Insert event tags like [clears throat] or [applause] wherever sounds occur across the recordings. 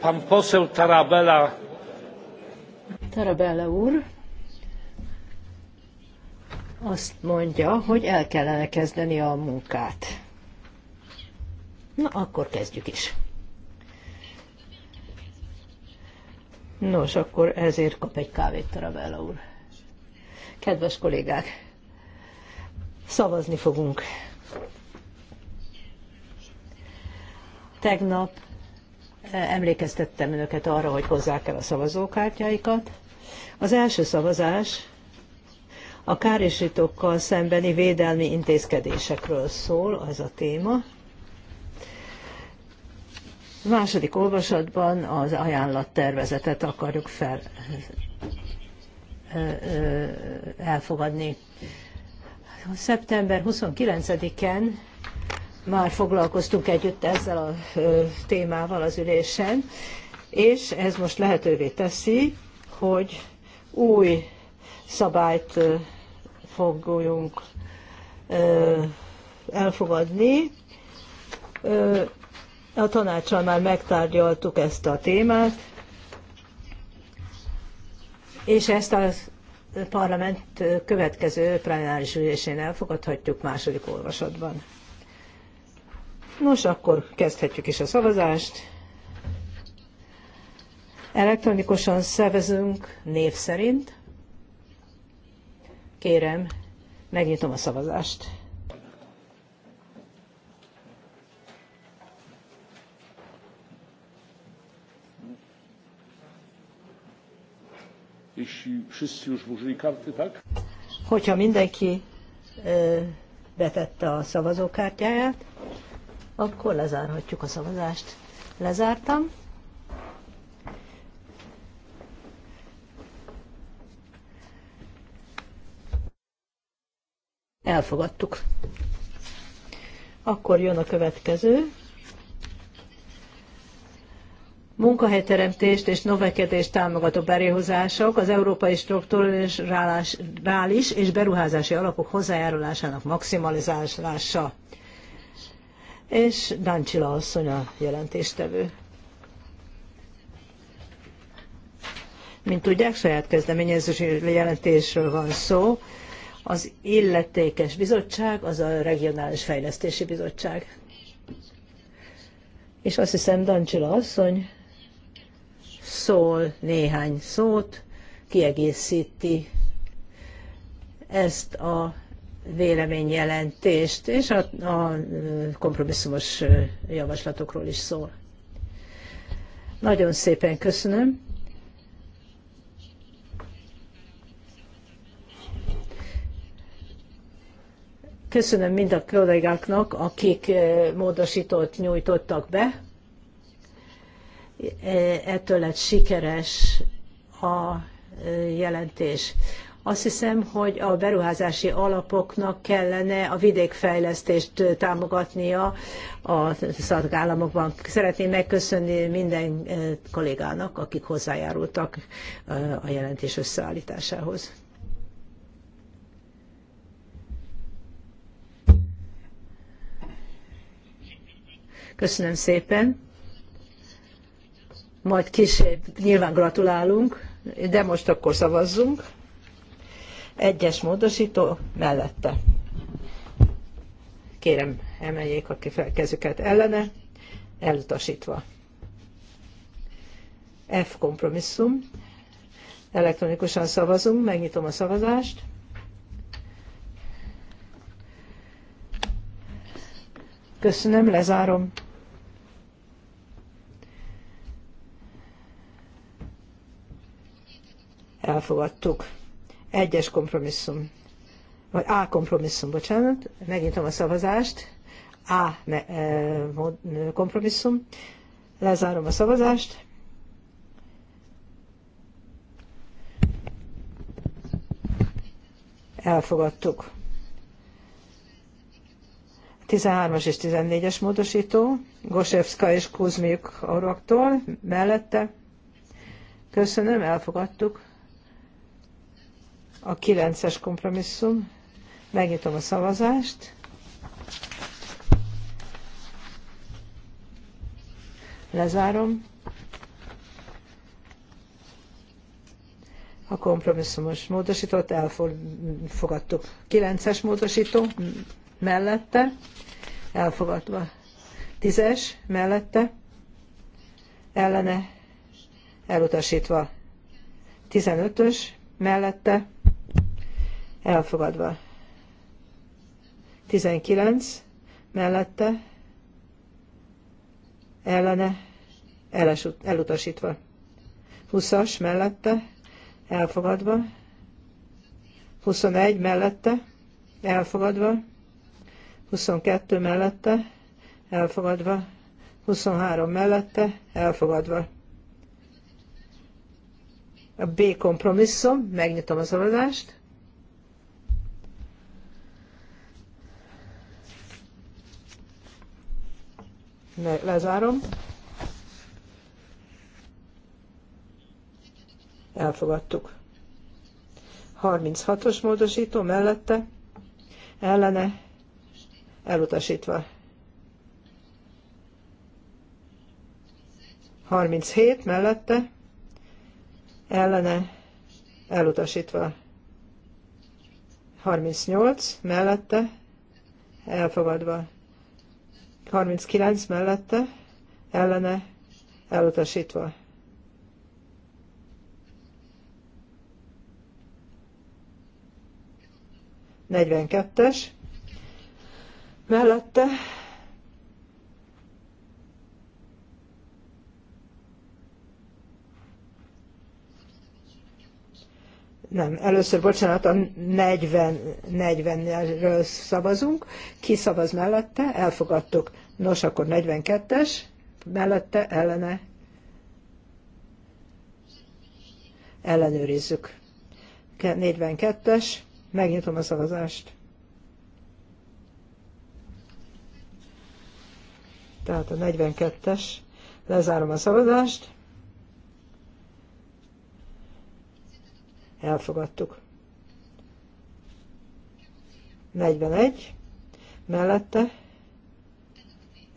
Pan poseł Tarabella. Tarabella úr azt mondja, hogy el kellene kezdeni a munkát. Na, akkor kezdjük is. Nos, akkor ezért kap egy kávét Tarabella úr. Kedves kollégák, szavazni fogunk. Tegnap e, emlékeztettem önöket arra, hogy hozzák el a szavazókártyáikat. Az első szavazás a károsítókkal szembeni védelmi intézkedésekről szól, ez a téma. Második olvasatban az ajánlattervezetet akarjuk fel, e, e, elfogadni. Szeptember 29-en már foglalkoztunk együtt ezzel a témával az ülésen, és ez most lehetővé teszi, hogy új szabályt fogjunk elfogadni. A tanácssal már megtárgyaltuk ezt a témát, és ezt a parlament következő plenáris ülésén elfogadhatjuk második olvasatban. Nos, akkor kezdhetjük is a szavazást. Elektronikusan szervezünk név szerint. Kérem, megnyitom a szavazást. Hogyha mindenki e, betette a szavazókártyáját, akkor lezárhatjuk a szavazást. Lezártam. Elfogadtuk. Akkor jön a következő. Munkahelyteremtést és növekedést támogató beréhozások az európai strukturális rális és beruházási alapok hozzájárulásának maximalizálása és Dáncsila asszony a jelentéstevő. Mint tudják, saját kezdeményező jelentésről van szó. Az illetékes bizottság, az a Regionális Fejlesztési Bizottság. És azt hiszem, Dancsila asszony szól néhány szót, kiegészíti ezt a véleményjelentést, és a, a kompromisszumos javaslatokról is szól. Nagyon szépen köszönöm. Köszönöm mind a kollégáknak, akik eh, módosítót nyújtottak be. E, ettől lett sikeres a eh, jelentés. Azt hiszem, hogy a beruházási alapoknak kellene a vidékfejlesztést támogatnia a szakállamokban. Szeretném megköszönni minden kollégának, akik hozzájárultak a jelentés összeállításához. Köszönöm szépen. Majd később nyilván gratulálunk, de most akkor szavazzunk. Egyes módosító mellette. Kérem, emeljék a kezüket ellene, elutasítva. F kompromisszum. Elektronikusan szavazunk, megnyitom a szavazást. Köszönöm, lezárom. Elfogadtuk. Egyes kompromisszum. Vagy A kompromisszum, bocsánat. Megnyitom a szavazást. A e, kompromisszum. Lezárom a szavazást. Elfogadtuk. 13-as és 14-es módosító, Gosevska és Kuzmiuk oroktól, mellette. Köszönöm, elfogadtuk a 9-es kompromisszum. Megnyitom a szavazást. Lezárom. A kompromisszumos módosítót elfogadtuk. 9-es módosító mellette, elfogadva. 10-es mellette, ellene, elutasítva. 15-ös mellette, elfogadva. 19 mellette ellene elutasítva. 20-as mellette elfogadva. 21 mellette elfogadva. 22 mellette elfogadva. 23 mellette elfogadva. A B kompromisszum, megnyitom az adást. Le, lezárom. Elfogadtuk. 36-os módosító mellette, ellene, elutasítva. 37 mellette, ellene, elutasítva. 38 mellette, elfogadva. 39 mellette ellene elutasítva. Negyvenkettes mellette nem, először bocsánat, a 40, 40-ről szavazunk, ki szavaz mellette, elfogadtuk. Nos, akkor 42-es, mellette, ellene, ellenőrizzük. 42-es, megnyitom a szavazást. Tehát a 42-es, lezárom a szavazást. elfogadtuk. 41 mellette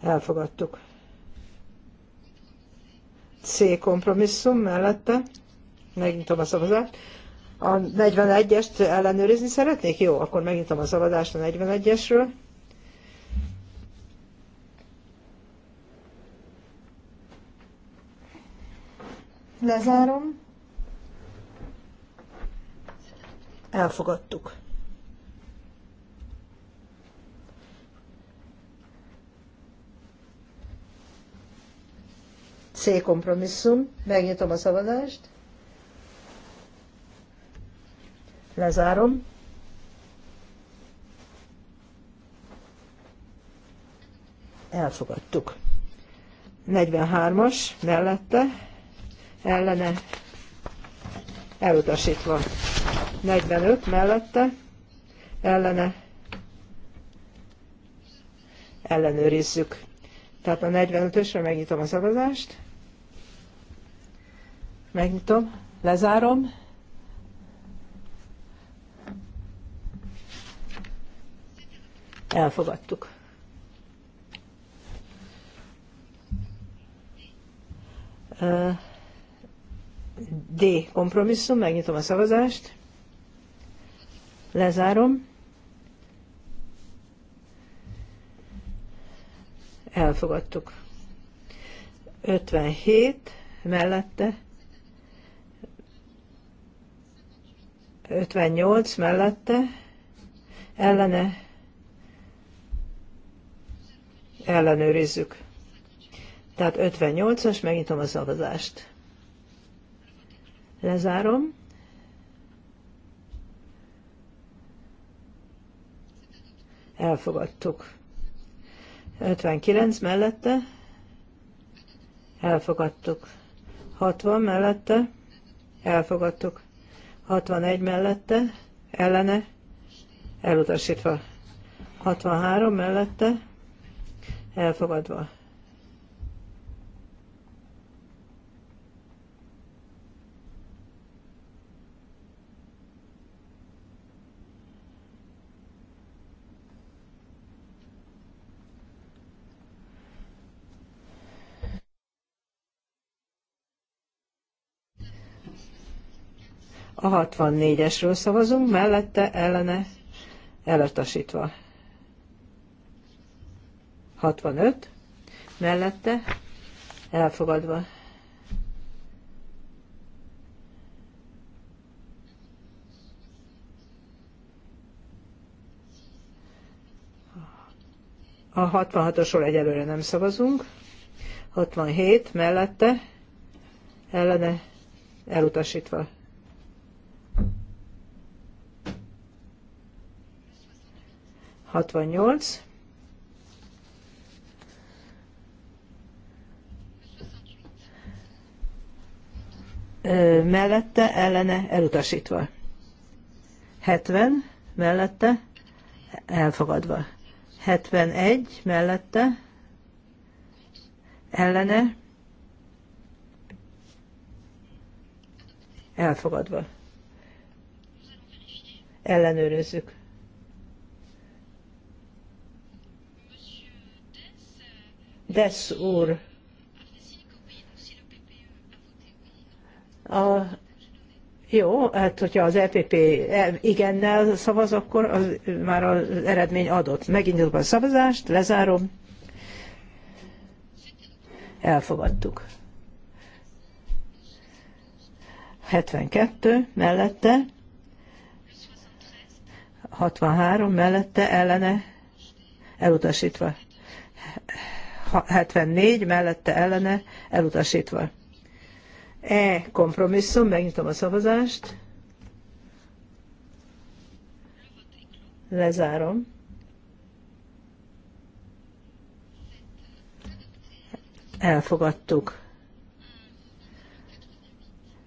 elfogadtuk. C kompromisszum mellette, megnyitom a szavazást. A 41-est ellenőrizni szeretnék? Jó, akkor megnyitom a szavazást a 41-esről. Lezárom. elfogadtuk. C kompromisszum, megnyitom a szavazást, lezárom, elfogadtuk. 43-as mellette ellene elutasítva. 45 mellette ellene ellenőrizzük. Tehát a 45-ösre megnyitom a szavazást. Megnyitom, lezárom. Elfogadtuk. D. Kompromisszum, megnyitom a szavazást. Lezárom. Elfogadtuk. 57 mellette. 58 mellette. Ellene. Ellenőrizzük. Tehát 58-as, megnyitom a szavazást. Lezárom. elfogadtuk. 59 mellette elfogadtuk. 60 mellette elfogadtuk. 61 mellette ellene elutasítva. 63 mellette elfogadva. A 64-esről szavazunk, mellette ellene elutasítva. 65, mellette elfogadva. A 66-osról egyelőre nem szavazunk. 67 mellette ellene elutasítva. 68. mellette, ellene, elutasítva. 70 mellette, elfogadva. 71 mellette, ellene, elfogadva. Ellenőrizzük. Dess úr, a, jó, hát hogyha az EPP igennel szavaz, akkor az, már az eredmény adott. Megindítom a szavazást, lezárom. Elfogadtuk. 72 mellette, 63 mellette ellene elutasítva. 74 mellette ellene elutasítva. E kompromisszum, megnyitom a szavazást. Lezárom. Elfogadtuk.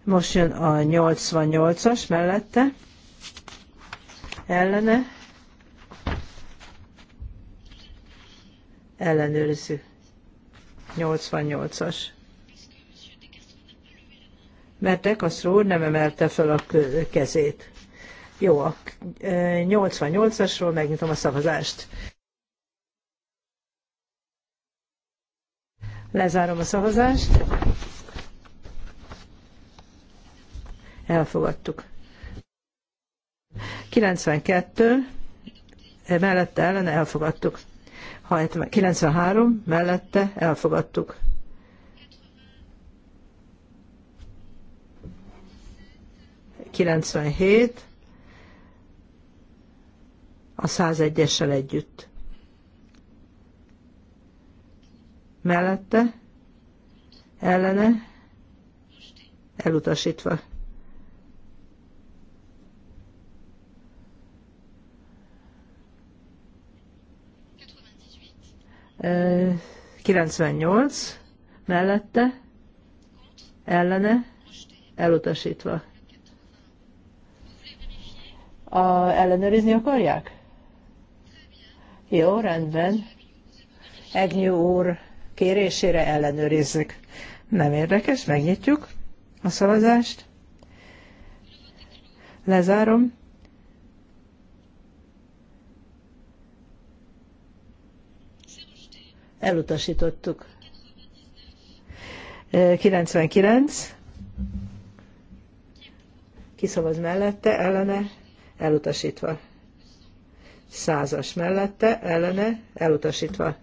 Most jön a 88-as mellette, ellene, ellenőrző. 88-as. Mert De úr nem emelte fel a kezét. Jó, a 88-asról e, megnyitom a szavazást. Lezárom a szavazást. Elfogadtuk. 92 e, mellette ellen elfogadtuk. 93 mellette elfogadtuk. 97 a 101-essel együtt. Mellette, ellene, elutasítva. 98 mellette, ellene, elutasítva. A, ellenőrizni akarják? Jó, rendben. Egnyú úr kérésére ellenőrizzük. Nem érdekes, megnyitjuk a szavazást. Lezárom. elutasítottuk. 99 kiszavaz mellette, ellene, elutasítva. Százas mellette, ellene, elutasítva.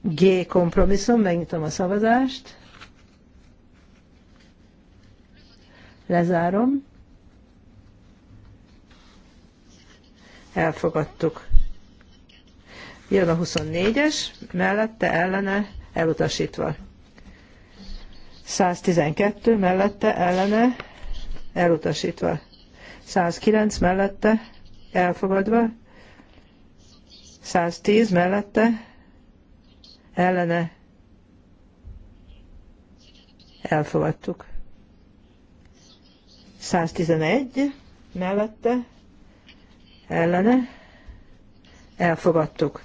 G kompromisszum, megnyitom a szavazást. Lezárom. Elfogadtuk. Jön a 24-es, mellette ellene elutasítva. 112 mellette ellene elutasítva. 109 mellette elfogadva. 110 mellette ellene elfogadtuk. 111 mellette ellene elfogadtuk.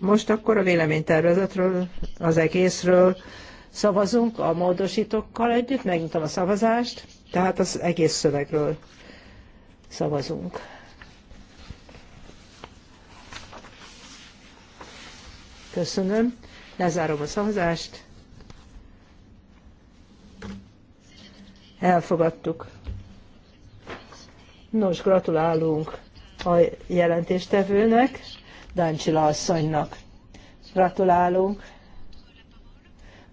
Most akkor a véleménytervezetről, az egészről szavazunk a módosítókkal együtt, megnyitom a szavazást, tehát az egész szövegről szavazunk. Köszönöm. Lezárom a szavazást. Elfogadtuk. Nos, gratulálunk a jelentéstevőnek. Dancsila asszonynak. Gratulálunk.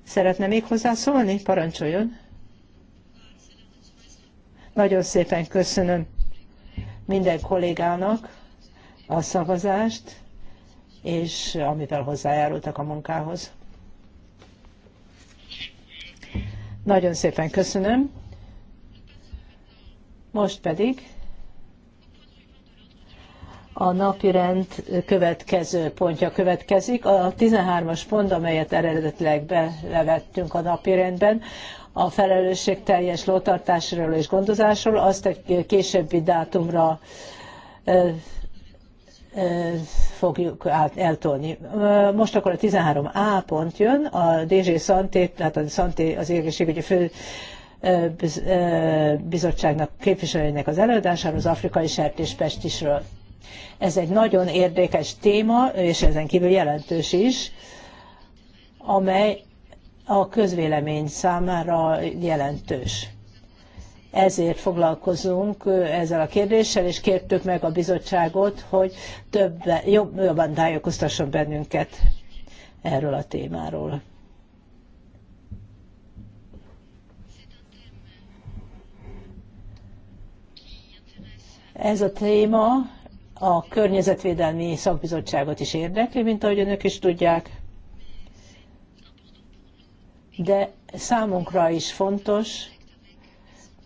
Szeretne még hozzászólni? Parancsoljon. Nagyon szépen köszönöm minden kollégának a szavazást, és amivel hozzájárultak a munkához. Nagyon szépen köszönöm. Most pedig a napirend következő pontja következik. A 13-as pont, amelyet eredetileg belevettünk a napirendben, a felelősség teljes lótartásról és gondozásról, azt egy későbbi dátumra fogjuk eltolni. Most akkor a 13A pont jön, a DG Santé, tehát a Santé az egészségügyi fő bizottságnak képviselőjének az előadásáról, az afrikai sertéspestisről. Ez egy nagyon érdekes téma, és ezen kívül jelentős is, amely a közvélemény számára jelentős. Ezért foglalkozunk ezzel a kérdéssel, és kértük meg a bizottságot, hogy többen, jobban tájékoztasson bennünket erről a témáról. Ez a téma a környezetvédelmi szakbizottságot is érdekli, mint ahogy önök is tudják, de számunkra is fontos,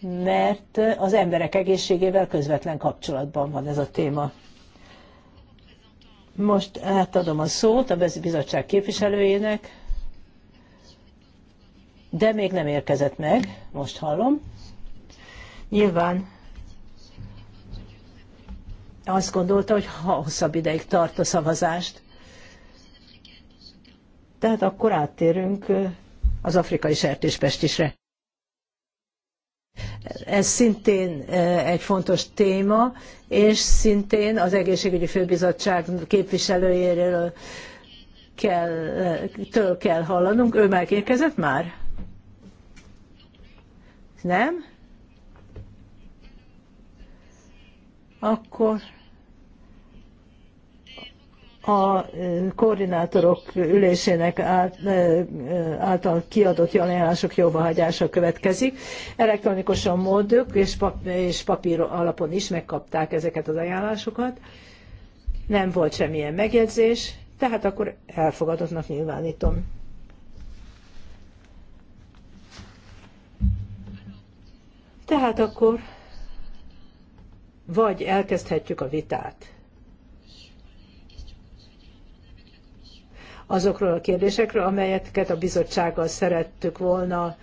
mert az emberek egészségével közvetlen kapcsolatban van ez a téma. Most átadom a szót a bizottság képviselőjének, de még nem érkezett meg, most hallom. Nyilván azt gondolta, hogy ha hosszabb ideig tart a szavazást. Tehát akkor áttérünk az afrikai sertéspestisre. Ez szintén egy fontos téma, és szintén az egészségügyi főbizottság képviselőjéről kell, től kell hallanunk. Ő megérkezett már? Nem? akkor a koordinátorok ülésének által kiadott ajánlások jóváhagyása következik. Elektronikusan módok és papír alapon is megkapták ezeket az ajánlásokat. Nem volt semmilyen megjegyzés, tehát akkor elfogadottnak nyilvánítom. Tehát akkor vagy elkezdhetjük a vitát. Azokról a kérdésekről, amelyeket a bizottsággal szerettük volna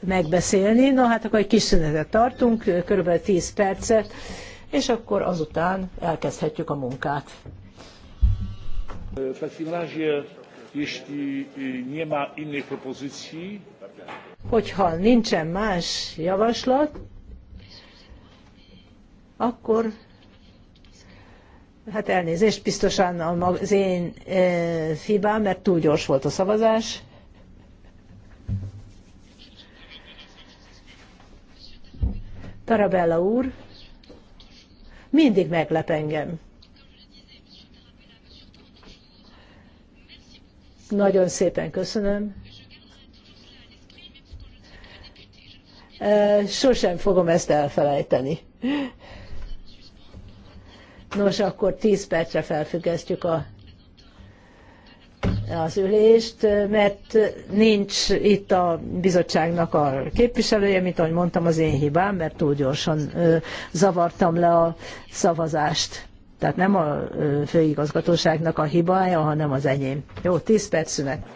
megbeszélni. Na hát akkor egy kis szünetet tartunk, körülbelül 10 percet, és akkor azután elkezdhetjük a munkát. Hogyha nincsen más javaslat, akkor hát elnézést, biztosan az én e, hibám, mert túl gyors volt a szavazás. Tarabella úr, mindig meglep engem. Nagyon szépen köszönöm. E, sosem fogom ezt elfelejteni. Nos, akkor 10 percre felfüggesztjük a, az ülést, mert nincs itt a bizottságnak a képviselője, mint ahogy mondtam, az én hibám, mert túl gyorsan zavartam le a szavazást. Tehát nem a főigazgatóságnak a hibája, hanem az enyém. Jó, 10 perc szünet.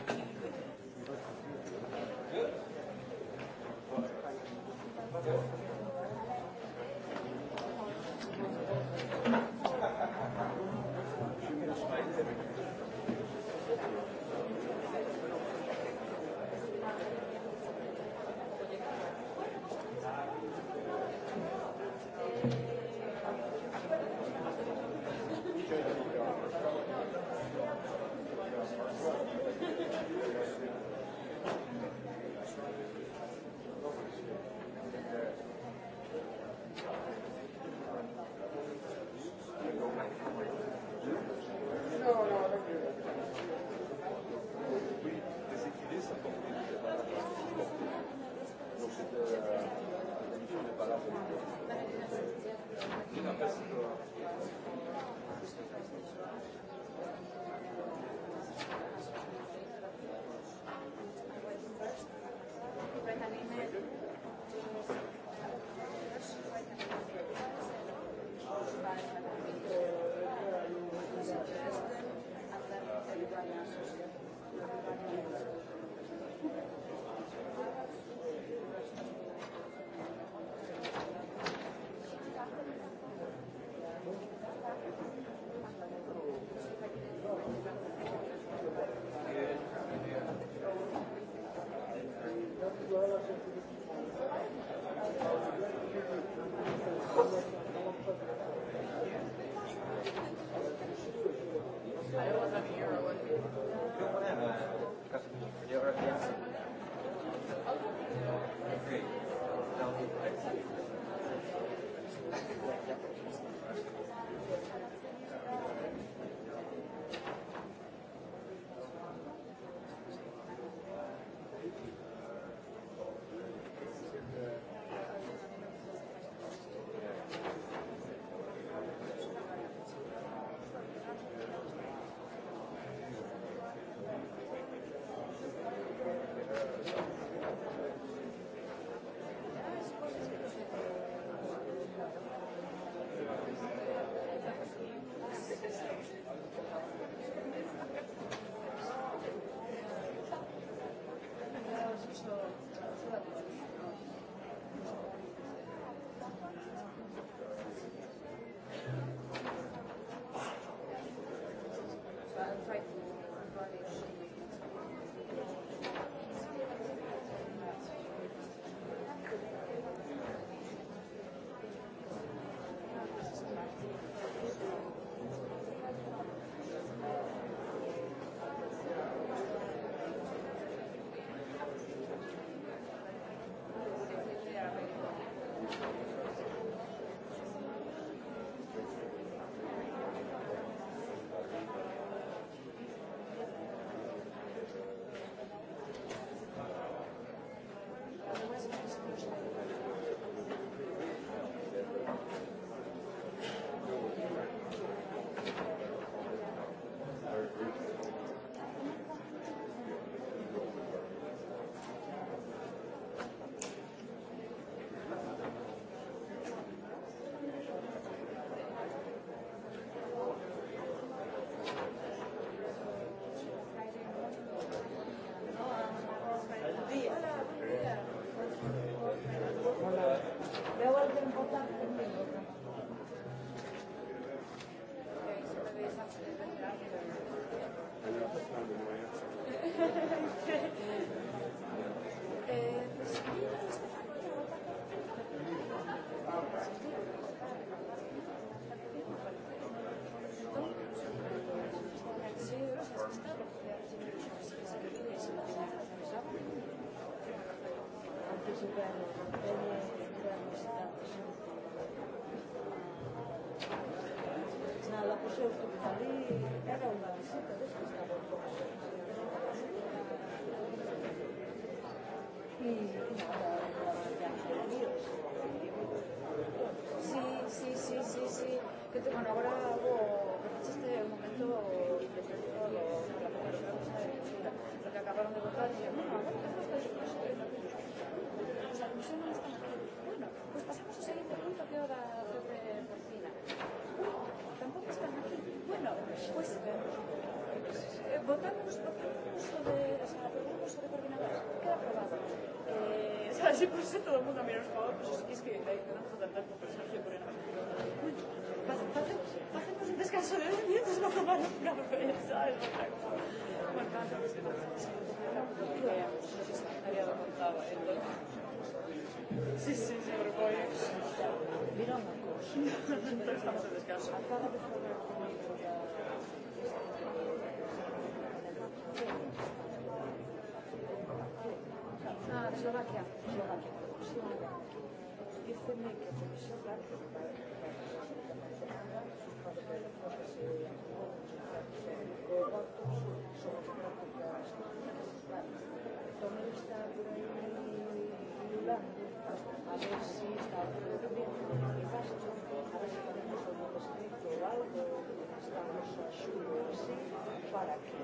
Sí, sí, sí, sí, sí, que te conoció algo, pero este momento... si puse todo el mundo a mirar los jugadores, pues es que, es que la no vamos a tardar con Sergio Moreno. Hacemos un descanso de 10 minutos, no como no, no, ¿sabes? Bueno, nada, no sé, no sé, había contado Sí, sí, sí, Uruguay. Mira, Marcos. Estamos en descanso. Thank you. Slovakia. Slovakia. Slovakia. If they make a commission back, το μέλος θα δουλεύει a ver si está todo bien con el gasto, a ver si tenemos algún escrito o algo, estamos ayudo así para que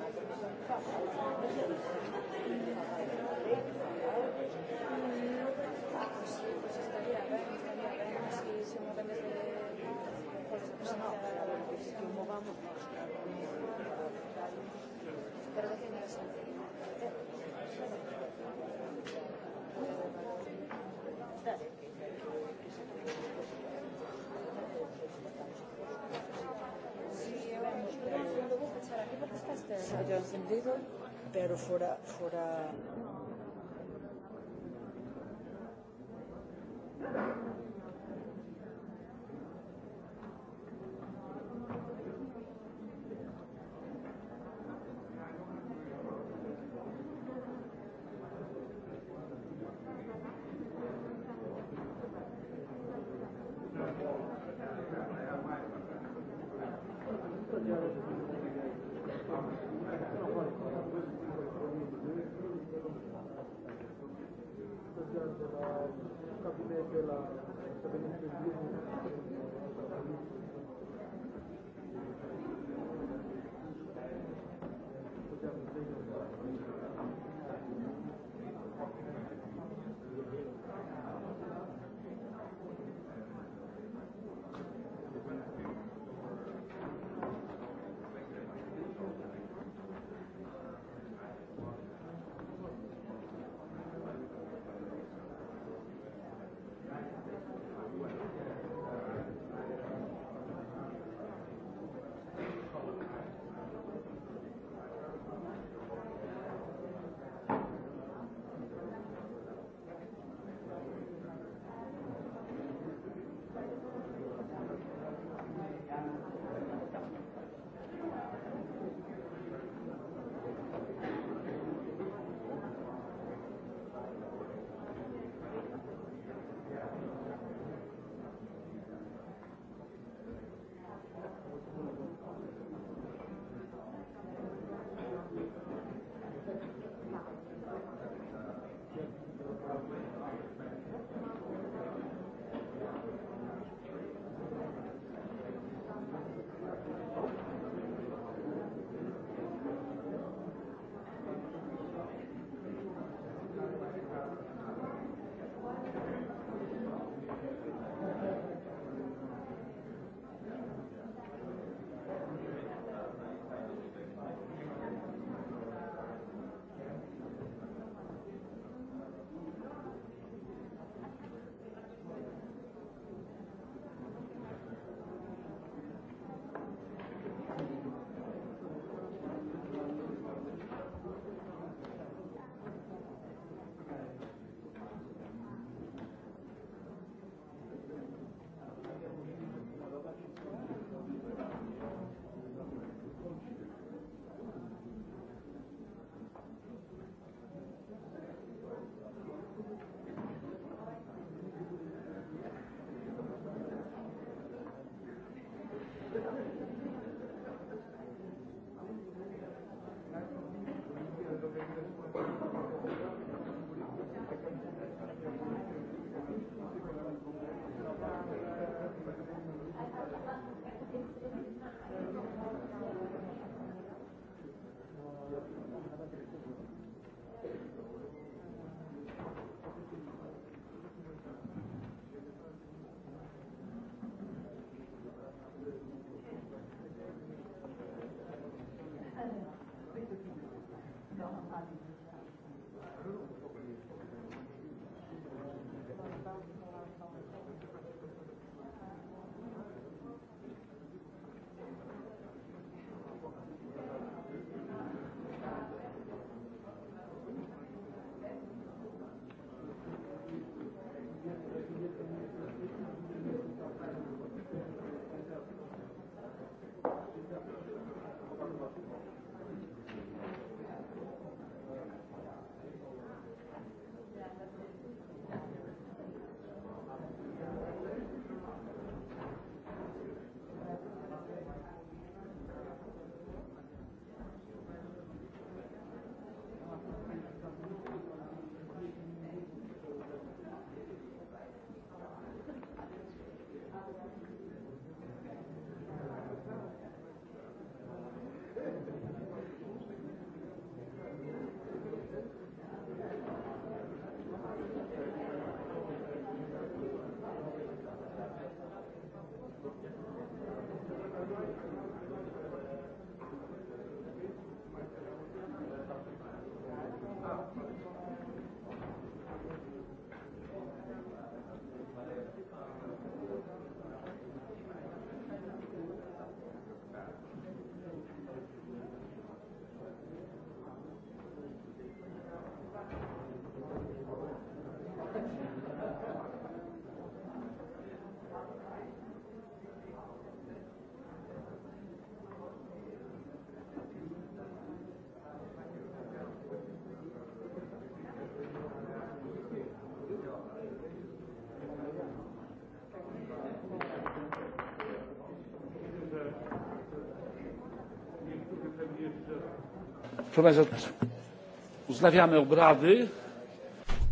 la comisión pase. haya encendido, pero fuera, fuera.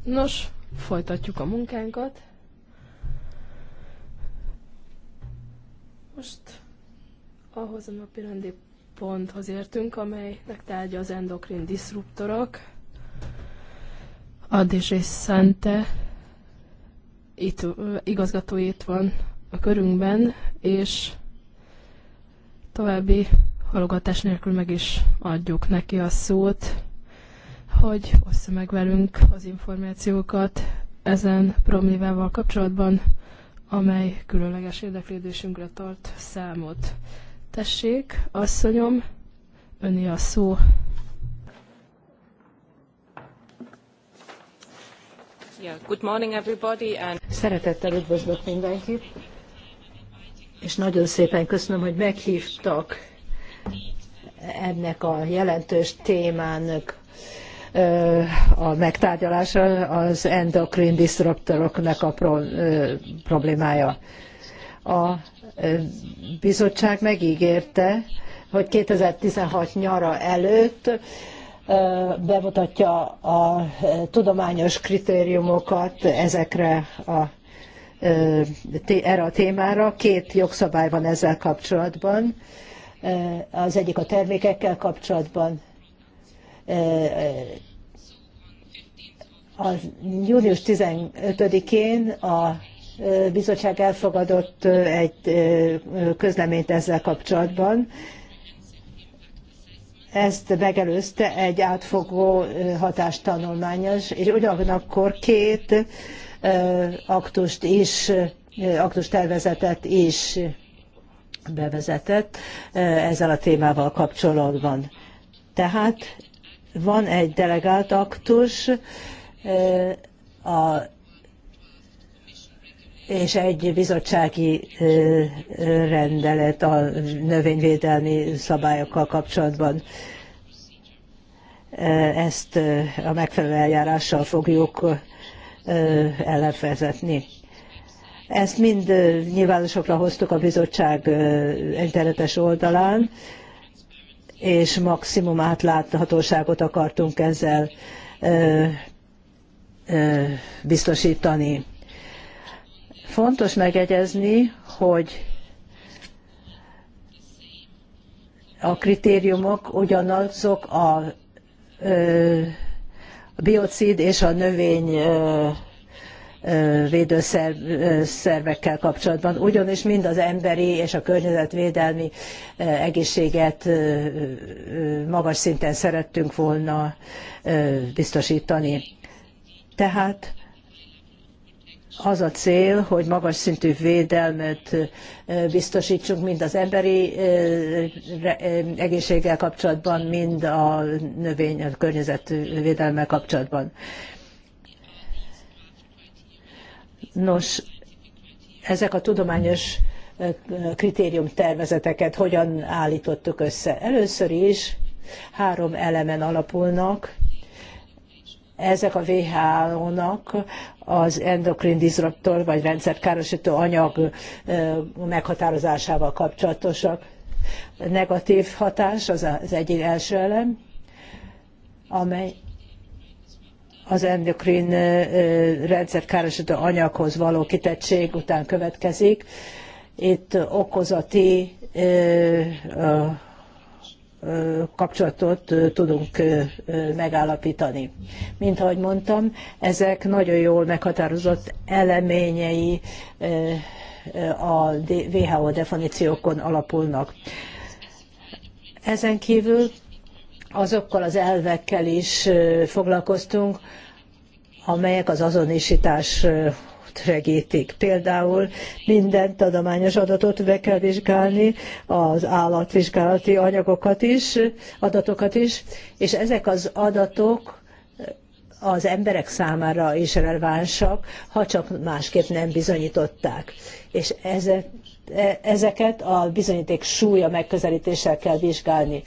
Nos, folytatjuk a munkánkat. Most ahhoz a napi rendi ponthoz értünk, amelynek tárgya az endokrin diszruptorok. Addis és Szente itt, igazgató itt van a körünkben, és további halogatás nélkül meg is adjuk neki a szót, hogy ossza meg velünk az információkat ezen problémával kapcsolatban, amely különleges érdeklődésünkre tart számot. Tessék, asszonyom, öni a szó. Yeah, good morning everybody and... Szeretettel üdvözlök mindenkit, és nagyon szépen köszönöm, hogy meghívtak ennek a jelentős témának a megtárgyalása az endokrin disruptoroknak a problémája. A bizottság megígérte, hogy 2016 nyara előtt bemutatja a tudományos kritériumokat ezekre a erre a témára. Két jogszabály van ezzel kapcsolatban Eh, az egyik a termékekkel kapcsolatban. Eh, eh, a június 15-én a bizottság elfogadott egy közleményt ezzel kapcsolatban. Ezt megelőzte egy átfogó hatástanulmányos, és ugyanakkor két aktust is, aktus tervezetet is bevezetett eh, ezzel a témával kapcsolatban. Tehát van egy delegált aktus, eh, a, és egy bizottsági eh, rendelet a növényvédelmi szabályokkal kapcsolatban. Ezt a megfelelő eljárással fogjuk ellenvezetni. Ezt mind nyilvánosokra hoztuk a bizottság internetes oldalán, és maximum átláthatóságot akartunk ezzel biztosítani. Fontos megegyezni, hogy a kritériumok ugyanazok a, a biocid és a növény védőszervekkel kapcsolatban, ugyanis mind az emberi és a környezetvédelmi egészséget magas szinten szerettünk volna biztosítani. Tehát az a cél, hogy magas szintű védelmet biztosítsunk mind az emberi egészséggel kapcsolatban, mind a növény a környezetvédelemmel kapcsolatban. Nos, ezek a tudományos kritériumtervezeteket hogyan állítottuk össze. Először is három elemen alapulnak. Ezek a WHO-nak az endokrin disruptor vagy rendszerkárosító anyag meghatározásával kapcsolatosak. Negatív hatás az, az egyik első elem, amely az endokrin rendszer károsító anyaghoz való kitettség után következik. Itt okozati kapcsolatot tudunk megállapítani. Mint ahogy mondtam, ezek nagyon jól meghatározott eleményei a WHO definíciókon alapulnak. Ezen kívül azokkal az elvekkel is foglalkoztunk, amelyek az azonosítás segítik. Például minden tudományos adatot be kell vizsgálni, az állatvizsgálati anyagokat is, adatokat is, és ezek az adatok az emberek számára is relevánsak, ha csak másképp nem bizonyították. És e, ezeket a bizonyíték súlya megközelítéssel kell vizsgálni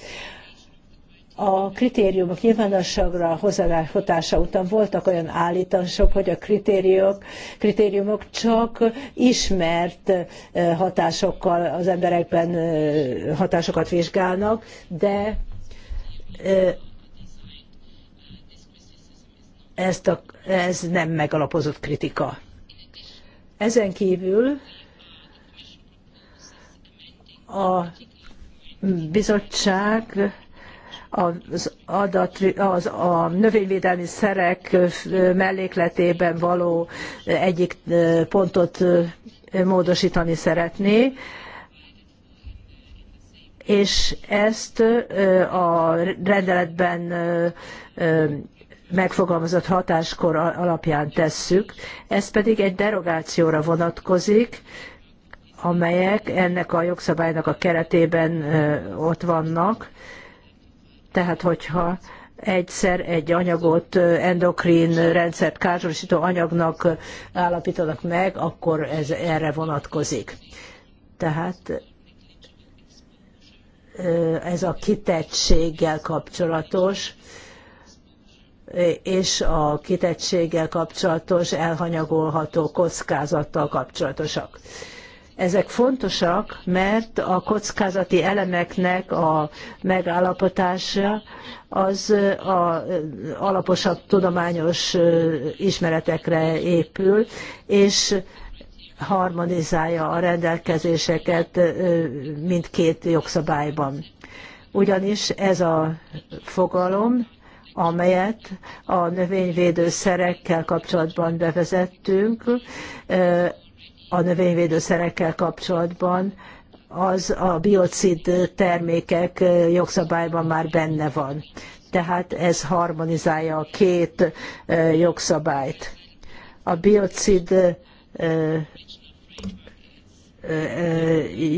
a kritériumok nyilvánosságra hozzáadás hatása után voltak olyan állítások, hogy a kritériumok, kritériumok csak ismert hatásokkal az emberekben hatásokat vizsgálnak, de ezt a, ez nem megalapozott kritika. Ezen kívül a bizottság az, adat, az a növényvédelmi szerek mellékletében való egyik pontot módosítani szeretné, és ezt a rendeletben megfogalmazott hatáskor alapján tesszük. Ez pedig egy derogációra vonatkozik, amelyek ennek a jogszabálynak a keretében ott vannak, tehát, hogyha egyszer egy anyagot endokrin rendszert károsító anyagnak állapítanak meg, akkor ez erre vonatkozik. Tehát ez a kitettséggel kapcsolatos, és a kitettséggel kapcsolatos, elhanyagolható kockázattal kapcsolatosak. Ezek fontosak, mert a kockázati elemeknek a megállapotása az a alaposabb tudományos ismeretekre épül, és harmonizálja a rendelkezéseket mindkét jogszabályban. Ugyanis ez a fogalom, amelyet a növényvédőszerekkel kapcsolatban bevezettünk, a növényvédőszerekkel kapcsolatban, az a biocid termékek jogszabályban már benne van. Tehát ez harmonizálja a két jogszabályt. A biocid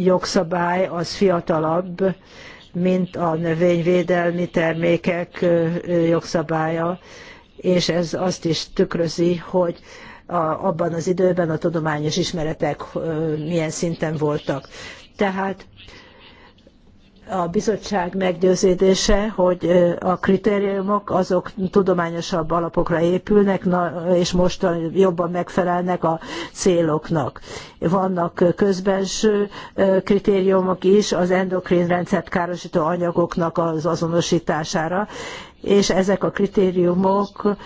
jogszabály az fiatalabb, mint a növényvédelmi termékek jogszabálya, és ez azt is tükrözi, hogy a, abban az időben a tudományos ismeretek milyen szinten voltak. Tehát a bizottság meggyőződése, hogy a kritériumok azok tudományosabb alapokra épülnek, és most jobban megfelelnek a céloknak. Vannak közbenső kritériumok is az endokrin rendszert károsító anyagoknak az azonosítására, és ezek a kritériumok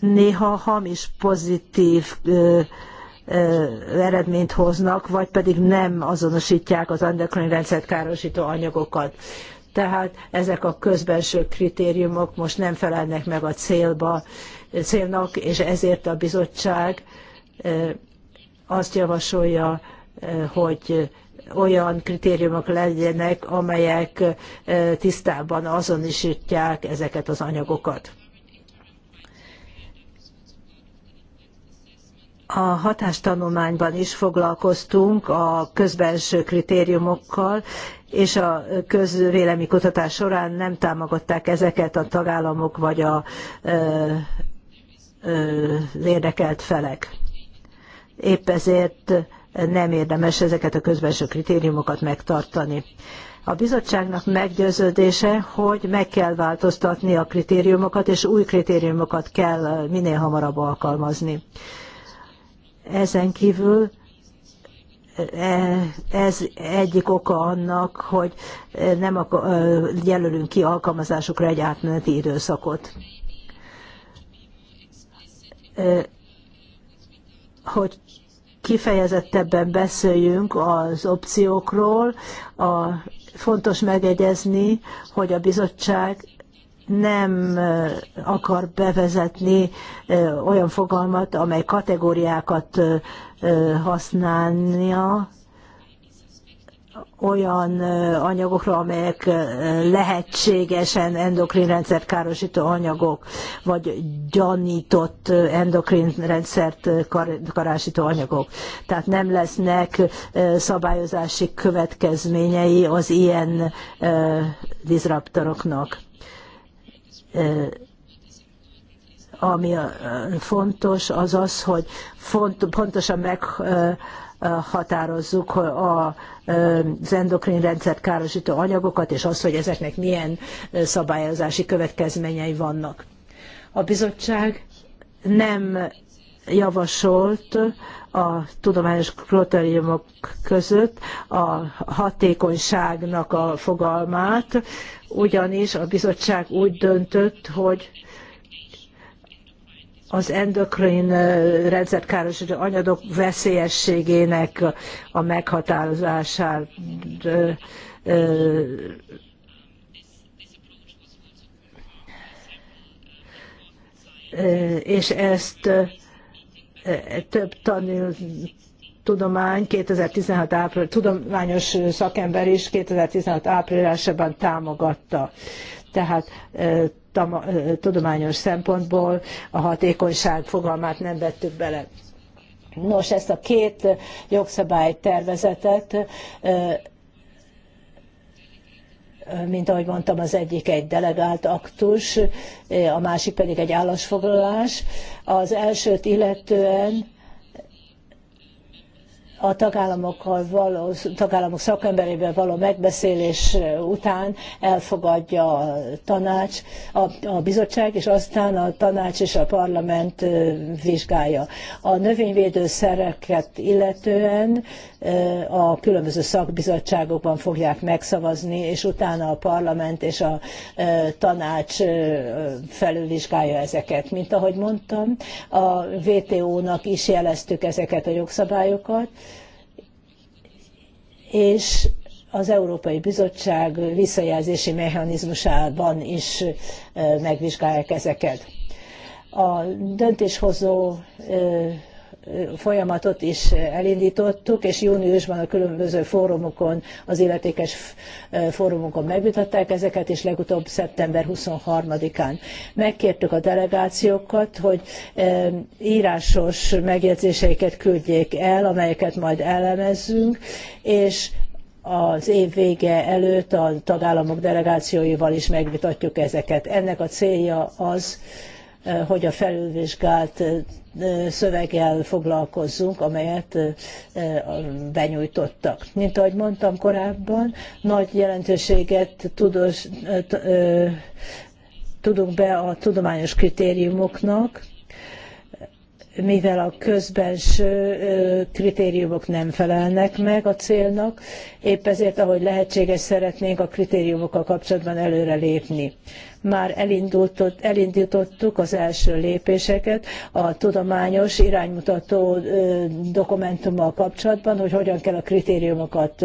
néha hamis pozitív ö, ö, eredményt hoznak, vagy pedig nem azonosítják az endokrin rendszert károsító anyagokat. Tehát ezek a közbenső kritériumok most nem felelnek meg a célba, célnak, és ezért a bizottság ö, azt javasolja, hogy olyan kritériumok legyenek, amelyek tisztában azonosítják ezeket az anyagokat. a hatástanulmányban is foglalkoztunk a közbenső kritériumokkal, és a közvéleménykutatás során nem támogatták ezeket a tagállamok vagy a, az érdekelt felek. Épp ezért nem érdemes ezeket a közbenső kritériumokat megtartani. A bizottságnak meggyőződése, hogy meg kell változtatni a kritériumokat, és új kritériumokat kell minél hamarabb alkalmazni. Ezen kívül e, ez egyik oka annak, hogy nem e, jelölünk ki alkalmazásukra egy átmeneti időszakot. E, hogy kifejezettebben beszéljünk az opciókról, a, fontos megegyezni, hogy a bizottság nem akar bevezetni olyan fogalmat, amely kategóriákat használnia, olyan anyagokra, amelyek lehetségesen endokrinrendszer károsító anyagok, vagy gyanított endokrinrendszert károsító anyagok. Tehát nem lesznek szabályozási következményei az ilyen diszraptoroknak ami fontos, az az, hogy font, pontosan meghatározzuk az endokrin rendszert károsító anyagokat, és azt, hogy ezeknek milyen szabályozási következményei vannak. A bizottság nem javasolt a tudományos kritériumok között a hatékonyságnak a fogalmát, ugyanis a bizottság úgy döntött, hogy az endokrin rendszert károsító anyagok veszélyességének a meghatározását és ezt több tanul, tudomány 2016 április, tudományos szakember is 2016 áprilisában támogatta. Tehát tudományos szempontból a hatékonyság fogalmát nem vettük bele. Nos, ezt a két jogszabálytervezetet mint ahogy mondtam, az egyik egy delegált aktus, a másik pedig egy állásfoglalás. Az elsőt illetően a tagállamokkal való, tagállamok szakemberével való megbeszélés után elfogadja a tanács, a, a bizottság, és aztán a tanács és a parlament vizsgálja. A növényvédőszereket illetően a különböző szakbizottságokban fogják megszavazni, és utána a parlament és a tanács felülvizsgálja ezeket. Mint ahogy mondtam, a WTO-nak is jeleztük ezeket a jogszabályokat, és az Európai Bizottság visszajelzési mechanizmusában is megvizsgálják ezeket. A döntéshozó folyamatot is elindítottuk, és júniusban a különböző fórumokon, az illetékes fórumokon megvitatták ezeket, és legutóbb szeptember 23-án. Megkértük a delegációkat, hogy írásos megjegyzéseiket küldjék el, amelyeket majd elemezzünk, és az év vége előtt a tagállamok delegációival is megvitatjuk ezeket. Ennek a célja az, Eh, hogy a felülvizsgált eh, eh, szöveggel foglalkozzunk, amelyet benyújtottak. Mint ahogy mondtam korábban, nagy jelentőséget tudos, tudunk be a tudományos kritériumoknak, mivel a közbenső kritériumok nem felelnek meg a célnak, épp ezért, ahogy lehetséges, szeretnénk a kritériumokkal kapcsolatban előrelépni már elindultott, elindítottuk az első lépéseket a tudományos iránymutató dokumentummal kapcsolatban, hogy hogyan kell a kritériumokat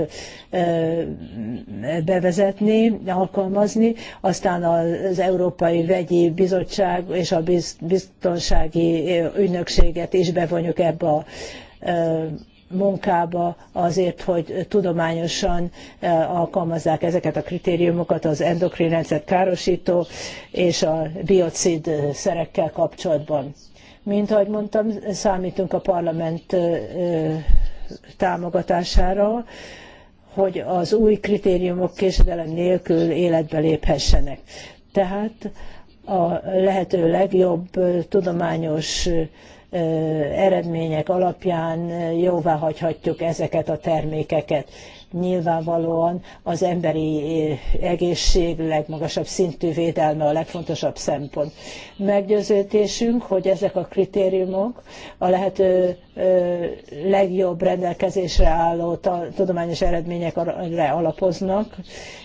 bevezetni, alkalmazni, aztán az Európai Vegyi Bizottság és a biztonsági ügynökséget is bevonjuk ebbe a munkába azért, hogy tudományosan eh, alkalmazzák ezeket a kritériumokat az endokrin rendszert károsító és a biocid szerekkel kapcsolatban. Mint ahogy mondtam, számítunk a parlament eh, támogatására, hogy az új kritériumok késedelem nélkül életbe léphessenek. Tehát a lehető legjobb eh, tudományos eredmények alapján jóvá hagyhatjuk ezeket a termékeket nyilvánvalóan az emberi eh, egészség legmagasabb szintű védelme a legfontosabb szempont. Meggyőződésünk, hogy ezek a kritériumok a lehető eh, legjobb rendelkezésre álló tudományos eredményekre alapoznak,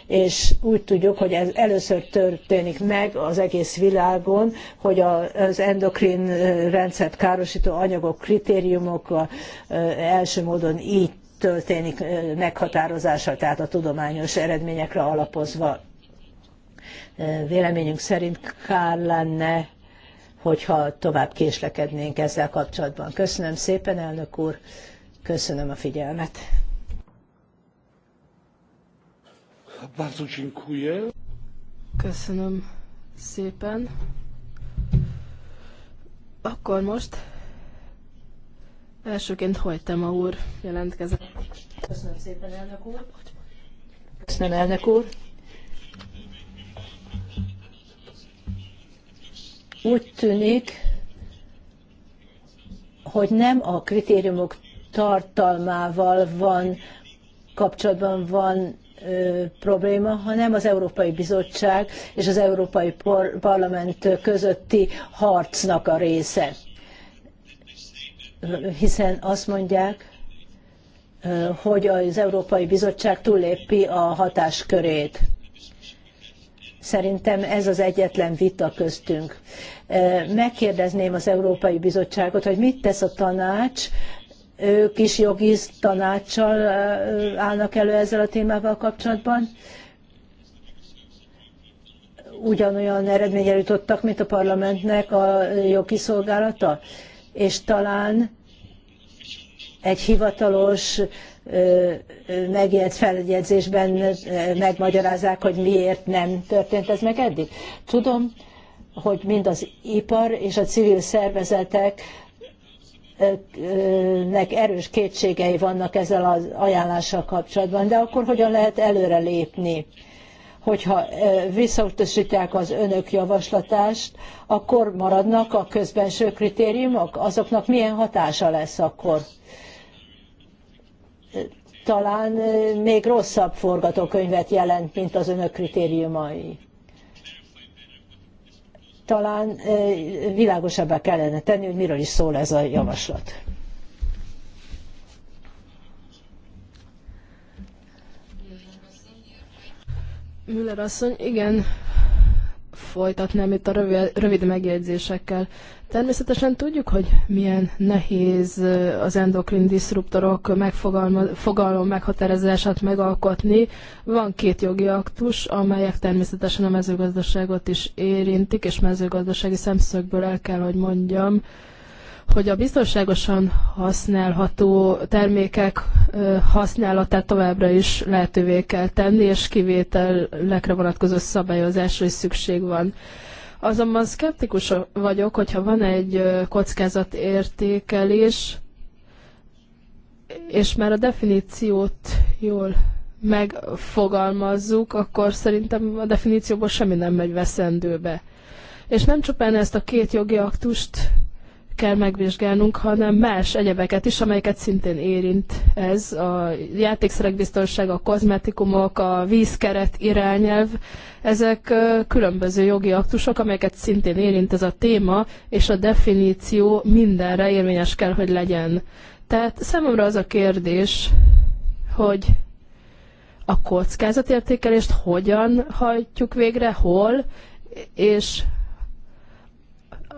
és úgy tudjuk, hogy ez először történik meg az egész világon, hogy az endokrin eh, rendszert károsító anyagok kritériumok első módon így történik meghatározása, tehát a tudományos eredményekre alapozva. Véleményünk szerint kár lenne, hogyha tovább késlekednénk ezzel kapcsolatban. Köszönöm szépen, elnök úr, köszönöm a figyelmet. Köszönöm szépen. Akkor most Elsőként a úr jelentkezett. Köszönöm szépen, elnök úr. Köszönöm, elnök úr. Úgy tűnik, hogy nem a kritériumok tartalmával van kapcsolatban van ö, probléma, hanem az Európai Bizottság és az Európai Parlament közötti harcnak a része hiszen azt mondják, hogy az Európai Bizottság túllépi a hatáskörét. Szerintem ez az egyetlen vita köztünk. Megkérdezném az Európai Bizottságot, hogy mit tesz a tanács, ők is jogi tanácssal állnak elő ezzel a témával kapcsolatban. Ugyanolyan eredményre jutottak, mint a parlamentnek a jogi szolgálata és talán egy hivatalos megjelent feljegyzésben megmagyarázzák, hogy miért nem történt ez meg eddig. Tudom, hogy mind az ipar és a civil szervezeteknek erős kétségei vannak ezzel az ajánlással kapcsolatban, de akkor hogyan lehet előrelépni? hogyha visszautasítják az önök javaslatást, akkor maradnak a közbenső kritériumok? Azoknak milyen hatása lesz akkor? Talán még rosszabb forgatókönyvet jelent, mint az önök kritériumai. Talán világosabbá kellene tenni, hogy miről is szól ez a javaslat. Müller asszony, igen, folytatnám itt a rövid, rövid megjegyzésekkel. Természetesen tudjuk, hogy milyen nehéz az endokrin diszruptorok fogalom meghatározását megalkotni. Van két jogi aktus, amelyek természetesen a mezőgazdaságot is érintik, és mezőgazdasági szemszögből el kell, hogy mondjam, hogy a biztonságosan használható termékek használatát továbbra is lehetővé kell tenni, és kivételekre vonatkozó szabályozásra is szükség van. Azonban szkeptikus vagyok, hogyha van egy kockázatértékelés, és már a definíciót jól megfogalmazzuk, akkor szerintem a definícióból semmi nem megy veszendőbe. És nem csupán ezt a két jogi aktust kell megvizsgálnunk, hanem más egyebeket is, amelyeket szintén érint ez. A játékszerek biztonsága, a kozmetikumok, a vízkeret irányelv, ezek különböző jogi aktusok, amelyeket szintén érint ez a téma, és a definíció mindenre érvényes kell, hogy legyen. Tehát számomra az a kérdés, hogy a kockázatértékelést hogyan hajtjuk végre, hol, és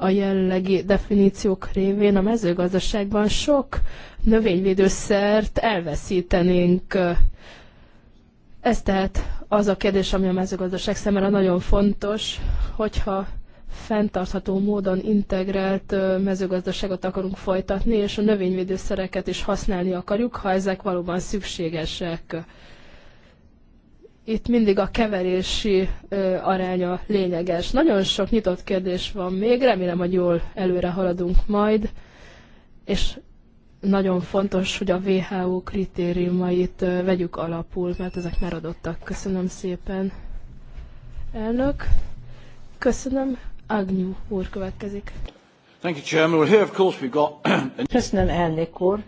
a jellegi definíciók révén a mezőgazdaságban sok növényvédőszert elveszítenénk. Ez tehát az a kérdés, ami a mezőgazdaság szemére nagyon fontos, hogyha fenntartható módon integrált mezőgazdaságot akarunk folytatni, és a növényvédőszereket is használni akarjuk, ha ezek valóban szükségesek itt mindig a keverési ö, aránya lényeges. Nagyon sok nyitott kérdés van még, remélem, hogy jól előre haladunk majd, és nagyon fontos, hogy a WHO kritériumait ö, vegyük alapul, mert ezek már adottak. Köszönöm szépen, elnök. Köszönöm, Agnyú úr következik. Thank you, Chairman. Well, here, of course, we've got... Köszönöm, elnök úr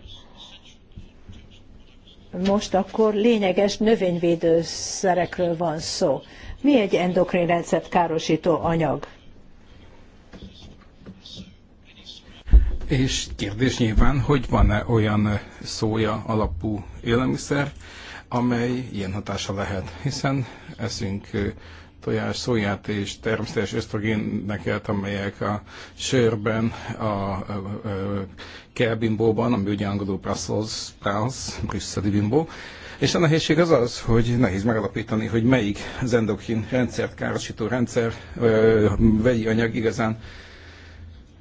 most akkor lényeges növényvédőszerekről van szó. Mi egy endokrin rendszert károsító anyag? És kérdés nyilván, hogy van-e olyan szója alapú élelmiszer, amely ilyen hatása lehet, hiszen eszünk tojás, szóját és természetes ösztrogéneket, amelyek a sörben, a kelbimbóban, ami ugye angolul Brussels, Browns, brüsszeli bimbó, és a nehézség az az, hogy nehéz megalapítani, hogy melyik az endokrin rendszert, károsító rendszer, ö, vegyi anyag igazán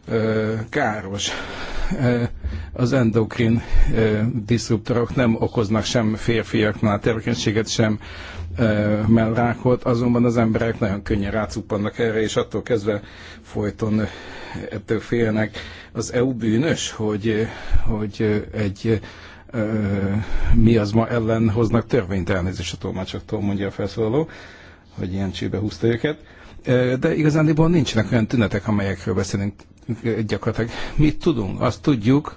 ö, káros. Az endokrin ö, diszruptorok nem okoznak sem férfiaknál tevékenységet, sem mellrákot, azonban az emberek nagyon könnyen rácuppannak erre, és attól kezdve folyton ettől félnek. Az EU bűnös, hogy, hogy egy mi az ma ellen hoznak törvényt, elnézést a tolmácsoktól, mondja a felszólaló, hogy ilyen csőbe húzta őket. De igazándiból nincsenek olyan tünetek, amelyekről beszélünk gyakorlatilag. Mit tudunk? Azt tudjuk,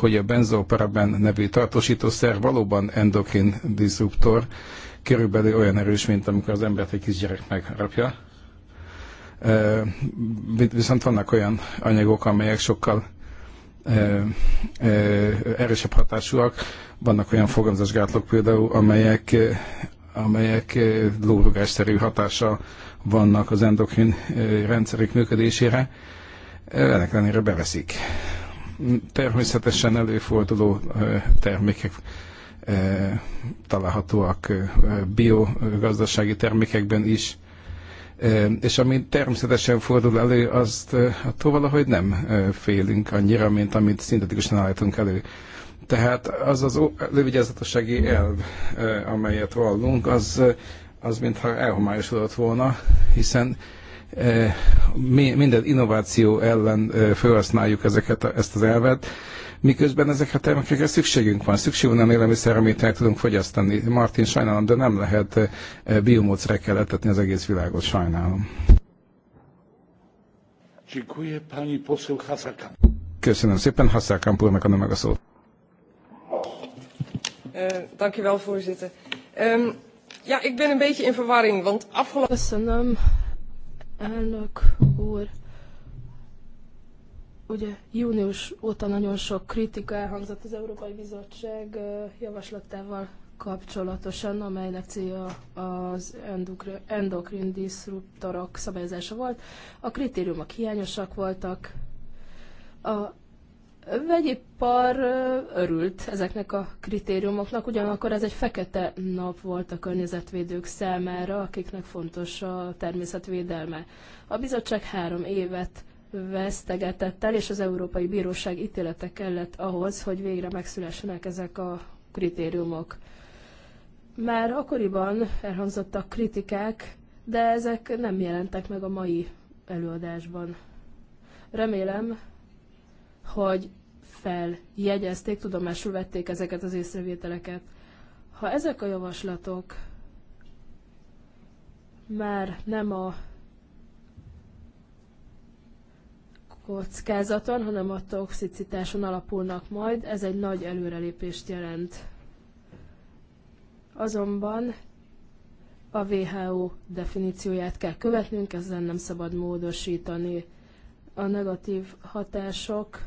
hogy a benzoparaben nevű tartósítószer valóban endokrin diszruptor, körülbelül olyan erős, mint amikor az embert egy kisgyerek megharapja. Viszont vannak olyan anyagok, amelyek sokkal erősebb hatásúak. Vannak olyan fogamzásgátlók például, amelyek, amelyek lórugásszerű hatása vannak az endokrin rendszerük működésére. Ennek ellenére beveszik természetesen előforduló termékek találhatóak biogazdasági termékekben is. És ami természetesen fordul elő, azt attól valahogy nem félünk annyira, mint amit szintetikusan állítunk elő. Tehát az az elővigyázatossági elv, amelyet vallunk, az, az mintha elhomályosodott volna, hiszen Eh, minden innováció ellen eh, felhasználjuk ezeket, ezt az elvet, miközben ezekre a termékekre szükségünk van. Szükség van olyan élelmiszerre, amit el tudunk fogyasztani. Martin, sajnálom, de nem lehet eh, biomódszerekkel etetni az egész világot, sajnálom. Köszönöm szépen, Hasszákamp úrnak adom meg a szót. Dank u wel, voorzitter. Um, ja, ik ben een beetje in verwarring, want afgelopen... Köszönöm, elnök úr. Ugye június óta nagyon sok kritika elhangzott az Európai Bizottság javaslatával kapcsolatosan, amelynek célja az endokrin diszruptorok szabályozása volt. A kritériumok hiányosak voltak, a vegyipar örült ezeknek a kritériumoknak, ugyanakkor ez egy fekete nap volt a környezetvédők számára, akiknek fontos a természetvédelme. A bizottság három évet vesztegetett el, és az Európai Bíróság ítélete kellett ahhoz, hogy végre megszülessenek ezek a kritériumok. Már akkoriban elhangzottak kritikák, de ezek nem jelentek meg a mai előadásban. Remélem, hogy feljegyezték, tudomásul vették ezeket az észrevételeket. Ha ezek a javaslatok már nem a kockázaton, hanem a toxicitáson alapulnak majd, ez egy nagy előrelépést jelent. Azonban a WHO definícióját kell követnünk, ezzel nem szabad módosítani. A negatív hatások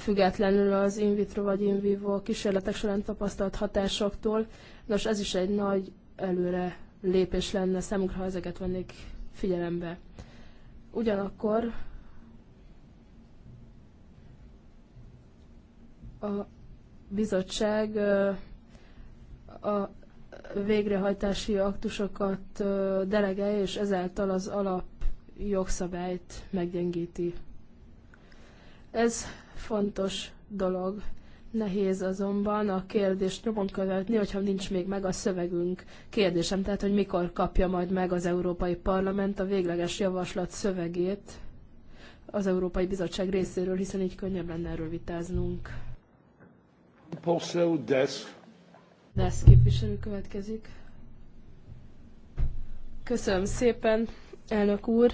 függetlenül az in vitro vagy in vivo kísérletek során tapasztalt hatásoktól. Nos, ez is egy nagy előre lépés lenne számunkra, ha ezeket vennék figyelembe. Ugyanakkor a bizottság a végrehajtási aktusokat delegálja, és ezáltal az alap jogszabályt meggyengíti. Ez Fontos dolog. Nehéz azonban a kérdést nyomon követni, hogyha nincs még meg a szövegünk. Kérdésem tehát, hogy mikor kapja majd meg az Európai Parlament a végleges javaslat szövegét az Európai Bizottság részéről, hiszen így könnyebb lenne erről vitáznunk. Poszel Desz. Desz képviselő következik. Köszönöm szépen, elnök úr.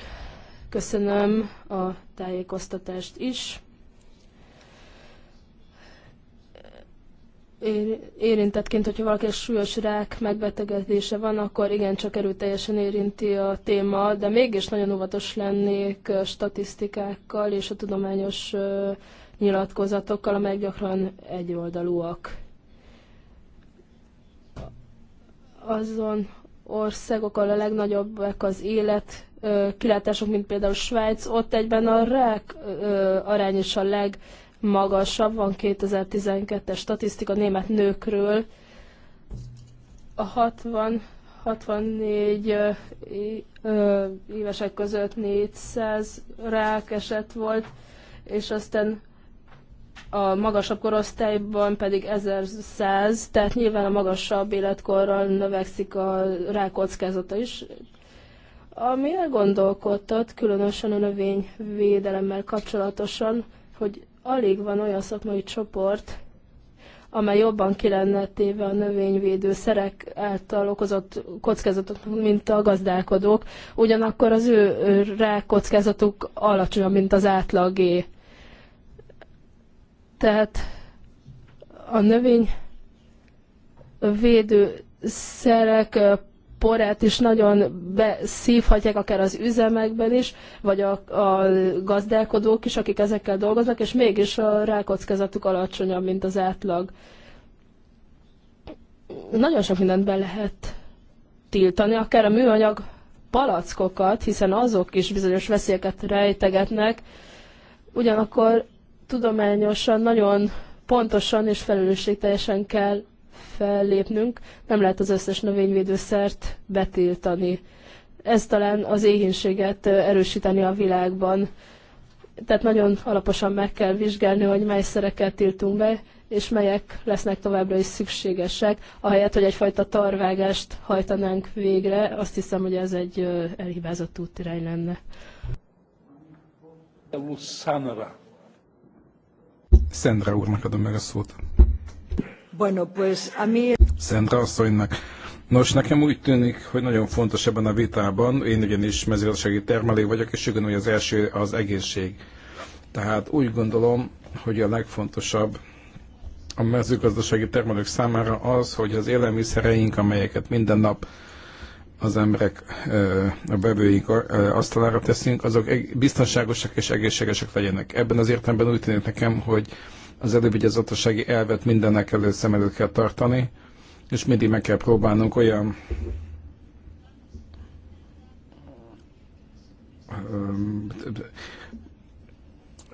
Köszönöm a tájékoztatást is. érintettként, hogyha valaki súlyos rák megbetegedése van, akkor igen, csak erőteljesen érinti a téma, de mégis nagyon óvatos lennék statisztikákkal és a tudományos nyilatkozatokkal, amelyek gyakran egyoldalúak. Azon ahol a legnagyobbak az élet kilátások, mint például Svájc, ott egyben a rák arány is a leg magasabb, van 2012-es statisztika német nőkről. A 60 64 évesek között 400 rák eset volt, és aztán a magasabb korosztályban pedig 1100, tehát nyilván a magasabb életkorral növekszik a rák kockázata is. Ami elgondolkodtat, különösen a növényvédelemmel kapcsolatosan, hogy alig van olyan szakmai csoport, amely jobban ki lenne téve a szerek által okozott kockázatoknak, mint a gazdálkodók, ugyanakkor az ő kockázatuk alacsonyabb, mint az átlagé. Tehát a szerek porát is nagyon beszívhatják, akár az üzemekben is, vagy a, a gazdálkodók is, akik ezekkel dolgoznak, és mégis a rákockázatuk alacsonyabb, mint az átlag. Nagyon sok mindent be lehet tiltani, akár a műanyag palackokat, hiszen azok is bizonyos veszélyeket rejtegetnek, ugyanakkor tudományosan nagyon pontosan és felelősségteljesen kell fellépnünk. Nem lehet az összes növényvédőszert betiltani. Ez talán az éhénységet erősíteni a világban. Tehát nagyon alaposan meg kell vizsgálni, hogy mely szereket tiltunk be, és melyek lesznek továbbra is szükségesek, ahelyett, hogy egyfajta tarvágást hajtanánk végre. Azt hiszem, hogy ez egy elhibázott útirány lenne. Szendra úrnak adom meg a szót. Bueno, asszonynak. Nos, nekem úgy tűnik, hogy nagyon fontos ebben a vitában, én ugyanis mezőgazdasági termelő vagyok, és ugyanúgy az első az egészség. Tehát úgy gondolom, hogy a legfontosabb a mezőgazdasági termelők számára az, hogy az élelmiszereink, amelyeket minden nap az emberek, a bevőink asztalára teszünk, azok biztonságosak és egészségesek legyenek. Ebben az értelemben úgy tűnik nekem, hogy az elővigyázatossági elvet mindennek előtt szem előtt kell tartani, és mindig meg kell próbálnunk olyan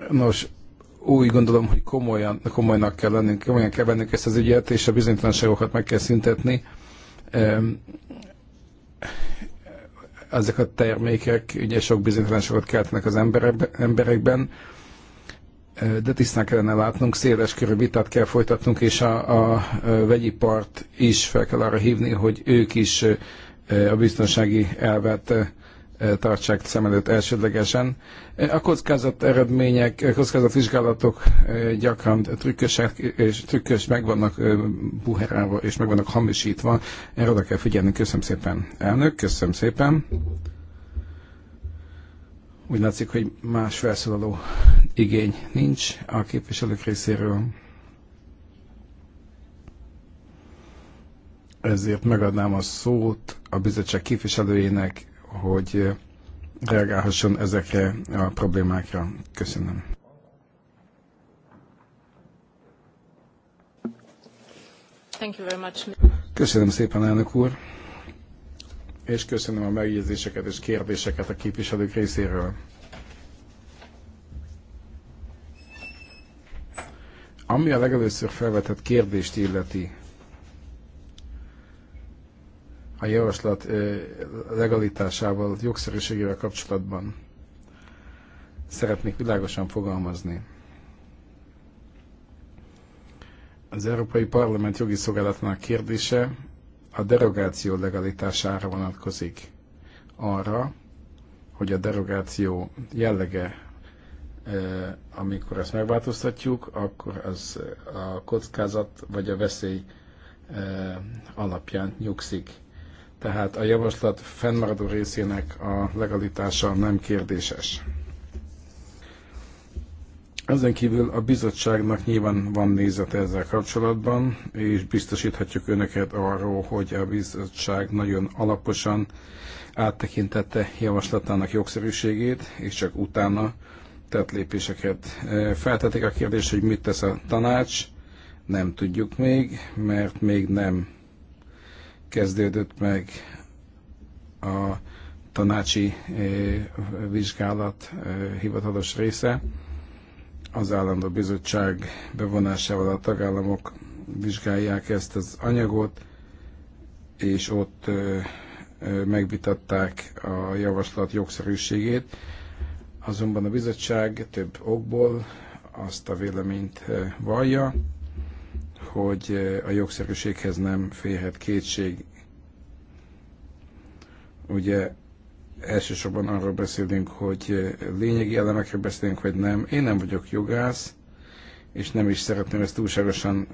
Nos, úgy gondolom, hogy komolyan, komolynak kell lennünk, komolyan kell vennünk ezt az ügyet, és a bizonytalanságokat meg kell szüntetni. Ezek a termékek ugye sok bizonytalanságot keltenek az emberekben, de tisztán kellene látnunk, széles körű vitát kell folytatnunk, és a, a vegyipart is fel kell arra hívni, hogy ők is a biztonsági elvet tartsák szem előtt elsődlegesen. A kockázat eredmények, a vizsgálatok gyakran trükkösek, és trükkös meg vannak buherálva, és meg vannak hamisítva. Erre oda kell figyelni. Köszönöm szépen, elnök, köszönöm szépen. Úgy látszik, hogy más felszólaló igény nincs a képviselők részéről. Ezért megadnám a szót a bizottság képviselőjének, hogy reagálhasson ezekre a problémákra. Köszönöm. Köszönöm szépen, elnök úr és köszönöm a megjegyzéseket és kérdéseket a képviselők részéről. Ami a legelőször felvetett kérdést illeti, a javaslat legalitásával, jogszerűségével kapcsolatban szeretnék világosan fogalmazni. Az Európai Parlament jogi szolgálatának kérdése a derogáció legalitására vonatkozik arra, hogy a derogáció jellege, amikor ezt megváltoztatjuk, akkor az a kockázat vagy a veszély alapján nyugszik. Tehát a javaslat fennmaradó részének a legalitása nem kérdéses. Ezen kívül a bizottságnak nyilván van nézete ezzel kapcsolatban, és biztosíthatjuk önöket arról, hogy a bizottság nagyon alaposan áttekintette javaslatának jogszerűségét, és csak utána tett lépéseket. E, feltették a kérdést, hogy mit tesz a tanács, nem tudjuk még, mert még nem kezdődött meg a tanácsi e, vizsgálat e, hivatalos része az állandó bizottság bevonásával a tagállamok vizsgálják ezt az anyagot, és ott megvitatták a javaslat jogszerűségét. Azonban a bizottság több okból azt a véleményt vallja, hogy a jogszerűséghez nem férhet kétség. Ugye elsősorban arról beszélünk, hogy lényegi elemekről beszélünk, vagy nem. Én nem vagyok jogász, és nem is szeretném ezt túlságosan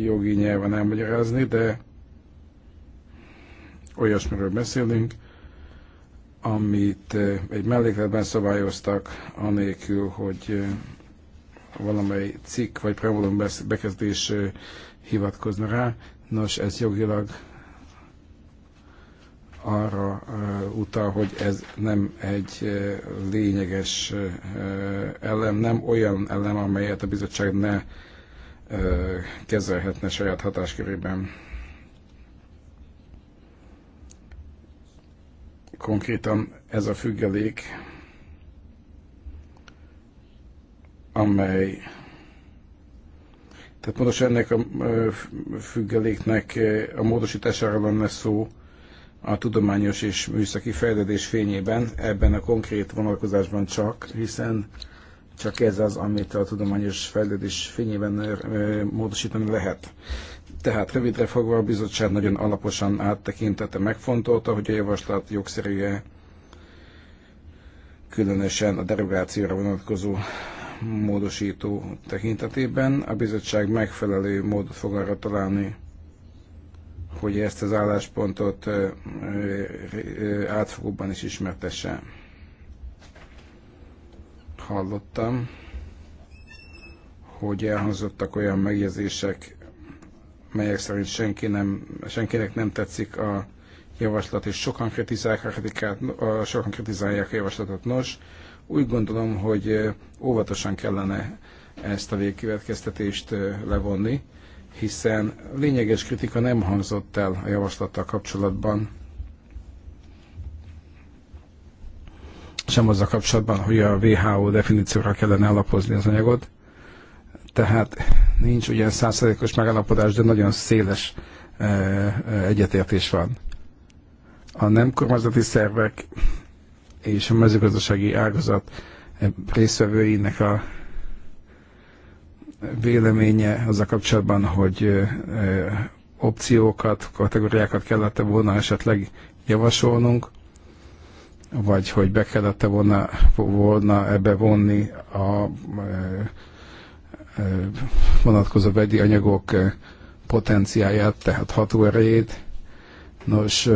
jogi nyelven elmagyarázni, de olyasmiről beszélünk, amit egy mellékletben szabályoztak, anélkül, hogy valamely cikk vagy preambulum bekezdés hivatkozna rá. Nos, ez jogilag arra utal, hogy ez nem egy lényeges elem, nem olyan elem, amelyet a bizottság ne kezelhetne saját hatáskörében. Konkrétan ez a függelék, amely tehát pontosan ennek a függeléknek a módosítására lenne szó, a tudományos és műszaki fejlődés fényében ebben a konkrét vonalkozásban csak, hiszen csak ez az, amit a tudományos fejlődés fényében módosítani lehet. Tehát rövidre fogva a bizottság nagyon alaposan áttekintette, megfontolta, hogy a javaslat jogszerűje különösen a derogációra vonatkozó módosító tekintetében. A bizottság megfelelő módot fog arra találni, hogy ezt az álláspontot átfogóban is ismertesse. Hallottam, hogy elhangzottak olyan megjegyzések, melyek szerint senki nem, senkinek nem tetszik a javaslat, és sokan kritizálják a, sokan kritizálják a javaslatot. Nos, úgy gondolom, hogy óvatosan kellene ezt a végkövetkeztetést levonni hiszen lényeges kritika nem hangzott el a javaslattal kapcsolatban, sem azzal kapcsolatban, hogy a WHO definícióra kellene alapozni az anyagot. Tehát nincs ugyan százszerékos megállapodás, de nagyon széles e, e, egyetértés van. A nem kormányzati szervek és a mezőgazdasági ágazat részvevőinek a véleménye a kapcsolatban, hogy opciókat, kategóriákat kellett volna esetleg javasolnunk, vagy hogy be kellett volna, volna ebbe vonni a vonatkozó vegyi anyagok potenciáját, tehát hatóerejét. Nos,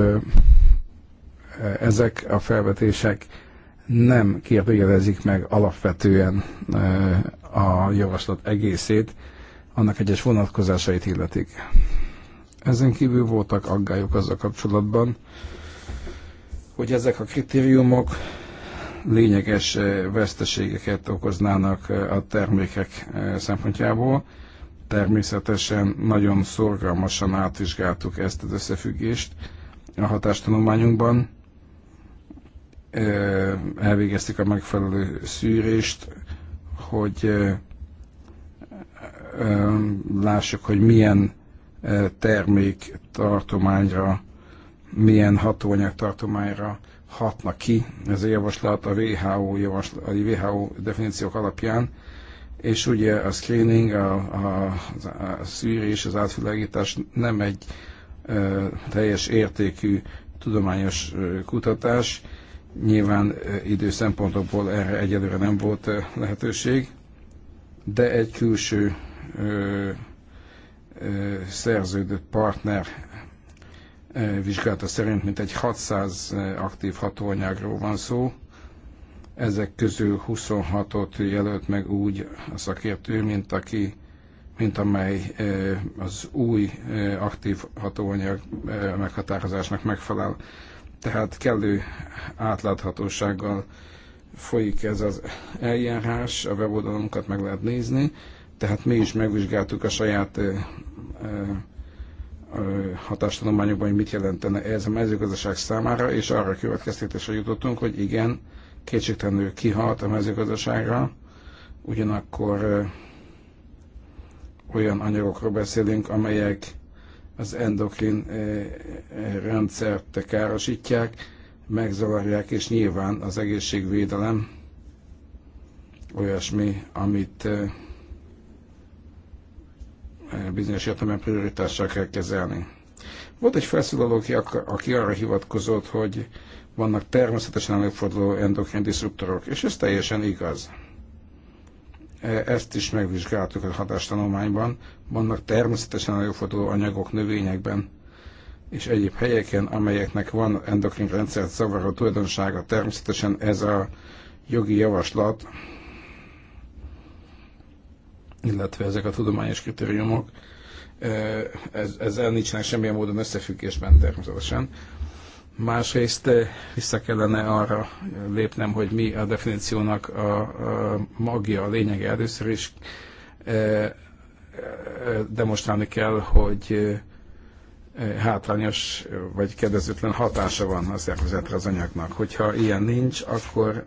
ezek a felvetések nem kérdőjelezik meg alapvetően a javaslat egészét, annak egyes vonatkozásait illetik. Ezen kívül voltak aggályok azzal kapcsolatban, hogy ezek a kritériumok lényeges veszteségeket okoznának a termékek szempontjából. Természetesen nagyon szorgalmasan átvizsgáltuk ezt az összefüggést a hatástanulmányunkban, elvégezték a megfelelő szűrést, hogy lássuk, hogy milyen termék tartományra, milyen hatóanyag tartományra hatnak ki ez a javaslat a WHO, javaslat, a WHO definíciók alapján, és ugye a screening, a, a, a szűrés, az átvilágítás nem egy ö, teljes értékű tudományos ö, kutatás, Nyilván időszempontokból erre egyelőre nem volt lehetőség, de egy külső ö, ö, szerződött partner ö, vizsgálata szerint egy 600 aktív hatóanyagról van szó, ezek közül 26-ot jelölt meg úgy a szakértő, mint aki mint amely az új aktív hatóanyag meghatározásnak megfelel. Tehát kellő átláthatósággal folyik ez az eljárás, a weboldalunkat meg lehet nézni, tehát mi is megvizsgáltuk a saját ö, hatástanulmányokban, hogy mit jelentene ez a mezőgazdaság számára, és arra következtetésre jutottunk, hogy igen, kétségtelenül kihalt a mezőgazdaságra, ugyanakkor ö, olyan anyagokról beszélünk, amelyek az endokrin eh, eh, rendszert károsítják, megzavarják, és nyilván az egészségvédelem olyasmi, amit eh, bizonyos értelemben prioritással kell kezelni. Volt egy felszólaló, aki arra hivatkozott, hogy vannak természetesen előforduló endokrin diszruptorok, és ez teljesen igaz. E, ezt is megvizsgáltuk a hatástanulmányban. Vannak természetesen előforduló anyagok növényekben és egyéb helyeken, amelyeknek van endokrin rendszert zavaró tulajdonsága. Természetesen ez a jogi javaslat, illetve ezek a tudományos kritériumok, e, ezzel nincsenek semmilyen módon összefüggésben természetesen. Másrészt eh, vissza kellene arra lépnem, hogy mi a definíciónak a, magja, a lényege. Először is eh, eh, demonstrálni kell, hogy hátrányos vagy kedvezőtlen hatása van a szervezetre az anyagnak. Hogyha ilyen nincs, akkor,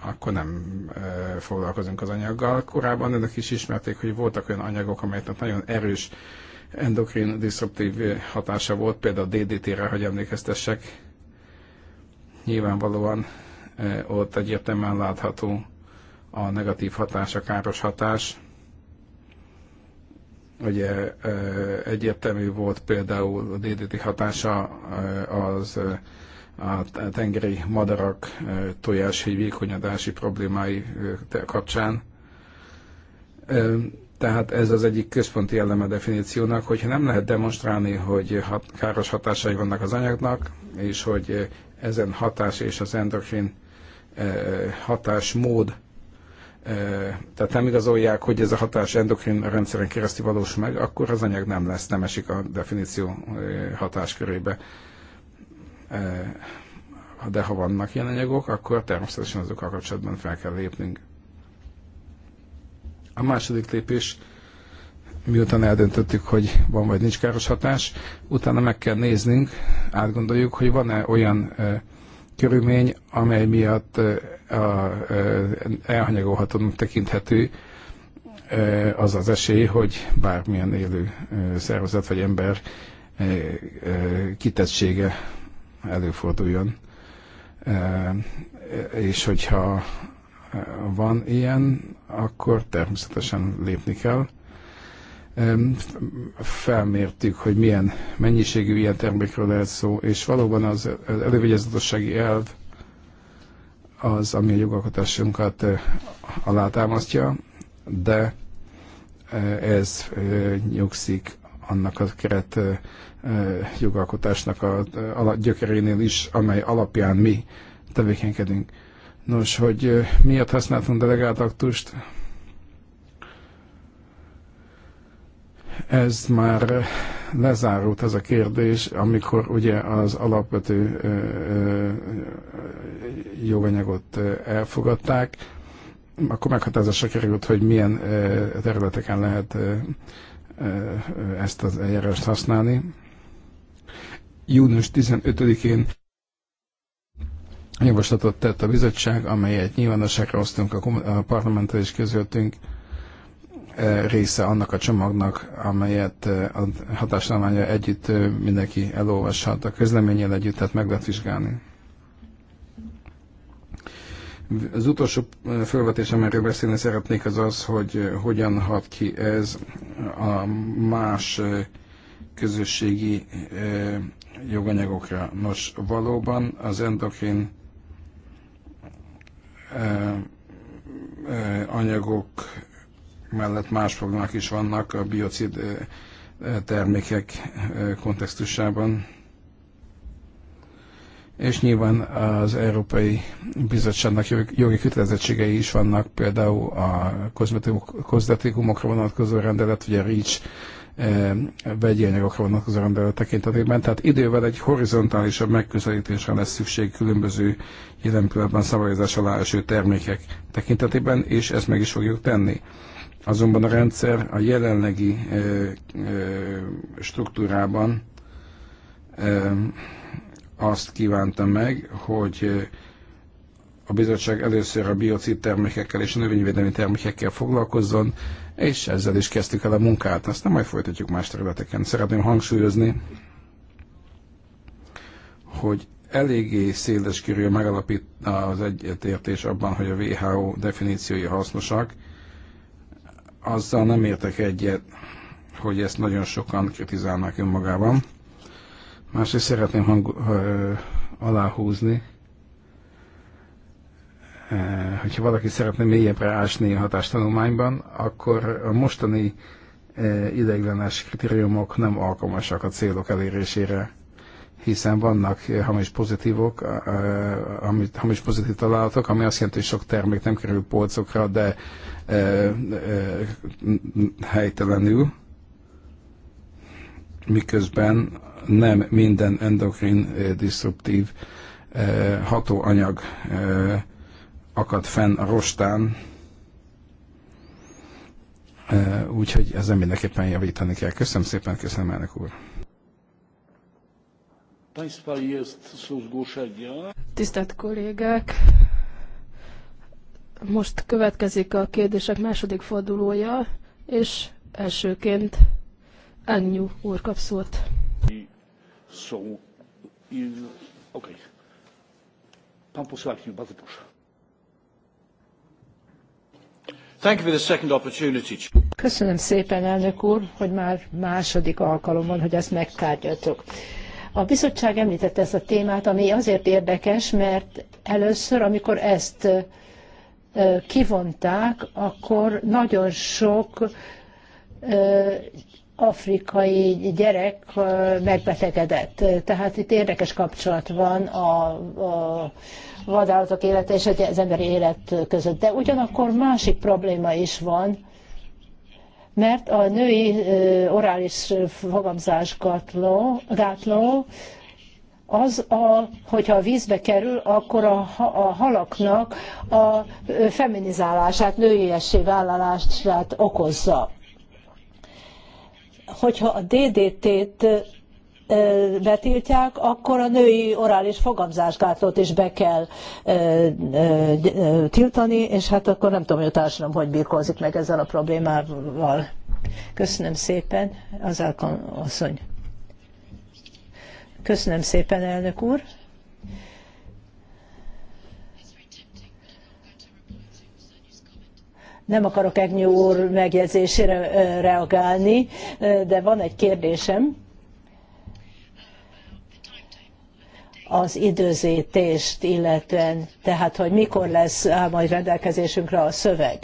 akkor nem foglalkozunk az anyaggal. Korábban önök is ismerték, hogy voltak olyan anyagok, amelyeknek nagyon erős endokrin diszruptív hatása volt, például a DDT-re, hogy emlékeztessek, nyilvánvalóan ott egyértelműen látható a negatív hatás, a káros hatás. Ugye egyértelmű volt például a DDT hatása az a tengeri madarak tojáshéj vékonyadási problémái kapcsán. Tehát ez az egyik központi eleme definíciónak, hogyha nem lehet demonstrálni, hogy hat, káros hatásai vannak az anyagnak, és hogy eh, ezen hatás és az endokrin eh, hatásmód, eh, tehát nem igazolják, hogy ez a hatás endokrin rendszeren keresztül valósul meg, akkor az anyag nem lesz, nem esik a definíció hatáskörébe. De ha vannak ilyen anyagok, akkor természetesen azokkal kapcsolatban fel kell lépnünk. A második lépés, miután eldöntöttük, hogy van vagy nincs káros hatás, utána meg kell néznünk, átgondoljuk, hogy van-e olyan ö, körülmény, amely miatt ö, a, ö, elhanyagolhatónak tekinthető ö, az az esély, hogy bármilyen élő ö, szervezet vagy ember ö, ö, kitettsége előforduljon. Ö, és hogyha van ilyen, akkor természetesen lépni kell. Felmértük, hogy milyen mennyiségű ilyen termékről lehet szó, és valóban az elővigyázatossági elv az, ami a jogalkotásunkat eh, alátámasztja, de eh, ez eh, nyugszik annak a keret jogalkotásnak a gyökerénél is, amely alapján mi tevékenykedünk. Nos, hogy miért használtunk delegált aktust? Ez már lezárult ez a kérdés, amikor ugye az alapvető joganyagot elfogadták, akkor meghatározásra került, hogy milyen területeken lehet ezt az eljárást használni. Június 15-én javaslatot tett a bizottság, amelyet nyilvánosságra hoztunk a, a parlamenttel is közöltünk, e, része annak a csomagnak, amelyet e, a hatástanulmánya együtt e, mindenki elolvashat, a közleményel együtt, tehát meg lehet vizsgálni. Az utolsó felvetés, amiről beszélni szeretnék, az az, hogy hogyan hat ki ez a más közösségi joganyagokra. Nos, valóban az endokrin anyagok mellett más problémák is vannak a biocid termékek kontextusában. És nyilván az Európai Bizottságnak jogi kötelezettségei is vannak, például a kozmetikumokra vonatkozó rendelet, ugye REACH E, vegyi anyagokra vonatkozó rendelet tekintetében. Tehát idővel egy horizontálisabb megközelítésre lesz szükség különböző jelen pillanatban szabályozás alá eső termékek tekintetében, és ezt meg is fogjuk tenni. Azonban a rendszer a jelenlegi ö, e, ö, e, struktúrában ö, azt kívánta meg, hogy a bizottság először a biocid termékekkel és növényvédelmi termékekkel foglalkozzon, és ezzel is kezdtük el a munkát. Aztán majd folytatjuk más területeken. Szeretném hangsúlyozni, hogy eléggé széles körül megalapít az egyetértés abban, hogy a WHO definíciói hasznosak. Azzal nem értek egyet, hogy ezt nagyon sokan kritizálnak önmagában. Másrészt szeretném hang, ö, aláhúzni, Eh, hogyha valaki szeretne mélyebbre ásni a hatástanulmányban, akkor a mostani eh, ideiglenes kritériumok nem alkalmasak a célok elérésére, hiszen vannak eh, hamis pozitívok, amit, hamis pozitív találatok, ami azt jelenti, hogy sok termék nem kerül polcokra, de helytelenül, miközben nem minden endokrin disruptív hatóanyag akad fenn a rostán, úgyhogy ezen mindenképpen javítani kell. Köszönöm szépen, köszönöm elnök úr. Tisztelt kollégák! Most következik a kérdések második fordulója, és elsőként Ennyú úr kap szót. Okay. Pan poseł Agnyú, bardzo proszę. Köszönöm szépen, elnök úr, hogy már második alkalom van, hogy ezt megtárgyaltuk. A bizottság említette ezt a témát, ami azért érdekes, mert először, amikor ezt kivonták, akkor nagyon sok afrikai gyerek megbetegedett. Tehát itt érdekes kapcsolat van a, a vadállatok élete és az emberi élet között. De ugyanakkor másik probléma is van, mert a női orális gátló, gátló, az, a, hogyha a vízbe kerül, akkor a, a halaknak a feminizálását, nőiessé vállalását okozza hogyha a DDT-t betiltják, akkor a női orális fogamzásgátlót is be kell tiltani, és hát akkor nem tudom, hogy a társadalom hogy birkózik meg ezzel a problémával. Köszönöm szépen, az asszony. Köszönöm szépen, elnök úr. Nem akarok Egnyi úr megjegyzésére reagálni, de van egy kérdésem. az időzítést illetően, tehát hogy mikor lesz majd rendelkezésünkre a szöveg.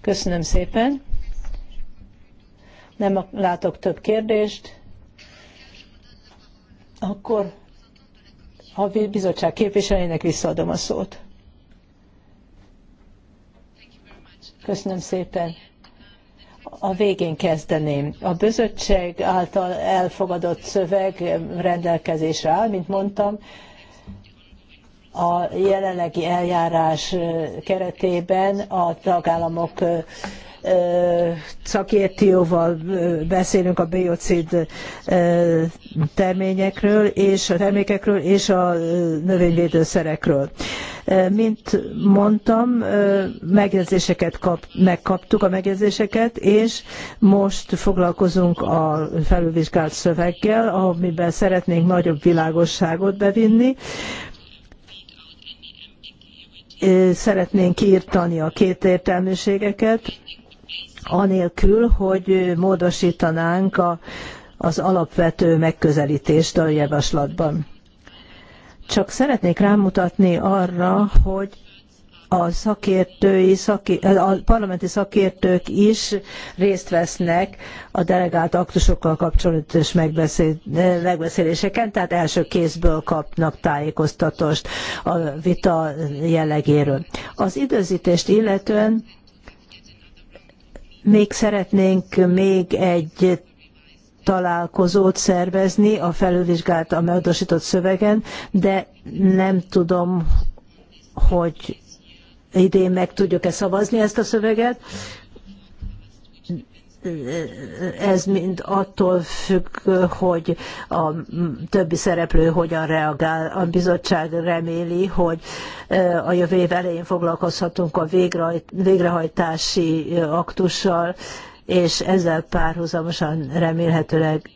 Köszönöm szépen. Nem látok több kérdést. Akkor a bizottság képviselőjének visszaadom a szót. Köszönöm szépen. A végén kezdeném. A bizottság által elfogadott szöveg rendelkezésre áll, mint mondtam, a jelenlegi eljárás keretében a tagállamok szakértőval beszélünk a biocid terményekről és a termékekről és a növényvédőszerekről. Mint mondtam, megjegyzéseket kap, megkaptuk a megjegyzéseket, és most foglalkozunk a felülvizsgált szöveggel, amiben szeretnénk nagyobb világosságot bevinni, szeretnénk kiirtani a kétértelműségeket, anélkül, hogy módosítanánk a, az alapvető megközelítést a javaslatban. Csak szeretnék rámutatni arra, hogy a szakértői, a parlamenti szakértők is részt vesznek a delegált aktusokkal kapcsolatos megbeszéléseken, tehát első kézből kapnak tájékoztatást a vita jellegéről. Az időzítést illetően még szeretnénk még egy találkozót szervezni a felülvizsgált, a módosított szövegen, de nem tudom, hogy idén meg tudjuk-e szavazni ezt a szöveget, ez mind attól függ, hogy a többi szereplő hogyan reagál. A bizottság reméli, hogy a jövő év elején foglalkozhatunk a végrehajtási aktussal, és ezzel párhuzamosan remélhetőleg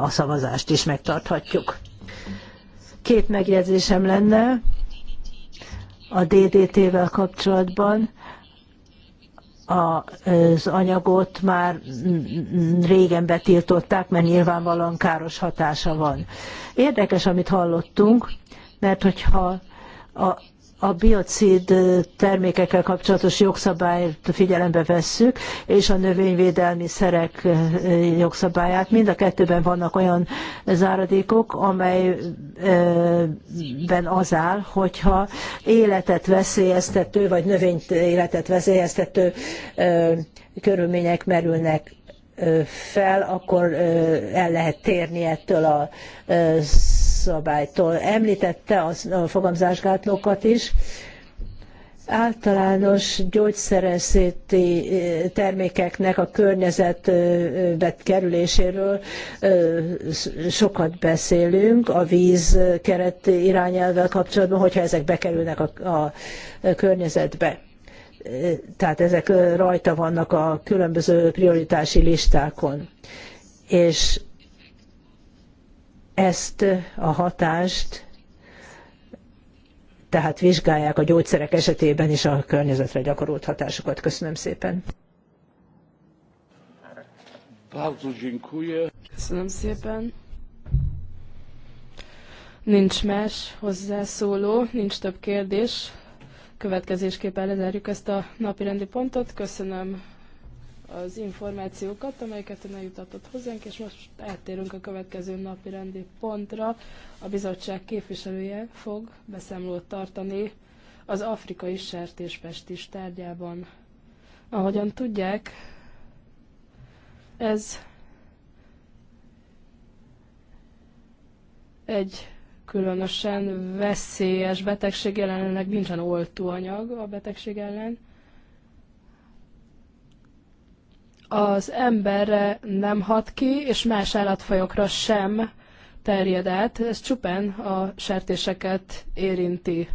a szavazást is megtarthatjuk. Két megjegyzésem lenne a DDT-vel kapcsolatban az anyagot már régen betiltották, mert nyilvánvalóan káros hatása van. Érdekes, amit hallottunk, mert hogyha a, a biocid termékekkel kapcsolatos jogszabályt figyelembe vesszük, és a növényvédelmi szerek jogszabályát. Mind a kettőben vannak olyan záradékok, amelyben az áll, hogyha életet veszélyeztető, vagy növényt életet veszélyeztető körülmények merülnek fel, akkor el lehet térni ettől a jogszabálytól. Említette a fogamzásgátlókat is. Általános gyógyszereszéti eh, termékeknek a környezetbe kerüléséről eh, sokat beszélünk a víz keret irányelvvel kapcsolatban, hogyha ezek bekerülnek a, a környezetbe eh, tehát ezek rajta vannak a különböző prioritási listákon. És ezt a hatást, tehát vizsgálják a gyógyszerek esetében is a környezetre gyakorolt hatásokat. Köszönöm szépen. Köszönöm szépen. Nincs más hozzászóló, nincs több kérdés. Következésképpen lezárjuk ezt a napirendi pontot. Köszönöm az információkat, amelyeket ön eljutatott hozzánk, és most eltérünk a következő napi rendi pontra. A bizottság képviselője fog beszámolót tartani az afrikai sertéspestis tárgyában. Ahogyan tudják, ez egy különösen veszélyes betegség, jelenleg nincsen oltóanyag a betegség ellen, az emberre nem hat ki, és más állatfajokra sem terjed át. Ez csupán a sertéseket érinti.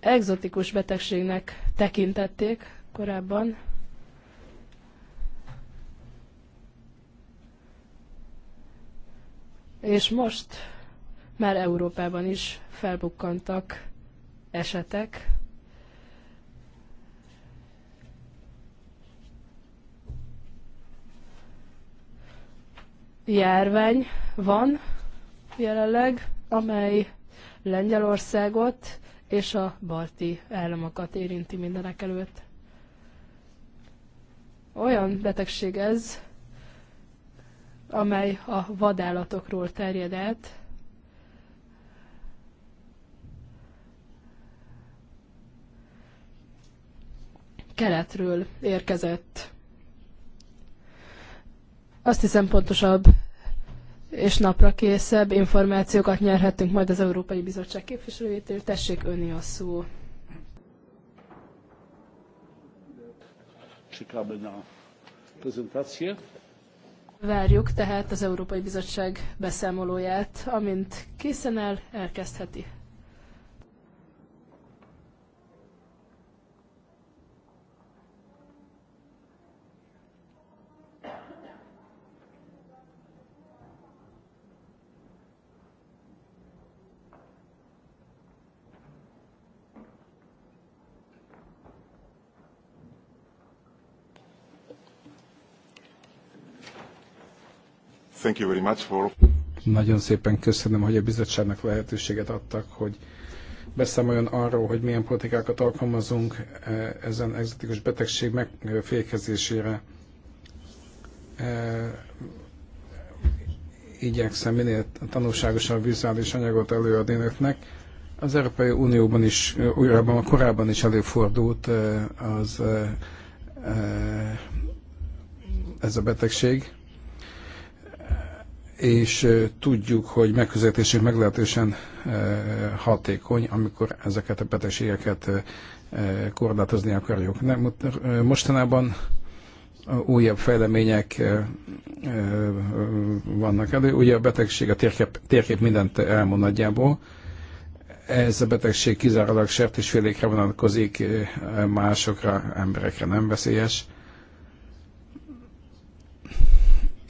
Exotikus betegségnek tekintették korábban. És most már Európában is felbukkantak esetek. járvány van jelenleg, amely Lengyelországot és a balti államokat érinti mindenek előtt. Olyan betegség ez, amely a vadállatokról terjed át, keletről érkezett azt hiszem pontosabb és napra készebb információkat nyerhetünk majd az Európai Bizottság képviselőjétől. Tessék önni a szó. Várjuk tehát az Európai Bizottság beszámolóját, amint készen áll, elkezdheti. Thank you very much for... Nagyon szépen köszönöm, hogy a bizottságnak lehetőséget adtak, hogy beszámoljon arról, hogy milyen politikákat alkalmazunk eh, ezen egzotikus betegség megfékezésére. Eh, igyekszem minél tanulságosabb vizuális anyagot előadni önöknek. Az Európai Unióban is, eh, a korábban is előfordult az ez a betegség és tudjuk, hogy megközelítésünk meglehetősen hatékony, amikor ezeket a betegségeket korlátozni akarjuk. mostanában újabb fejlemények vannak elő. Ugye a betegség, a térkép, térkép mindent elmond nagyjából. Ez a betegség kizárólag sertésfélékre vonatkozik, másokra, emberekre nem veszélyes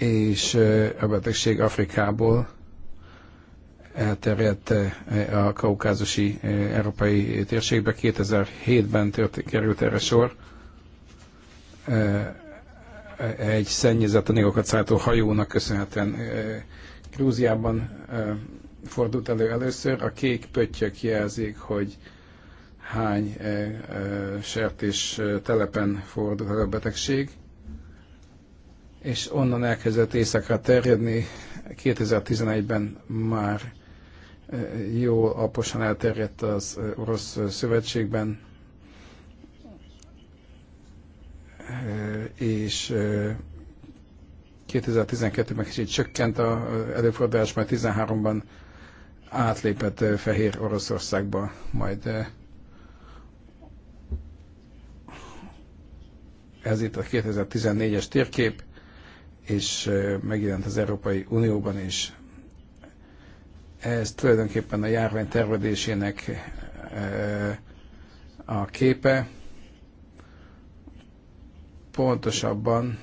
és a betegség Afrikából elterjedt a kaukázusi európai térségbe. 2007-ben tört, került erre sor egy szennyezett anyagokat szállító hajónak köszönhetően Grúziában fordult elő először. A kék pöttyök jelzik, hogy hány sertés telepen fordult elő a betegség és onnan elkezdett éjszakra terjedni. 2011-ben már jó alaposan elterjedt az orosz szövetségben, és 2012-ben kicsit csökkent a előfordulás, majd 13-ban átlépett Fehér Oroszországba, majd ez itt a 2014-es térkép, és megjelent az Európai Unióban is. Ez tulajdonképpen a járvány tervedésének a képe. Pontosabban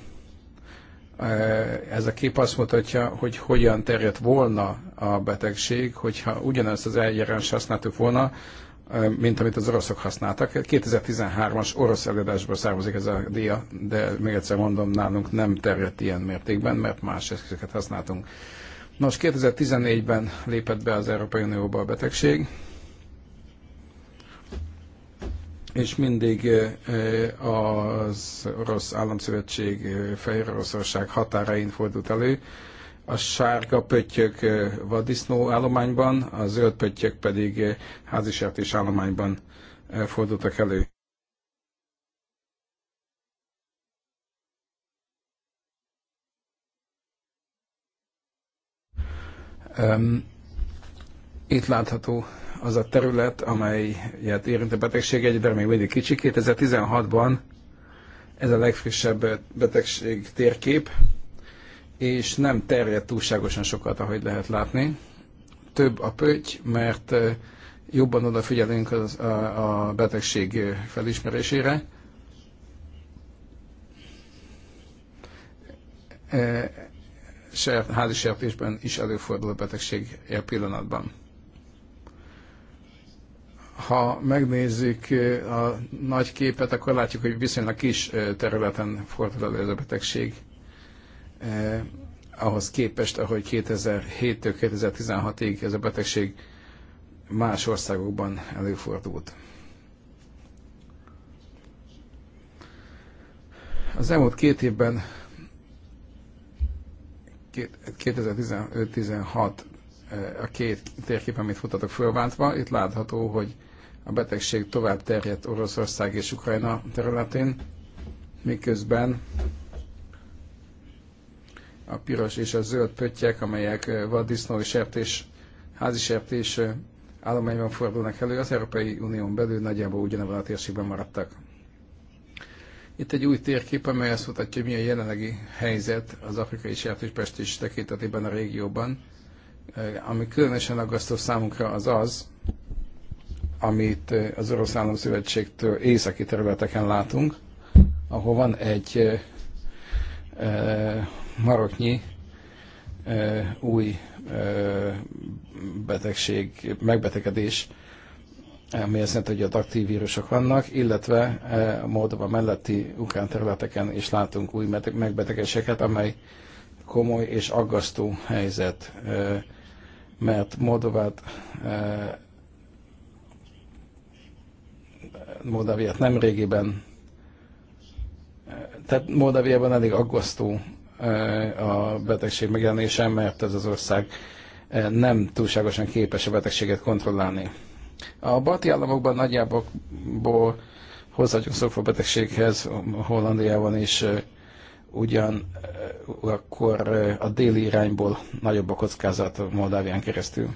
ez a kép azt mutatja, hogy hogyan terjedt volna a betegség, hogyha ugyanazt az eljárás használtuk volna, mint amit az oroszok használtak. 2013-as orosz előadásból származik ez a díja, de még egyszer mondom, nálunk nem terjedt ilyen mértékben, mert más eszközöket használtunk. Nos, 2014-ben lépett be az Európai Unióba a betegség, és mindig az Orosz Államszövetség Fehér Oroszország határain fordult elő, a sárga pöttyök vadisznó állományban, a zöld pöttyök pedig házisertés állományban fordultak elő. itt látható az a terület, amelyet érint a betegség egyre még mindig kicsi. 2016-ban ez a legfrissebb betegség térkép és nem terjed túlságosan sokat, ahogy lehet látni. Több a pöty, mert jobban odafigyelünk az, a, a betegség felismerésére. Sert, házi sertésben is előfordul a betegség ilyen pillanatban. Ha megnézzük a nagy képet, akkor látjuk, hogy viszonylag kis területen fordul elő ez a betegség eh, ahhoz képest, ahogy 2007-től 2016-ig ez a betegség más országokban előfordult. Az elmúlt két évben 2015-16 eh, a két térkép, amit mutatok fölváltva, itt látható, hogy a betegség tovább terjedt Oroszország és Ukrajna területén, miközben a piros és a zöld pöttyek, amelyek vaddisznó és sertés, házi sertés állományban fordulnak elő, az Európai Unión belül nagyjából ugyanabban a térségben maradtak. Itt egy új térkép, amely azt mutatja, hogy milyen jelenlegi helyzet az afrikai sertéspest is tekintetében a régióban. Ami különösen aggasztó számunkra az az, amit az Orosz Szövetségtől északi területeken látunk, ahol van egy e, maroknyi új betegség, megbetegedés, ami azt jelenti, hogy ott aktív vírusok vannak, illetve a Moldova melletti ukrán területeken is látunk új megbetegedéseket, amely komoly és aggasztó helyzet, mert Moldovát Moldaviát nem régiben, tehát Moldaviában elég aggasztó a betegség megjelenése, mert ez az ország nem túlságosan képes a betegséget kontrollálni. A balti államokban nagyjából hozzáadjuk szokva betegséghez, Hollandiában is ugyan akkor a déli irányból nagyobb a kockázat Moldávián keresztül.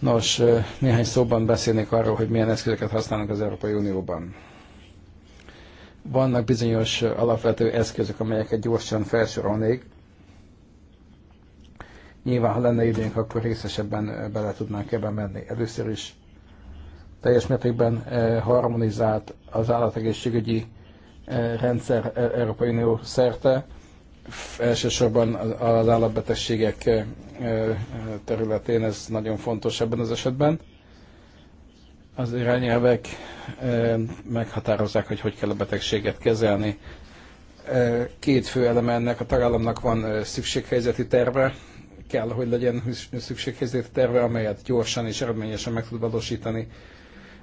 Nos, néhány szóban beszélnék arról, hogy milyen eszközöket használnak az Európai Unióban. Vannak bizonyos alapvető eszközök, amelyeket gyorsan felsorolnék. Nyilván, ha lenne időnk, akkor részesebben eh, bele tudnánk ebben menni. Először is teljes mértékben eh, harmonizált az állategészségügyi eh, rendszer Európai Unió szerte, elsősorban az állatbetegségek területén ez nagyon fontos ebben az esetben. Az irányelvek meghatározzák, hogy hogy kell a betegséget kezelni. Két fő eleme ennek a tagállamnak van szükséghelyzeti terve, kell, hogy legyen szükséghelyzeti terve, amelyet gyorsan és eredményesen meg tud valósítani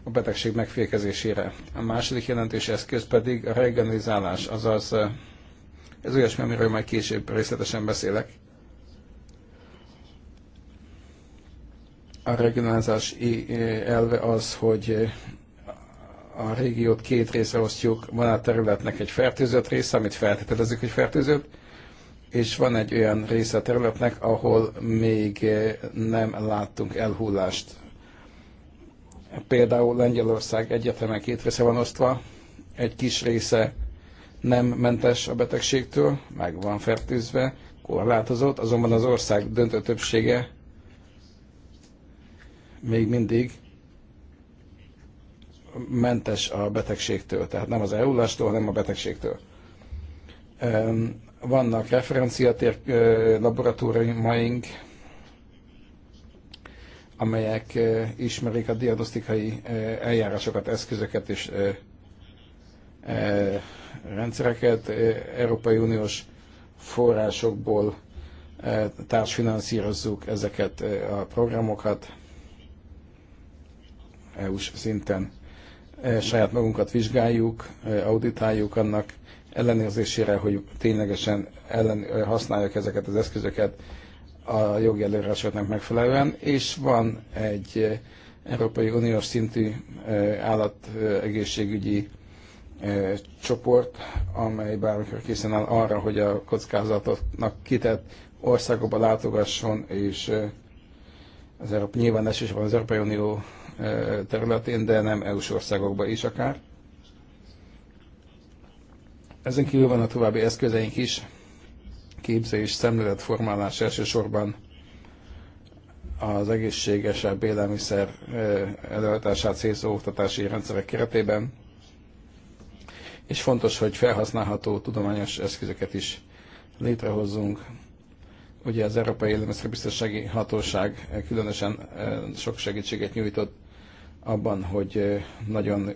a betegség megfékezésére. A második jelentős eszköz pedig a regionalizálás, azaz ez olyasmi, amiről majd később részletesen beszélek. A regionalizás elve az, hogy a régiót két részre osztjuk, van a területnek egy fertőzött része, amit feltételezzük, hogy fertőzött, és van egy olyan része a területnek, ahol még nem láttunk elhullást. Például Lengyelország egyetemen két része van osztva, egy kis része nem mentes a betegségtől, meg van fertőzve, korlátozott, azonban az ország döntő többsége még mindig mentes a betegségtől, tehát nem az elhullástól, hanem a betegségtől. Vannak referenciatér laboratóriumaink, amelyek ismerik a diagnosztikai eljárásokat, eszközöket és rendszereket. Európai Uniós forrásokból társfinanszírozzuk ezeket a programokat, EU-s szinten eh, saját magunkat vizsgáljuk, eh, auditáljuk annak ellenőrzésére, hogy ténylegesen ellen, eh, használjuk ezeket az eszközöket a jogi előírásoknak megfelelően, és van egy Európai Uniós szintű állategészségügyi csoport, amely bármikor készen áll arra, hogy a kockázatoknak kitett országokba látogasson, és az Európa, nyilván elsősorban az Európai Unió területén, de nem EU-s országokba is akár. Ezen kívül van a további eszközeink is, képzés, szemléletformálás elsősorban az egészségesebb élelmiszer eh, előadását célzó oktatási rendszerek keretében, és fontos, hogy felhasználható tudományos eszközöket is létrehozzunk. Ugye az Európai Élelmiszerbiztonsági Hatóság eh, különösen eh, sok segítséget nyújtott abban, hogy nagyon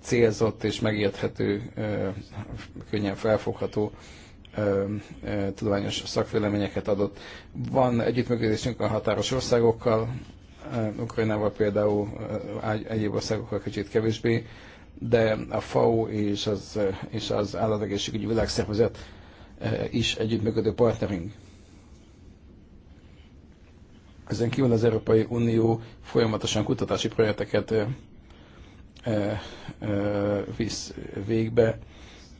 célzott és megérthető, könnyen felfogható tudományos szakvéleményeket adott. Van együttműködésünk a határos országokkal, Ukrajnával például, egyéb országokkal kicsit kevésbé, de a FAO és az, és az Állategészségügyi Világszervezet is együttműködő partnerünk. Ezen kívül az Európai Unió folyamatosan kutatási projekteket visz végbe,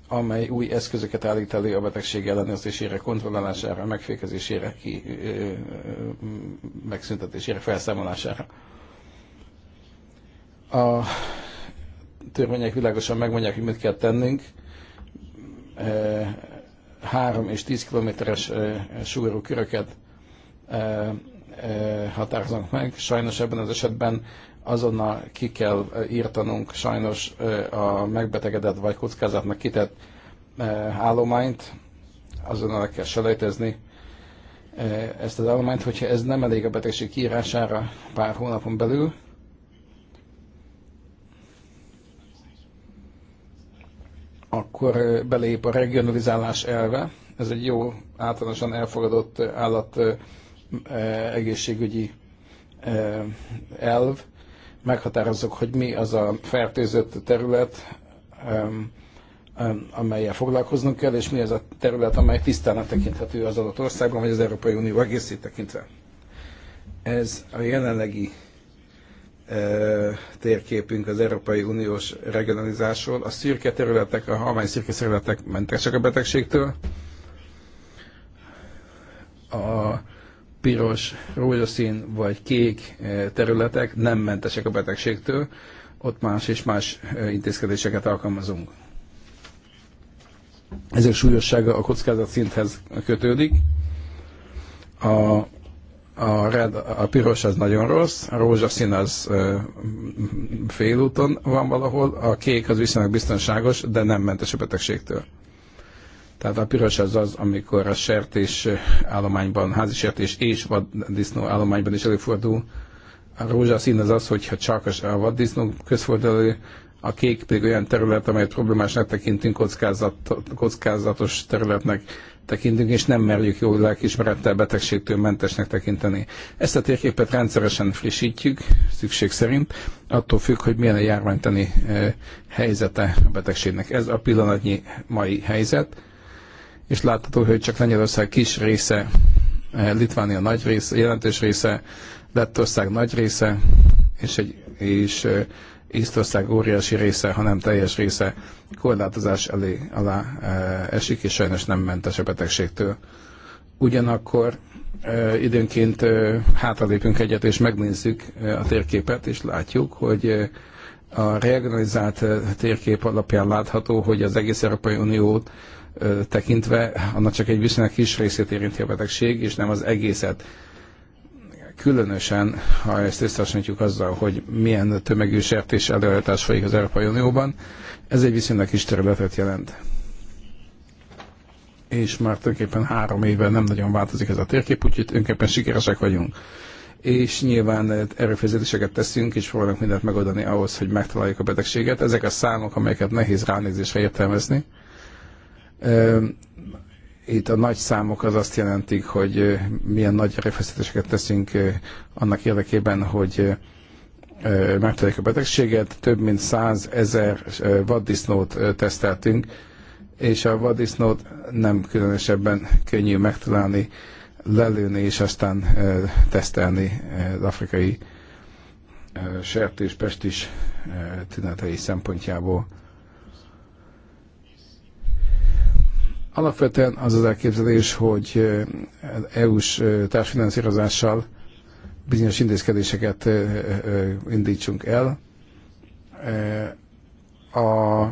amely új eszközöket állít elő a betegség ellenőrzésére, kontrollálására, megfékezésére, ki, ö, megszüntetésére, felszámolására. A törvények világosan megmondják, hogy mit kell tennünk. 3 és 10 kilométeres súlyú köröket határoznak meg. Sajnos ebben az esetben azonnal ki kell írtanunk sajnos a megbetegedett vagy kockázatnak kitett állományt, azonnal kell selejtezni ezt az állományt, hogyha ez nem elég a betegség kiírására pár hónapon belül, akkor belép a regionalizálás elve. Ez egy jó, általánosan elfogadott állat egészségügyi elv, meghatározzuk, hogy mi az a fertőzött terület, amelyel foglalkoznunk kell, és mi az a terület, amely tisztán tekinthető az adott országban, vagy az Európai Unió egészét tekintve. Ez a jelenlegi térképünk az Európai Uniós regionalizásról. A szürke területek, a halvány szürke területek mentesek a betegségtől. A piros, rózsaszín vagy kék eh, területek nem mentesek a betegségtől, ott más és más eh, intézkedéseket alkalmazunk. Ezek súlyossága a kockázat szinthez kötődik. A, a, red, a piros az nagyon rossz, a rózsaszín az eh, félúton van valahol, a kék az viszonylag biztonságos, de nem mentes a betegségtől. Tehát a piros az az, amikor a sertés állományban, házi sertés és vaddisznó állományban is előfordul. A rózsaszín az az, hogyha csak a vaddisznó közfordulő, a kék pedig olyan terület, amelyet problémásnak tekintünk, kockázat, kockázatos területnek tekintünk, és nem merjük jó lelkismerettel betegségtől mentesnek tekinteni. Ezt a térképet rendszeresen frissítjük, szükség szerint, attól függ, hogy milyen a járványtani eh, helyzete a betegségnek. Ez a pillanatnyi mai helyzet és látható, hogy csak Lengyelország kis része, eh, Litvánia nagy része, jelentős része, Lettország nagy része, és, egy, és eh, Észtország óriási része, hanem teljes része korlátozás elé, alá eh, esik, és sajnos nem mentes a betegségtől. Ugyanakkor időnként hátralépünk egyet, és megnézzük a térképet, és látjuk, hogy a regionalizált térkép alapján látható, hogy az egész Európai Uniót tekintve, annak csak egy viszonylag kis részét érinti a betegség, és nem az egészet. Különösen, ha ezt összehasonlítjuk azzal, hogy milyen tömegű sertés előállítás folyik az Európai Unióban, ez egy viszonylag kis területet jelent. És már tulajdonképpen három éve nem nagyon változik ez a térkép, úgyhogy önképpen sikeresek vagyunk és nyilván erőfeszítéseket teszünk, és próbálunk mindent megoldani ahhoz, hogy megtaláljuk a betegséget. Ezek a számok, amelyeket nehéz ránézésre értelmezni, itt a nagy számok az azt jelentik, hogy milyen nagy erőfeszítéseket teszünk annak érdekében, hogy megtaláljuk a betegséget. Több mint 100 ezer vaddisznót teszteltünk, és a vaddisznót nem különösebben könnyű megtalálni, lelőni és aztán tesztelni az afrikai sertéspest is tünetei szempontjából. Alapvetően az az elképzelés, hogy EU-s társfinanszírozással bizonyos intézkedéseket indítsunk el. A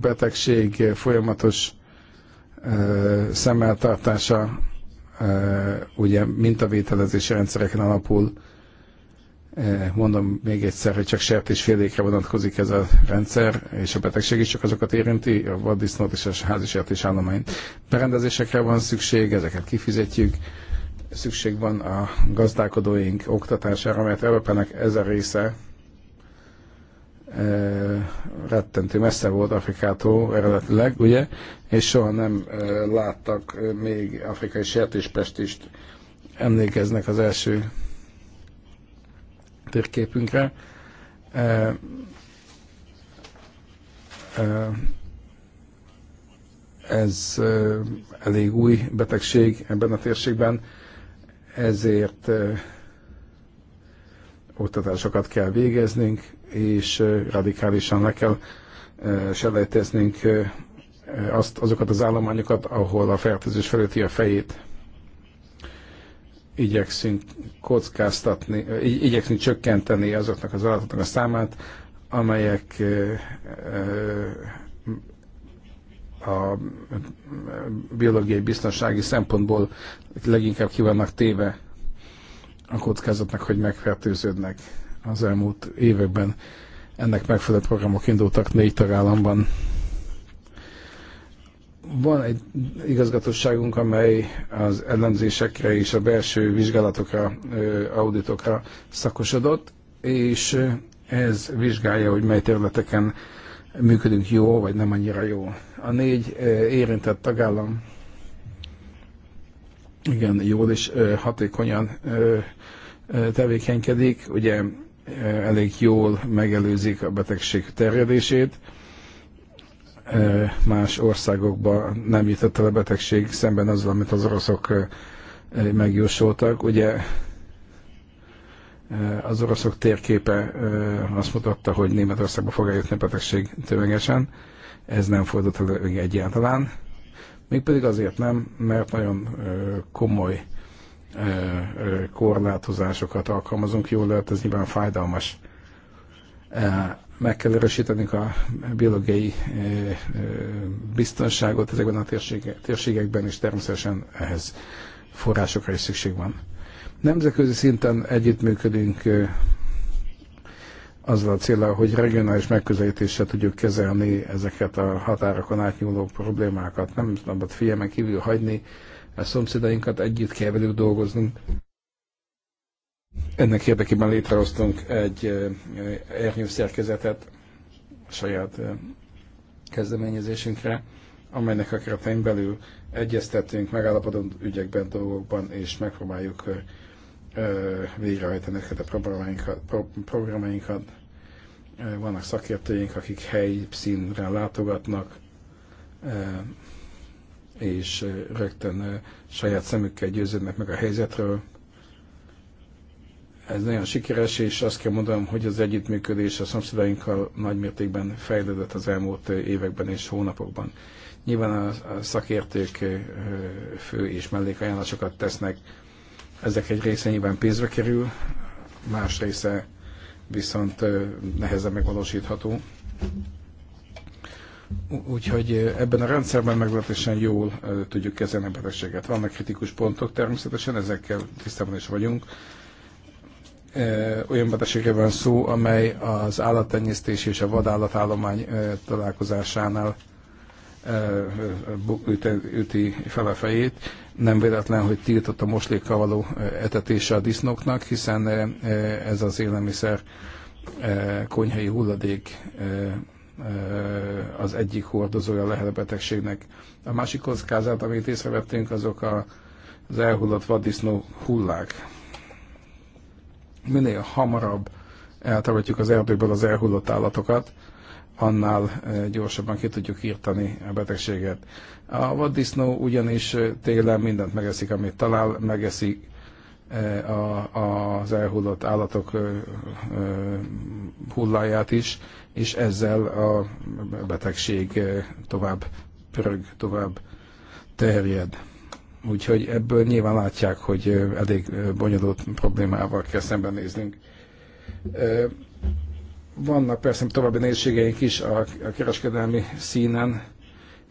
betegség folyamatos szemmel tartása ugye mintavételezési rendszereken alapul Eh, mondom még egyszer, hogy csak sertésfélékre vonatkozik ez a rendszer, és a betegség is csak azokat érinti, a vaddisznót és a házi sertés állományt. Berendezésekre van szükség, ezeket kifizetjük, szükség van a gazdálkodóink oktatására, mert Európának ez a része eh, rettentő messze volt Afrikától eredetileg, ugye, és soha nem eh, láttak még afrikai sertéspestist, emlékeznek az első térképünkre. Ez elég új betegség ebben a térségben, ezért oktatásokat kell végeznünk, és radikálisan le kell selejteznünk azt, azokat az állományokat, ahol a fertőzés felőti a fejét igyekszünk kockáztatni, igyekszünk csökkenteni azoknak az adatoknak a számát, amelyek a biológiai biztonsági szempontból leginkább ki vannak téve a kockázatnak, hogy megfertőződnek az elmúlt években. Ennek megfelelő programok indultak négy tagállamban van egy igazgatóságunk, amely az ellenzésekre és a belső vizsgálatokra, auditokra szakosodott, és ez vizsgálja, hogy mely területeken működünk jó, vagy nem annyira jó. A négy érintett tagállam igen, jól és hatékonyan tevékenykedik, ugye elég jól megelőzik a betegség terjedését, más országokba nem jutott el a betegség szemben azzal, amit az oroszok megjósoltak. Ugye az oroszok térképe azt mutatta, hogy Németországba fog eljutni a betegség tömegesen. Ez nem fordult elő egyáltalán. Mégpedig azért nem, mert nagyon komoly korlátozásokat alkalmazunk. Jól lehet, ez nyilván fájdalmas meg kell erősíteni a biológiai eh, eh, biztonságot ezekben a térségekben, és természetesen ehhez forrásokra is szükség van. Nemzetközi szinten együttműködünk eh, azzal a célral, hogy regionális megközelítéssel tudjuk kezelni ezeket a határokon átnyúló problémákat. Nem szabad figyelmen kívül hagyni a szomszédainkat, együtt kell velük dolgoznunk. Ennek érdekében létrehoztunk egy ernyő szerkezetet saját kezdeményezésünkre, amelynek a keretein belül egyeztetünk, megállapodott ügyekben, dolgokban, és megpróbáljuk végrehajtani ezeket a programainkat. programainkat. Vannak szakértőink, akik helyi színre látogatnak, és rögtön saját szemükkel győződnek meg a helyzetről, ez nagyon sikeres, és azt kell mondanom, hogy az együttműködés a szomszédainkkal nagymértékben fejlődött az elmúlt években és hónapokban. Nyilván a szakértők fő és mellékajánlásokat tesznek, ezek egy része nyilván pénzbe kerül, más része viszont nehezen megvalósítható. Úgyhogy ebben a rendszerben meglehetősen jól tudjuk kezelni a betegséget. Vannak kritikus pontok természetesen, ezekkel tisztában is vagyunk olyan betegségre van szó, amely az állattenyésztés és a vadállatállomány találkozásánál üti fel a fejét. Nem véletlen, hogy tiltott a moslékkal való etetése a disznóknak, hiszen ez az élelmiszer konyhai hulladék az egyik hordozója a betegségnek. A másik kockázat, amit észrevettünk, azok a, az elhullott vaddisznó hullák minél hamarabb eltavatjuk az erdőből az elhullott állatokat, annál eh, gyorsabban ki tudjuk írtani a betegséget. A vaddisznó ugyanis eh, télen mindent megeszik, amit talál, megeszik eh, a, az elhullott állatok hulláját is, és ezzel a betegség tovább pörög, tovább terjed. Úgyhogy ebből nyilván látják, hogy elég bonyolult problémával kell szembenéznünk. Vannak persze további nehézségeink is a kereskedelmi színen,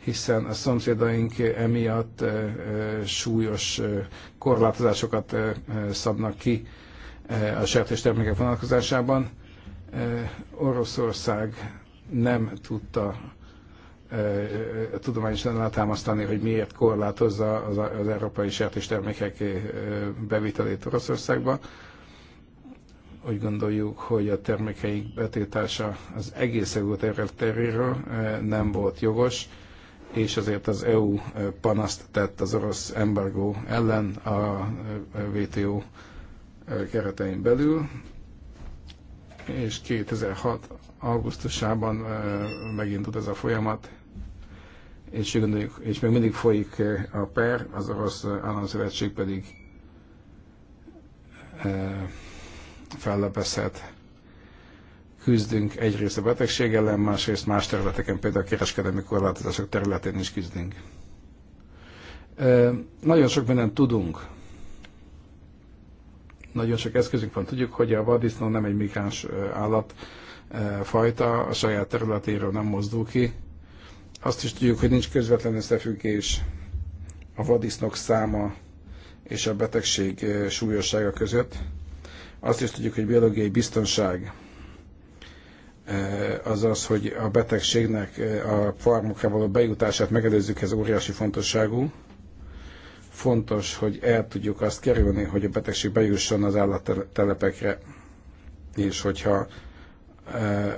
hiszen a szomszédaink emiatt súlyos korlátozásokat szabnak ki a sertéstermékek vonatkozásában. Oroszország nem tudta tudományosan támasztani, hogy miért korlátozza az, az európai termékek bevitelét Oroszországba. Úgy gondoljuk, hogy a termékeink betiltása az egész EU területéről nem volt jogos, és azért az EU panaszt tett az orosz embargó ellen a WTO keretein belül, és 2006 augusztusában megindult ez a folyamat, és, és még mindig folyik eh, a per, az orosz eh, államszövetség pedig eh, fellepezhet. Küzdünk egyrészt a betegség ellen, másrészt más területeken, például a kereskedelmi korlátozások területén is küzdünk. Nagyon sok mindent tudunk. Nagyon sok eszközünk van. Tudjuk, hogy a vaddisznó nem egy migráns állat fajta, a saját területéről nem mozdul ki azt is tudjuk, hogy nincs közvetlen összefüggés a vadisznok száma és a betegség eh, súlyossága között. Azt is tudjuk, hogy biológiai biztonság eh, az az, hogy a betegségnek eh, a farmokra való bejutását megelőzzük, ez óriási fontosságú. Fontos, hogy el tudjuk azt kerülni, hogy a betegség bejusson az állattelepekre, és hogyha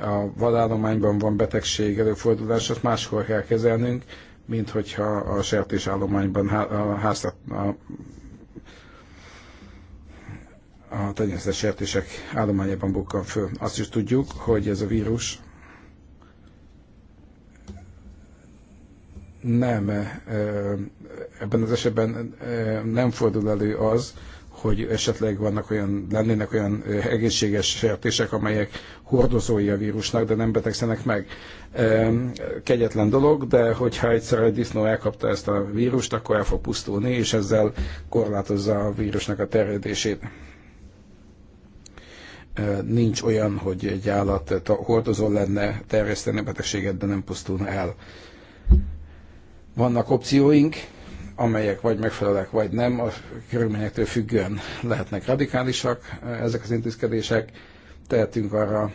a vadállományban van betegség előfordulás, azt máskor kell kezelnünk, mint hogyha a sertésállományban a háztat, a, a tenyésztett sertések állományában bukkan föl. Azt is tudjuk, hogy ez a vírus nem, ebben az esetben nem fordul elő az, hogy esetleg vannak olyan, lennének olyan egészséges sertések, amelyek hordozói a vírusnak, de nem betegszenek meg. Kegyetlen dolog, de hogyha egyszer egy disznó elkapta ezt a vírust, akkor el fog pusztulni, és ezzel korlátozza a vírusnak a terjedését nincs olyan, hogy egy állat hordozó lenne, terjeszteni a betegséget, de nem pusztulna el. Vannak opcióink, amelyek vagy megfelelnek, vagy nem, a körülményektől függően lehetnek radikálisak eh, ezek az intézkedések. Tehetünk arra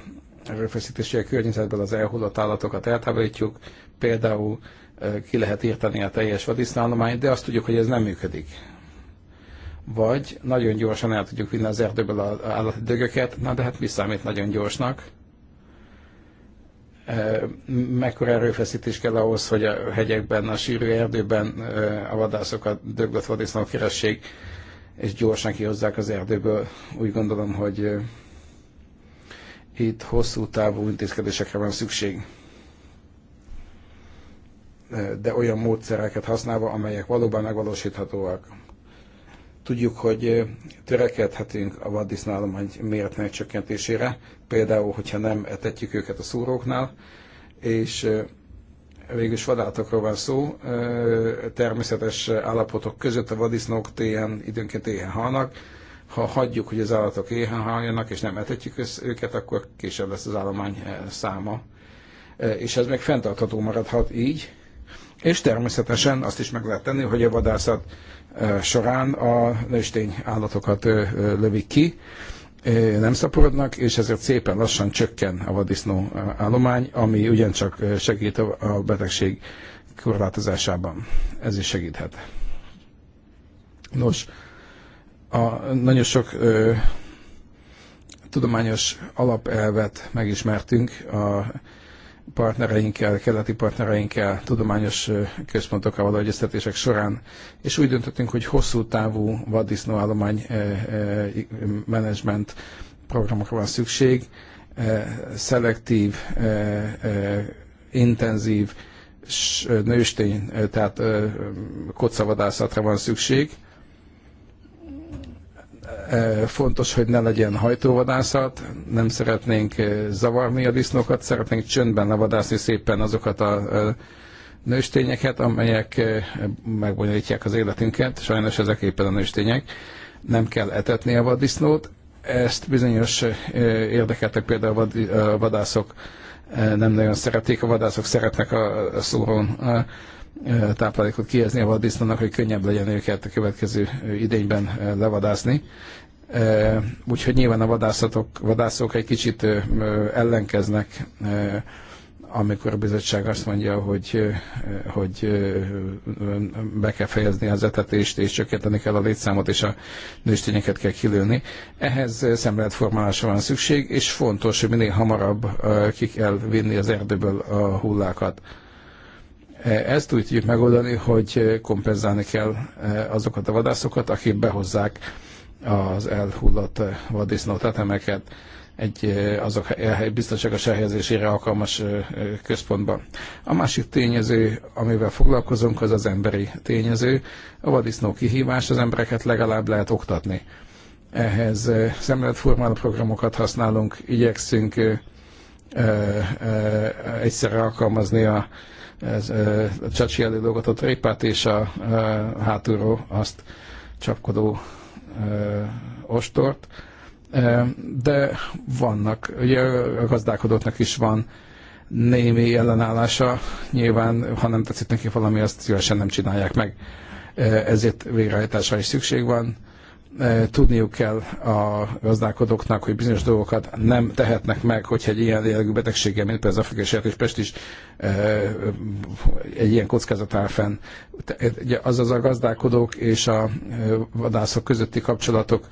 erőfeszítési a környezetben az elhullott állatokat eltávolítjuk, például eh, ki lehet írtani a teljes vadisztállományt, de azt tudjuk, hogy ez nem működik. Vagy nagyon gyorsan el tudjuk vinni az erdőből az állati dögöket, na de hát mi számít nagyon gyorsnak? Eh, mekkora erőfeszítés kell ahhoz, hogy a hegyekben, a sűrű erdőben eh, a vadászokat döglött vadisznók keressék, és gyorsan kihozzák az erdőből. Úgy gondolom, hogy eh, itt hosszú távú intézkedésekre van szükség. De olyan módszereket használva, amelyek valóban megvalósíthatóak. Tudjuk, hogy törekedhetünk a vaddisznállomány méretnek csökkentésére, például, hogyha nem etetjük őket a szúróknál, és is vadállatokról van szó, természetes állapotok között a vadisznók téhen, időnként éhen halnak, ha hagyjuk, hogy az állatok éhen haljanak, és nem etetjük őket, akkor később lesz az állomány száma. És ez még fenntartható maradhat így, és természetesen azt is meg lehet tenni, hogy a vadászat során a nőstény állatokat lövik ki, nem szaporodnak, és ezért szépen lassan csökken a vadisznó állomány, ami ugyancsak segít a betegség korlátozásában. Ez is segíthet. Nos, a, nagyon sok ö, tudományos alapelvet megismertünk a partnereinkkel, keleti partnereinkkel, tudományos központokkal való egyeztetések során, és úgy döntöttünk, hogy hosszú távú vaddisznóállomány menedzsment programokra van szükség, szelektív, intenzív nőstény, tehát kocavadászatra van szükség, Eh, fontos, hogy ne legyen hajtóvadászat, nem szeretnénk eh, zavarni a disznókat, szeretnénk csöndben levadászni szépen azokat a eh, nőstényeket, amelyek megbonyolítják az életünket. Sajnos ezek éppen a nőstények. Nem kell etetni a vaddisznót. Ezt bizonyos érdekeltek például a vadászok nem nagyon szeretik. A vadászok szeretnek a szóron táplálékot kihezni a vaddisznónak, hogy könnyebb legyen őket a következő idényben levadászni. Úgyhogy nyilván a vadászatok, vadászok egy kicsit ellenkeznek, amikor a bizottság azt mondja, hogy, hogy be kell fejezni az etetést, és csökkenteni kell a létszámot, és a nőstényeket kell kilőni. Ehhez szemléletformálásra van szükség, és fontos, hogy minél hamarabb ki kell vinni az erdőből a hullákat. Ezt úgy tudjuk megoldani, hogy kompenzálni kell azokat a vadászokat, akik behozzák az elhullott vadisznó tetemeket egy azok biztonságos elhelyezésére alkalmas központban. A másik tényező, amivel foglalkozunk, az az emberi tényező. A vadisznó kihívás, az embereket legalább lehet oktatni. Ehhez szemléletformáló programokat használunk, igyekszünk egyszerre alkalmazni a, a csacsi előlogatott répát és a, a hátulról azt csapkodó ostort, de vannak, ugye a gazdálkodóknak is van némi ellenállása, nyilván, ha nem tetszik neki valami, azt szívesen nem csinálják meg. Ezért végrehajtásra is szükség van Eh, tudniuk kell a gazdálkodóknak, hogy bizonyos dolgokat nem tehetnek meg, hogyha egy ilyen jellegű betegséggel, mint például az afrikai sertéspest is eh, egy ilyen kockázat áll fenn. Azaz a gazdálkodók és a eh, vadászok közötti kapcsolatok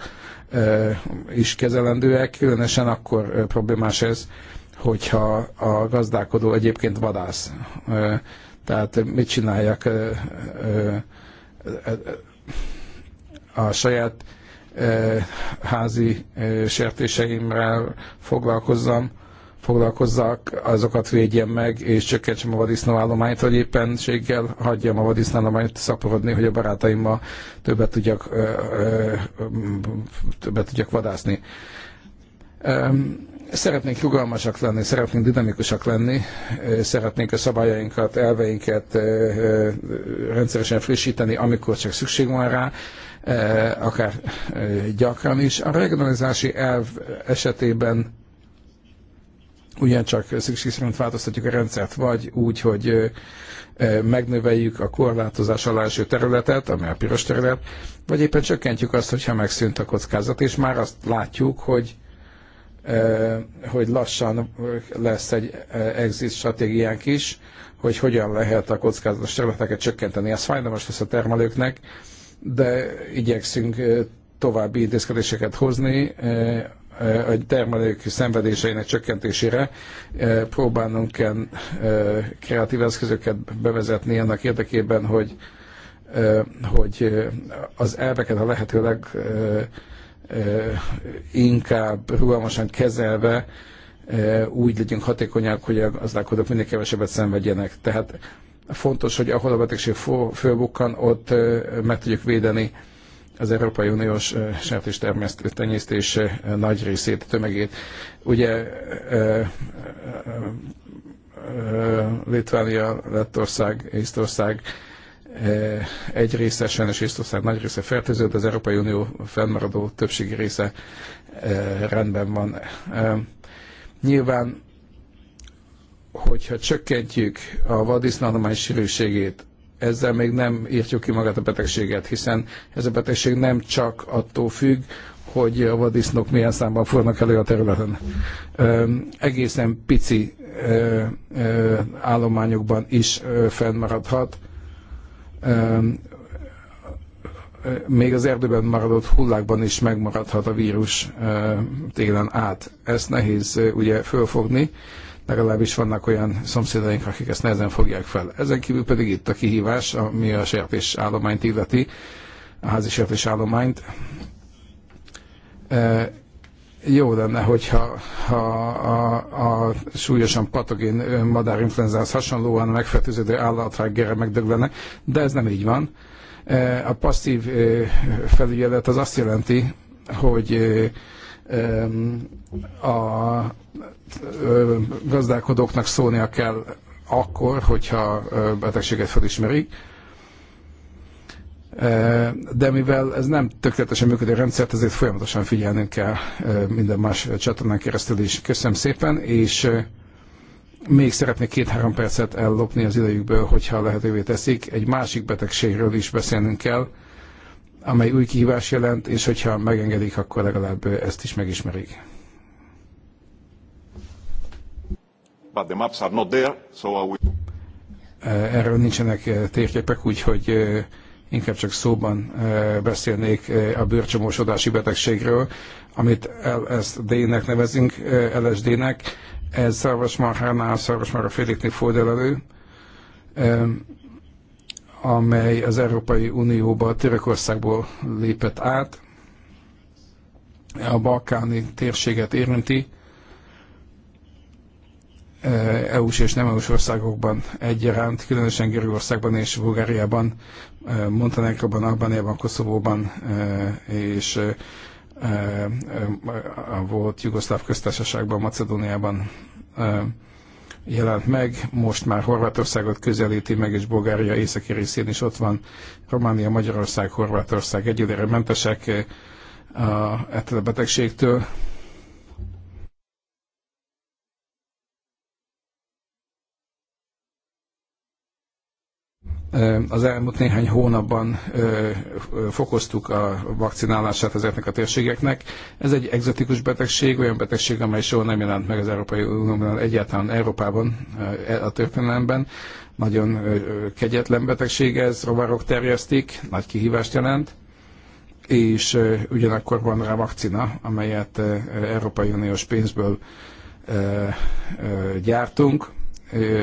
is kezelendőek, különösen akkor problémás ez, hogyha a gazdálkodó egyébként vadász. Tehát mit csináljak a saját házi sertéseimrel foglalkozzam, foglalkozzak, azokat védjem meg, és csökkentsem a vadisznóállományt, vagy éppenséggel hagyjam a vadisznóállományt szaporodni, hogy a barátaimmal többet tudjak, többet tudjak vadászni. Szeretnénk rugalmasak lenni, szeretnénk dinamikusak lenni, szeretnénk a szabályainkat, elveinket rendszeresen frissíteni, amikor csak szükség van rá, Eh, akár eh, gyakran is. A regionalizási elv esetében ugyancsak szükség szerint változtatjuk a rendszert, vagy úgy, hogy eh, megnöveljük a korlátozás alá eső területet, ami a piros terület, vagy éppen csökkentjük azt, hogyha megszűnt a kockázat, és már azt látjuk, hogy hogy lassan lesz egy exit stratégiánk is, hogy hogyan lehet a kockázatos területeket csökkenteni. Ez fájdalmas lesz a termelőknek, de igyekszünk további intézkedéseket hozni a termelők szenvedéseinek csökkentésére. Próbálnunk kell kreatív eszközöket bevezetni ennek érdekében, hogy, hogy az elveket a lehetőleg inkább rugalmasan kezelve úgy legyünk hatékonyak, hogy az lakodók minél kevesebbet szenvedjenek. Tehát Fontos, hogy ahol a betegség fölbukkan, ott meg tudjuk védeni az Európai Uniós sertés tenyésztés nagy részét, tömegét. Ugye Litvánia, Lettország, Észtország egy része, sajnos Észtország nagy része fertőződött, az Európai Unió fennmaradó többségi része rendben van. Nyilván hogyha csökkentjük a vaddisznanomány sűrűségét, ezzel még nem írtjuk ki magát a betegséget, hiszen ez a betegség nem csak attól függ, hogy a vadisznók milyen számban fordulnak elő a területen. Ö, egészen pici ö, ö, állományokban is ö, fennmaradhat. Ö, még az erdőben maradott hullákban is megmaradhat a vírus ö, télen át. Ezt nehéz ö, ugye fölfogni. Ö, legalábbis vannak olyan szomszédaink, akik ezt nehezen fogják fel. Ezen kívül pedig itt a kihívás, ami a sertés állományt illeti, a házi sertés állományt. E, jó lenne, hogyha ha a, a súlyosan patogén madárinfluenzához hasonlóan megfertőződő állatrák gyere megdöglenek, de ez nem így van. E, a passzív e, felügyelet az azt jelenti, hogy e, a gazdálkodóknak szólnia kell akkor, hogyha betegséget felismerik. De mivel ez nem tökéletesen működő rendszer, ezért folyamatosan figyelnünk kell minden más csatornán keresztül is. Köszönöm szépen, és még szeretnék két-három percet ellopni az idejükből, hogyha lehetővé teszik. Egy másik betegségről is beszélnünk kell, amely új kihívás jelent, és hogyha megengedik, akkor legalább ezt is megismerik. But the maps are not there, so e, Erről nincsenek e, térképek, úgyhogy e, inkább csak szóban beszélnék a bőrcsomósodási betegségről, amit LSD-nek nevezünk, LSD-nek. Ez szarvasmarhánál szarvasmarha féléknél fordul elő amely az Európai Unióba Törökországból lépett át, a balkáni térséget érinti, e, EU-s és nem EU-s országokban egyaránt, különösen Görögországban és Bulgáriában, e, Montenegróban, Albániában, Koszovóban e, és a volt Jugoszláv köztársaságban, Macedóniában jelent meg, most már Horvátországot közelíti meg, és Bulgária északi részén is ott van. Románia, Magyarország, Horvátország egyelőre mentesek eh, ettől a betegségtől, Az elmúlt néhány hónapban fokoztuk a vakcinálását ezeknek a térségeknek. Ez egy egzotikus betegség, olyan betegség, amely soha nem jelent meg az Európai Unióban, egyáltalán Európában e, a történelemben. Nagyon kegyetlen betegség ez, rovarok terjesztik, nagy kihívást jelent és ugyanakkor van rá vakcina, amelyet Európai Uniós pénzből gyártunk,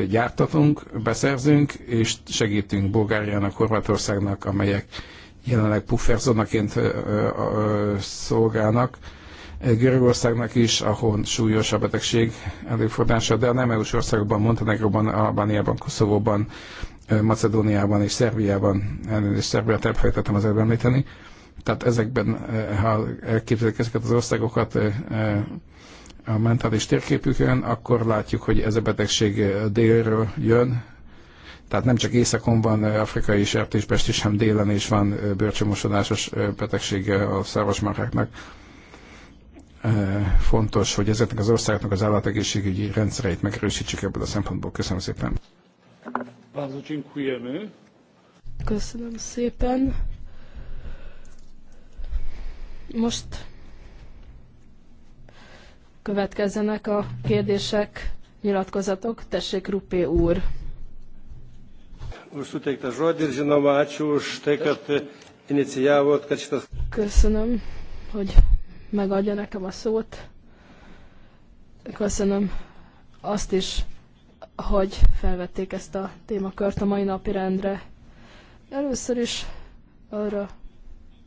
gyártatunk, beszerzünk, és segítünk Bulgáriának, Horvátországnak, amelyek jelenleg pufferzónaként szolgálnak, Görögországnak is, ahol súlyos a betegség előfordása, de a nem EU-s országokban, Montenegróban, Albániában, Koszovóban, Macedóniában és Szerbiában, és Szerbiát elfelejtettem az előbb említeni. Tehát ezekben, ha elképzeljük ezeket az országokat, a mentális térképükön, akkor látjuk, hogy ez a betegség délről jön, tehát nem csak északon van afrikai sertéspest is, hanem délen is van bőrcsomosodásos betegsége a szarvasmarháknak. Fontos, hogy ezeknek az országoknak az állategészségügyi rendszereit megerősítsük ebből a szempontból. Köszönöm szépen. Köszönöm szépen. Most Következzenek a kérdések, nyilatkozatok. Tessék, Rupé úr. Köszönöm, hogy megadja nekem a szót. Köszönöm azt is, hogy felvették ezt a témakört a mai napi rendre. Először is arra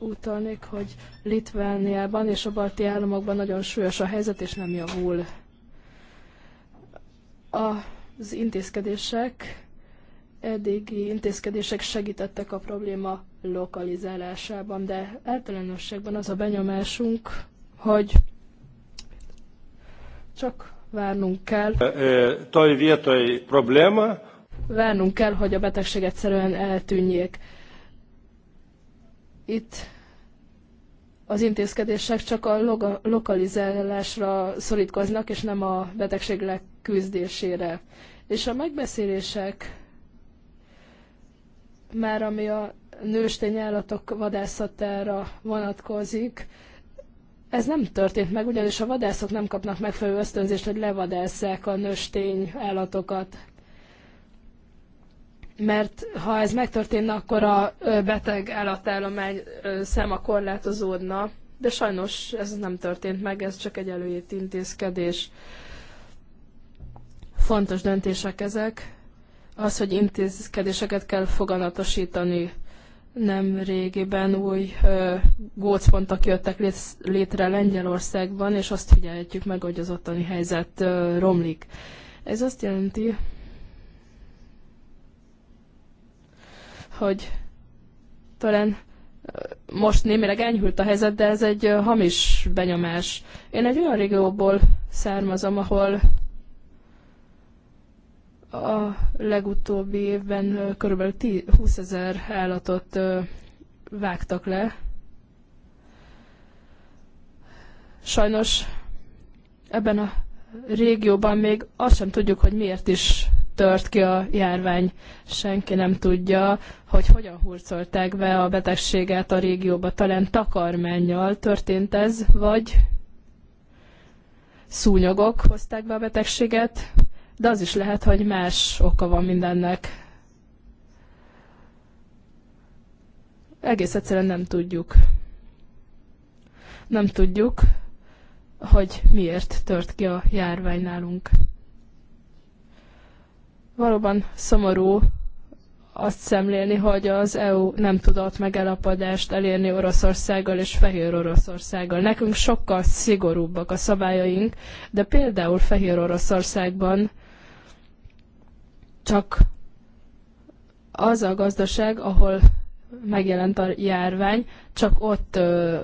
utalnék, hogy Litvániában és a balti államokban nagyon súlyos a helyzet, és nem javul. Az intézkedések, eddigi intézkedések segítettek a probléma lokalizálásában, de általánosságban az a benyomásunk, hogy csak várnunk kell. Toj vietoj probléma. Várnunk kell, hogy a betegség egyszerűen eltűnjék. Itt az intézkedések csak a lokalizálásra szorítkoznak, és nem a betegség leküzdésére. És a megbeszélések már ami a nőstény állatok vadászatára vonatkozik, ez nem történt meg, ugyanis a vadászok nem kapnak megfelelő ösztönzést, hogy levadásszák a nőstény állatokat mert ha ez megtörténne, akkor a beteg állatállomány száma korlátozódna, de sajnos ez nem történt meg, ez csak egy előírt intézkedés. Fontos döntések ezek. Az, hogy intézkedéseket kell foganatosítani. Nem régiben új gócpontok jöttek létre Lengyelországban, és azt figyelhetjük meg, hogy az ottani helyzet ö, romlik. Ez azt jelenti, hogy talán most némileg enyhült a helyzet, de ez egy hamis benyomás. Én egy olyan régióból származom, ahol a legutóbbi évben körülbelül 20 ezer állatot vágtak le. Sajnos ebben a régióban még azt sem tudjuk, hogy miért is tört ki a járvány. Senki nem tudja, hogy hogyan hurcolták be a betegséget a régióba. Talán takarmányjal történt ez, vagy szúnyogok hozták be a betegséget, de az is lehet, hogy más oka van mindennek. Egész egyszerűen nem tudjuk. Nem tudjuk, hogy miért tört ki a járvány nálunk. Valóban szomorú azt szemlélni, hogy az EU nem tudott megállapodást elérni Oroszországgal és Fehér Oroszországgal. Nekünk sokkal szigorúbbak a szabályaink, de például Fehér Oroszországban csak az a gazdaság, ahol megjelent a járvány, csak ott ö,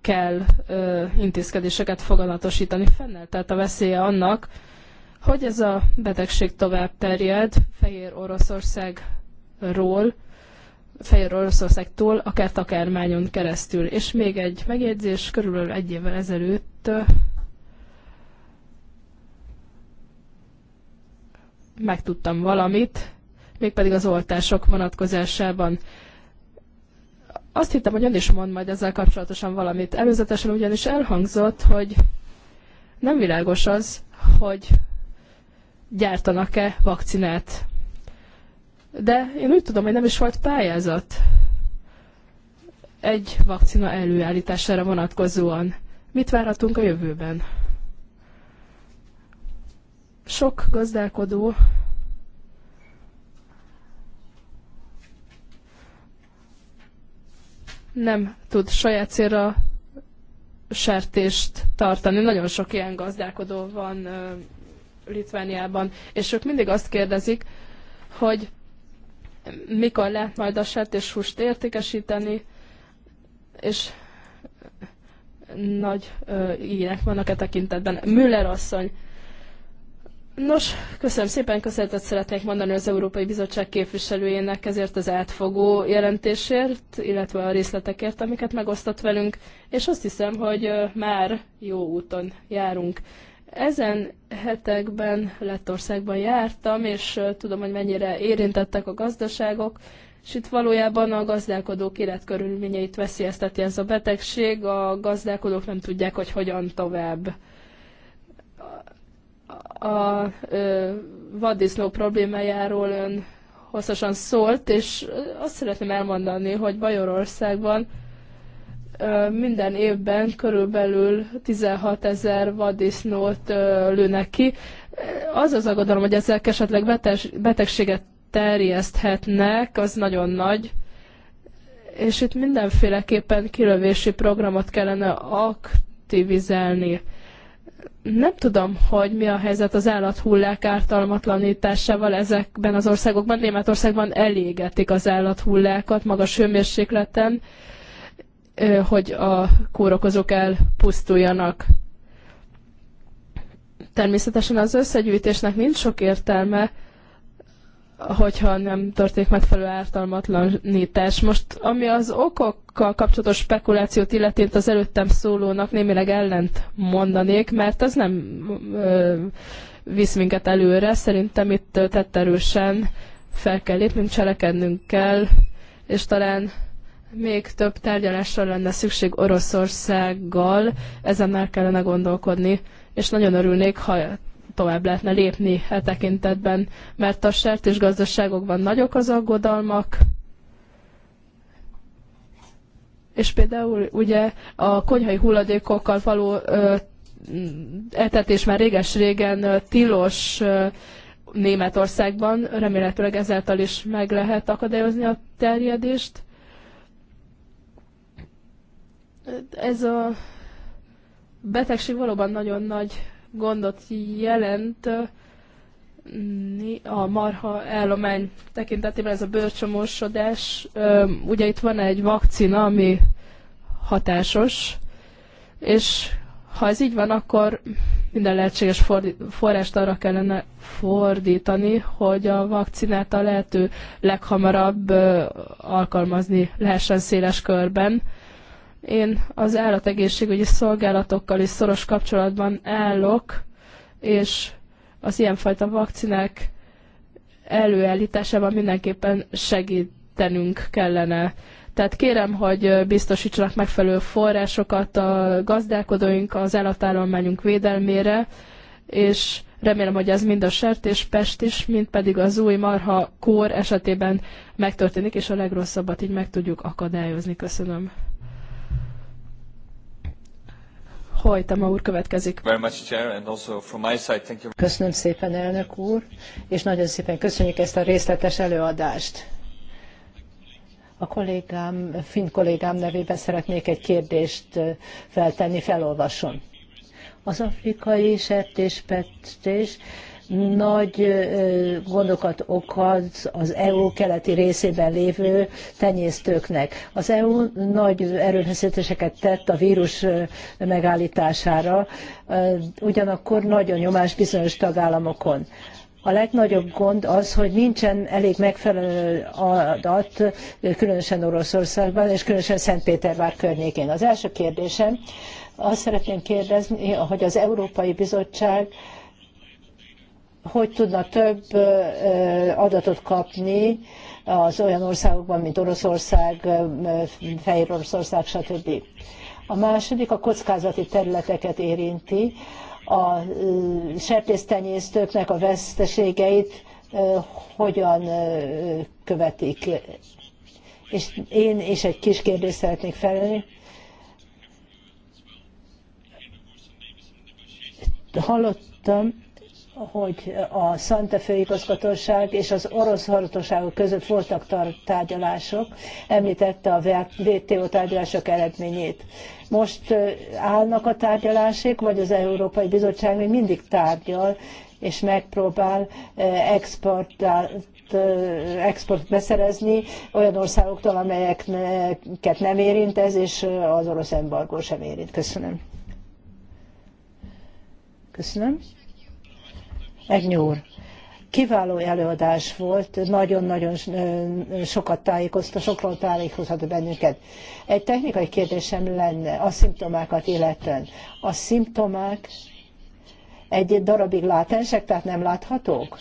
kell ö, intézkedéseket foganatosítani. Fennel tehát a veszélye annak, hogy ez a betegség tovább terjed Fehér Oroszországról, Fehér Oroszországtól, akár Takármányon keresztül. És még egy megjegyzés, körülbelül egy évvel ezelőtt megtudtam valamit, mégpedig az oltások vonatkozásában. Azt hittem, hogy ön is mond majd ezzel kapcsolatosan valamit. Előzetesen ugyanis elhangzott, hogy nem világos az, hogy gyártanak-e vakcinát. De én úgy tudom, hogy nem is volt pályázat egy vakcina előállítására vonatkozóan. Mit várhatunk a jövőben? Sok gazdálkodó nem tud saját célra sertést tartani. Nagyon sok ilyen gazdálkodó van Litvániában, és ők mindig azt kérdezik, hogy mikor lehet majd a set és húst értékesíteni, és nagy ilyenek vannak e tekintetben. Müller asszony. Nos, köszönöm szépen, köszönetet szeretnék mondani az Európai Bizottság képviselőjének ezért az átfogó jelentésért, illetve a részletekért, amiket megosztott velünk, és azt hiszem, hogy már jó úton járunk. Ezen hetekben Lettországban jártam, és tudom, hogy mennyire érintettek a gazdaságok, és itt valójában a gazdálkodók életkörülményeit veszélyezteti ez a betegség, a gazdálkodók nem tudják, hogy hogyan tovább. A, vaddisznó problémájáról ön hosszasan szólt, és azt szeretném elmondani, hogy Bajorországban minden évben körülbelül 16 ezer vadisznót lőnek ki. Az az aggodalom, hogy ezek esetleg betegséget terjeszthetnek, az nagyon nagy és itt mindenféleképpen kilövési programot kellene aktivizálni. Nem tudom, hogy mi a helyzet az állathullák ártalmatlanításával ezekben az országokban. Németországban elégetik az állathullákat magas hőmérsékleten, hogy a kórokozók elpusztuljanak. Természetesen az összegyűjtésnek nincs sok értelme, hogyha nem történik megfelelő ártalmatlanítás. Most, ami az okokkal kapcsolatos spekulációt illeti, az előttem szólónak némileg ellent mondanék, mert ez nem ö, visz minket előre. Szerintem itt tetterősen fel kell lépnünk, cselekednünk kell, és talán még több tárgyalásra lenne szükség Oroszországgal, ezen már kellene gondolkodni, és nagyon örülnék, ha tovább lehetne lépni e tekintetben, mert a sertés gazdaságokban nagyok az aggodalmak, és például ugye a konyhai hulladékokkal való ö, etetés már réges-régen tilos ö, Németországban, remélhetőleg ezáltal is meg lehet akadályozni a terjedést. Ez a betegség valóban nagyon nagy gondot jelent a marha állomány tekintetében, ez a bőrcsomósodás. Ugye itt van egy vakcina, ami hatásos, és ha ez így van, akkor minden lehetséges forrást arra kellene fordítani, hogy a vakcinát a lehető leghamarabb alkalmazni lehessen széles körben én az állategészségügyi szolgálatokkal is szoros kapcsolatban állok, és az ilyenfajta vakcinák előállításában mindenképpen segítenünk kellene. Tehát kérem, hogy biztosítsanak megfelelő forrásokat a gazdálkodóink, az állatállományunk védelmére, és remélem, hogy ez mind a sertéspest is, mind pedig az új marha kór esetében megtörténik, és a legrosszabbat így meg tudjuk akadályozni. Köszönöm. Hajtama úr következik. Köszönöm szépen, elnök úr, és nagyon szépen köszönjük ezt a részletes előadást. A kollégám, finn kollégám nevében szeretnék egy kérdést feltenni, felolvasom. Az afrikai sertéspettés nagy gondokat okoz az EU keleti részében lévő tenyésztőknek. Az EU nagy erőfeszítéseket tett a vírus megállítására, ugyanakkor nagyon nyomás bizonyos tagállamokon. A legnagyobb gond az, hogy nincsen elég megfelelő adat, különösen Oroszországban, és különösen Szentpétervár környékén. Az első kérdésem, azt szeretném kérdezni, hogy az Európai Bizottság hogy tudna több adatot kapni az olyan országokban, mint Oroszország, Fehér Oroszország, stb. A második a kockázati területeket érinti, a sertésztenyésztőknek a veszteségeit hogyan követik. És én is egy kis kérdést szeretnék felelni. Hallottam, hogy a Santa Fe igazgatóság és az orosz hatóságok között voltak tárgyalások, említette a WTO tárgyalások eredményét. Most állnak a tárgyalások, vagy az Európai Bizottság még mindig tárgyal, és megpróbál export export beszerezni olyan országoktól, amelyeket nem érint ez, és az orosz embargó sem érint. Köszönöm. Köszönöm. Egnyúr. Kiváló előadás volt, nagyon-nagyon sokat tájékoztat, sokról tájékoztat bennünket. Egy technikai kérdésem lenne a szimptomákat illetően. A szimptomák egy darabig látensek, tehát nem láthatók?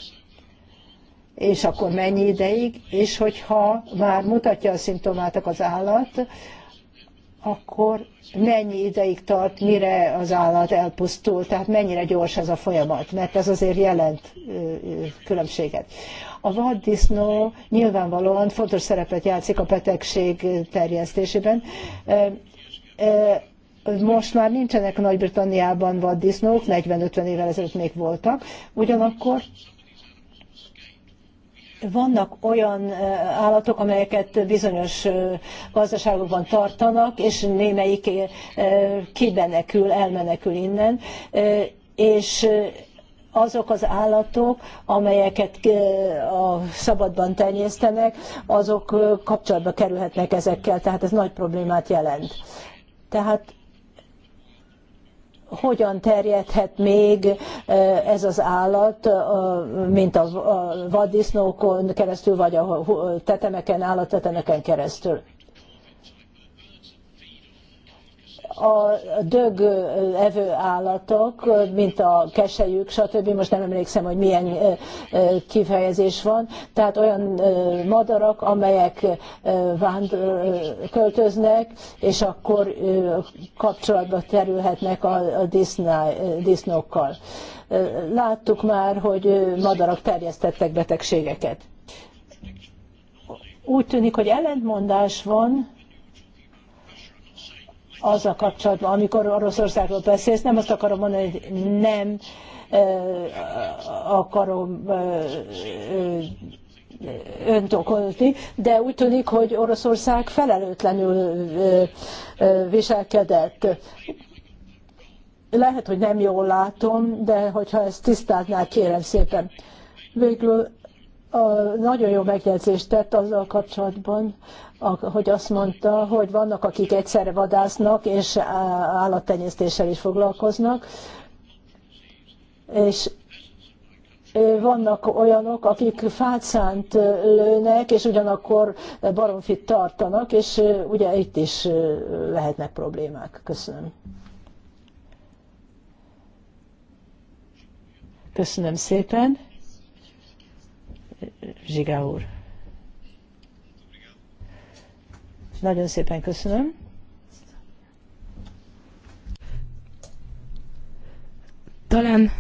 És akkor mennyi ideig? És hogyha már mutatja a szimptomátok az állat, akkor mennyi ideig tart, mire az állat elpusztul, tehát mennyire gyors ez a folyamat, mert ez azért jelent különbséget. A vaddisznó nyilvánvalóan fontos szerepet játszik a betegség terjesztésében. Most már nincsenek Nagy-Britanniában vaddisznók, 40-50 évvel ezelőtt még voltak, ugyanakkor vannak olyan állatok, amelyeket bizonyos gazdaságokban tartanak, és némelyik kibenekül, elmenekül innen, és azok az állatok, amelyeket a szabadban tenyésztenek, azok kapcsolatba kerülhetnek ezekkel, tehát ez nagy problémát jelent. Tehát hogyan terjedhet még ez az állat, mint a vaddisznókon keresztül, vagy a tetemeken, állattetemeken keresztül. a dög evő állatok, mint a keselyük, stb. Most nem emlékszem, hogy milyen kifejezés van. Tehát olyan madarak, amelyek költöznek, és akkor kapcsolatba kerülhetnek a disznókkal. Láttuk már, hogy madarak terjesztettek betegségeket. Úgy tűnik, hogy ellentmondás van azzal kapcsolatban, amikor Oroszországról beszélsz, nem azt akarom mondani, hogy nem akarom önt okolni, de úgy tűnik, hogy Oroszország felelőtlenül viselkedett. Lehet, hogy nem jól látom, de hogyha ezt tisztáznál, kérem szépen. Végül a, nagyon jó megjegyzést tett azzal kapcsolatban, hogy azt mondta, hogy vannak, akik egyszerre vadásznak és állattenyésztéssel is foglalkoznak, és vannak olyanok, akik fát lőnek, és ugyanakkor baromfit tartanak, és ugye itt is lehetnek problémák. Köszönöm. Köszönöm szépen. Zsigá úr. Nagyon szépen köszönöm. Talán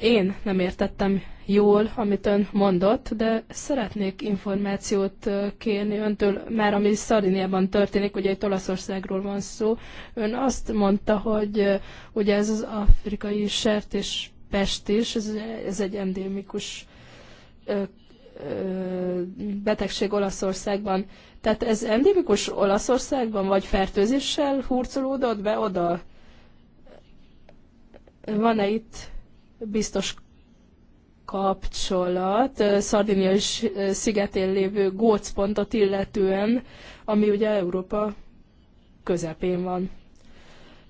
én nem értettem jól, amit ön mondott, de szeretnék információt kérni öntől, már ami Szardiniában történik, ugye itt Olaszországról van szó. Ön azt mondta, hogy ugye ez az afrikai sertés pestis, ez, ez egy endémikus betegség Olaszországban. Tehát ez endemikus Olaszországban, vagy fertőzéssel hurcolódott be oda? Van-e itt biztos kapcsolat Szardinia és szigetén lévő gócpontot illetően, ami ugye Európa közepén van.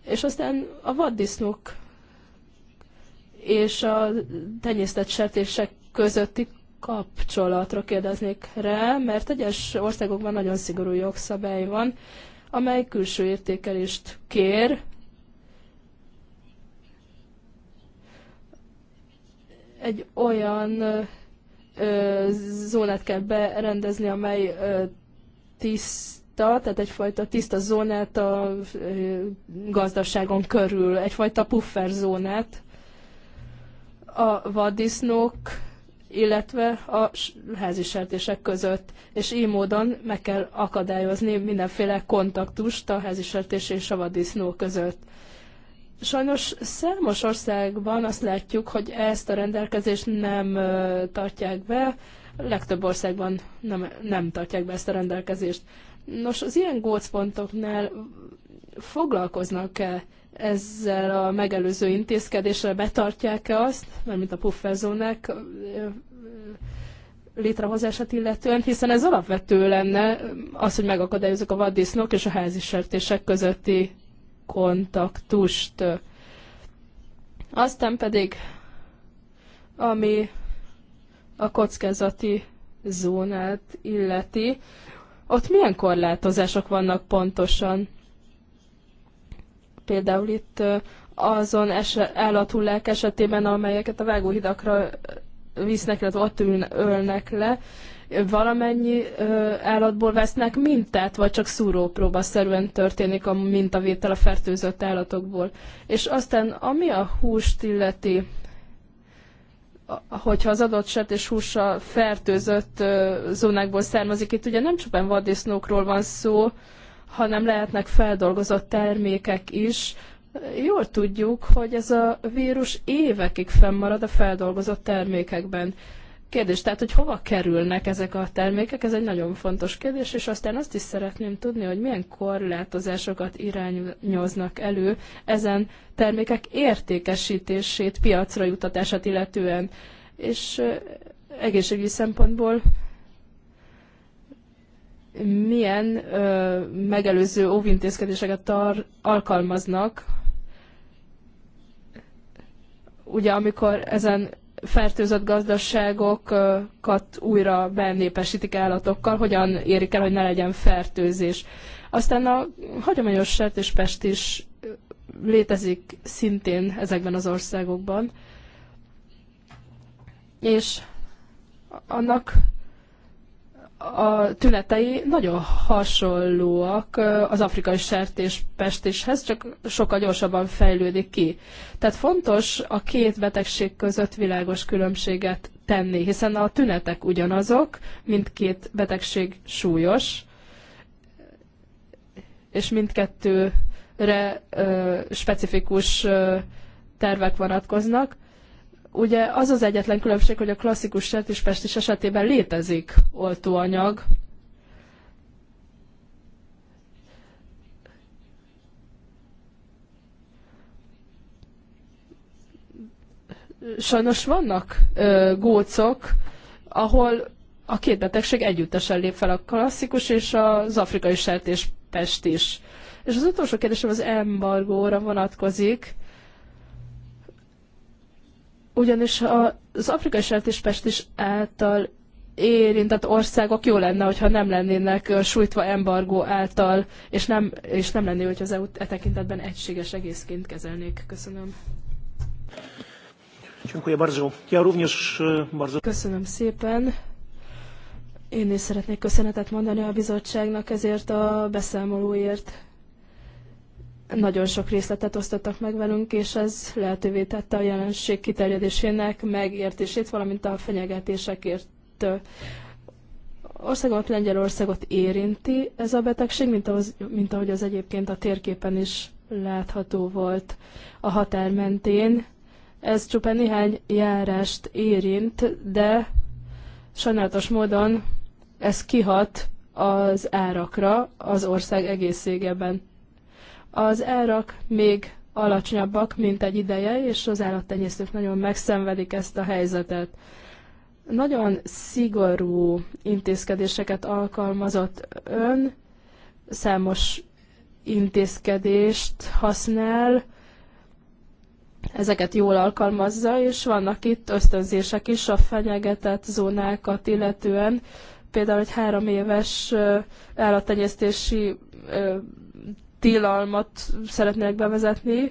És aztán a vaddisznók és a tenyésztett sertések közötti kapcsolatra kérdeznék rá, mert egyes országokban nagyon szigorú jogszabály van, amely külső értékelést kér, egy olyan ö, zónát kell berendezni, amely ö, tiszta, tehát egyfajta tiszta zónát a ö, gazdaságon körül, egyfajta puffer zónát. A vaddisznók illetve a házi sertések között, és így módon meg kell akadályozni mindenféle kontaktust a házi sertés és a vaddisznó között. Sajnos számos országban azt látjuk, hogy ezt a rendelkezést nem tartják be, legtöbb országban nem, nem tartják be ezt a rendelkezést. Nos, az ilyen gócpontoknál foglalkoznak-e ezzel a megelőző intézkedéssel betartják-e azt, mármint a pufferzónák létrehozását illetően, hiszen ez alapvető lenne az, hogy megakadályozzuk a vaddisznók és a házi sertések közötti kontaktust. Aztán pedig, ami a kockázati zónát illeti, ott milyen korlátozások vannak pontosan? például itt azon állathullák esetében, amelyeket a vágóhidakra visznek, illetve ott ül, ölnek le, valamennyi ö, állatból vesznek mintát, vagy csak szúrópróbaszerűen történik a mintavétel a fertőzött állatokból. És aztán ami a húst illeti, hogyha az adott és húsa fertőzött ö, zónákból származik, itt ugye nem csupán vaddisznókról van szó, hanem lehetnek feldolgozott termékek is. Jól tudjuk, hogy ez a vírus évekig fennmarad a feldolgozott termékekben. Kérdés, tehát, hogy hova kerülnek ezek a termékek, ez egy nagyon fontos kérdés, és aztán azt is szeretném tudni, hogy milyen korlátozásokat irányoznak elő ezen termékek értékesítését, piacra jutatását illetően. És eh, egészségügyi szempontból milyen ö, megelőző óvintézkedéseket tar- alkalmaznak, ugye amikor ezen fertőzött gazdaságokat újra bennépesítik állatokkal, hogyan érik el, hogy ne legyen fertőzés. Aztán a hagyományos sertéspest is létezik szintén ezekben az országokban, és annak a tünetei nagyon hasonlóak az afrikai sertéspestéshez, csak sokkal gyorsabban fejlődik ki. Tehát fontos a két betegség között világos különbséget tenni, hiszen a tünetek ugyanazok, mindkét betegség súlyos, és mindkettőre ö, specifikus ö, tervek vonatkoznak. Ugye az az egyetlen különbség, hogy a klasszikus sertéspestis esetében létezik oltóanyag, Sajnos vannak ö, gócok, ahol a két betegség együttesen lép fel, a klasszikus és az afrikai sertéspestis. is. És az utolsó kérdésem az embargóra vonatkozik ugyanis az afrikai is által érintett országok jó lenne, hogyha nem lennének sújtva embargó által, és nem, és nem lenné, hogy az EU e tekintetben egységes egészként kezelnék. Köszönöm. E, Köszönöm szépen. Én is szeretnék köszönetet mondani a bizottságnak ezért a beszámolóért. Nagyon sok részletet osztottak meg velünk, és ez lehetővé tette a jelenség kiterjedésének megértését, valamint a fenyegetésekért országomat Lengyelországot érinti ez a betegség, mint, ahhoz, mint ahogy az egyébként a térképen is látható volt a határ mentén. Ez csupán néhány járást érint, de sajnálatos módon ez kihat az árakra az ország egészében. Az árak még alacsonyabbak, mint egy ideje, és az állattenyésztők nagyon megszenvedik ezt a helyzetet. Nagyon szigorú intézkedéseket alkalmazott ön, számos intézkedést használ, ezeket jól alkalmazza, és vannak itt ösztönzések is a fenyegetett zónákat illetően. Például egy három éves állattenyésztési tilalmat szeretnének bevezetni,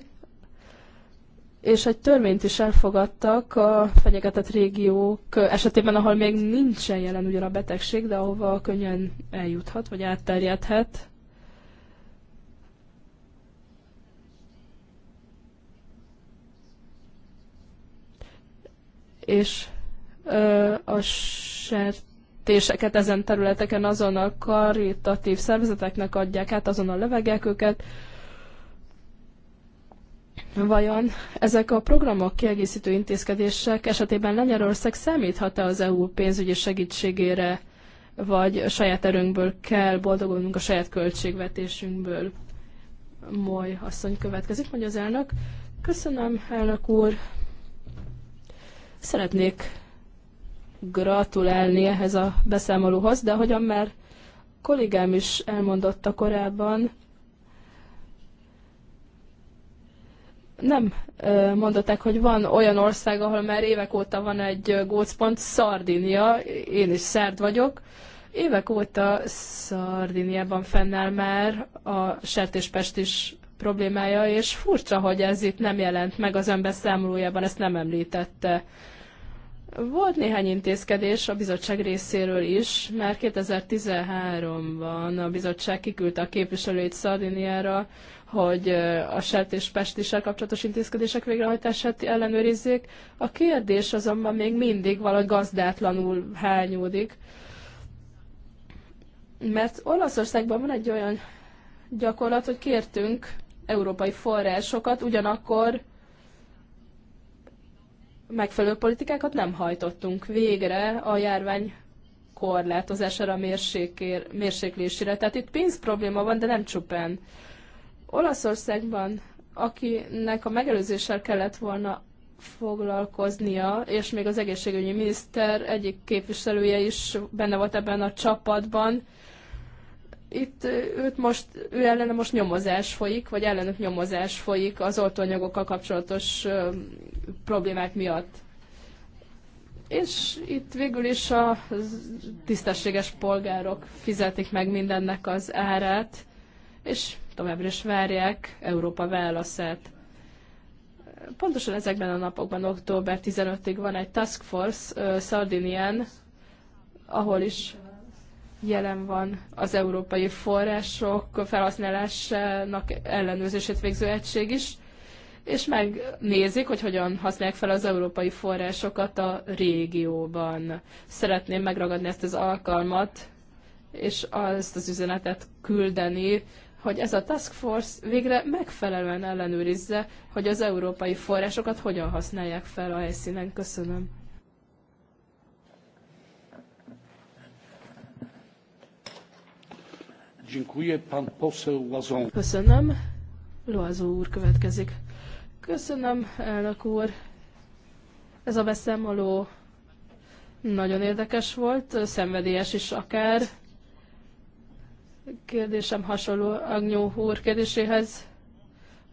és egy törvényt is elfogadtak a fenyegetett régiók esetében, ahol még nincsen jelen ugyan a betegség, de ahova könnyen eljuthat, vagy átterjedhet. És ö, a sert kitüntetéseket ezen területeken azon a karitatív szervezeteknek adják át, azon a levegek őket. Vajon ezek a programok kiegészítő intézkedések esetében Lengyelország számíthat-e az EU pénzügyi segítségére, vagy saját erőnkből kell boldogulnunk a saját költségvetésünkből? Moly asszony következik, mondja az elnök. Köszönöm, elnök úr. Szeretnék gratulálni ehhez a beszámolóhoz, de ahogyan már kollégám is elmondotta korábban, nem mondották, hogy van olyan ország, ahol már évek óta van egy gócpont, Szardinia, én is szerd vagyok. Évek óta Szardiniában fennáll már a sertéspest is problémája, és furcsa, hogy ez itt nem jelent meg az önbeszámolójában, ezt nem említette. Volt néhány intézkedés a bizottság részéről is, mert 2013-ban a bizottság kiküldte a képviselőit Szardiniára, hogy a sert és pestissel kapcsolatos intézkedések végrehajtását ellenőrizzék. A kérdés azonban még mindig valahogy gazdátlanul hányódik, mert Olaszországban van egy olyan gyakorlat, hogy kértünk európai forrásokat, ugyanakkor megfelelő politikákat nem hajtottunk végre a járvány korlátozására, mérséklésére. Tehát itt pénz probléma van, de nem csupán. Olaszországban, akinek a megelőzéssel kellett volna foglalkoznia, és még az egészségügyi miniszter egyik képviselője is benne volt ebben a csapatban, itt őt most, ő ellene most nyomozás folyik, vagy ellenük nyomozás folyik az oltóanyagokkal kapcsolatos ö, problémák miatt. És itt végül is a tisztességes polgárok fizetik meg mindennek az árát, és továbbra is várják Európa válaszát. Pontosan ezekben a napokban, október 15-ig van egy task force Szardinián, ahol is jelen van az európai források felhasználásának ellenőrzését végző egység is, és megnézik, hogy hogyan használják fel az európai forrásokat a régióban. Szeretném megragadni ezt az alkalmat, és azt az üzenetet küldeni, hogy ez a task force végre megfelelően ellenőrizze, hogy az európai forrásokat hogyan használják fel a helyszínen. Köszönöm. Pan Köszönöm. Loazó úr következik. Köszönöm, elnök úr. Ez a beszámoló nagyon érdekes volt, szenvedélyes is akár. Kérdésem hasonló Agnyó úr kérdéséhez.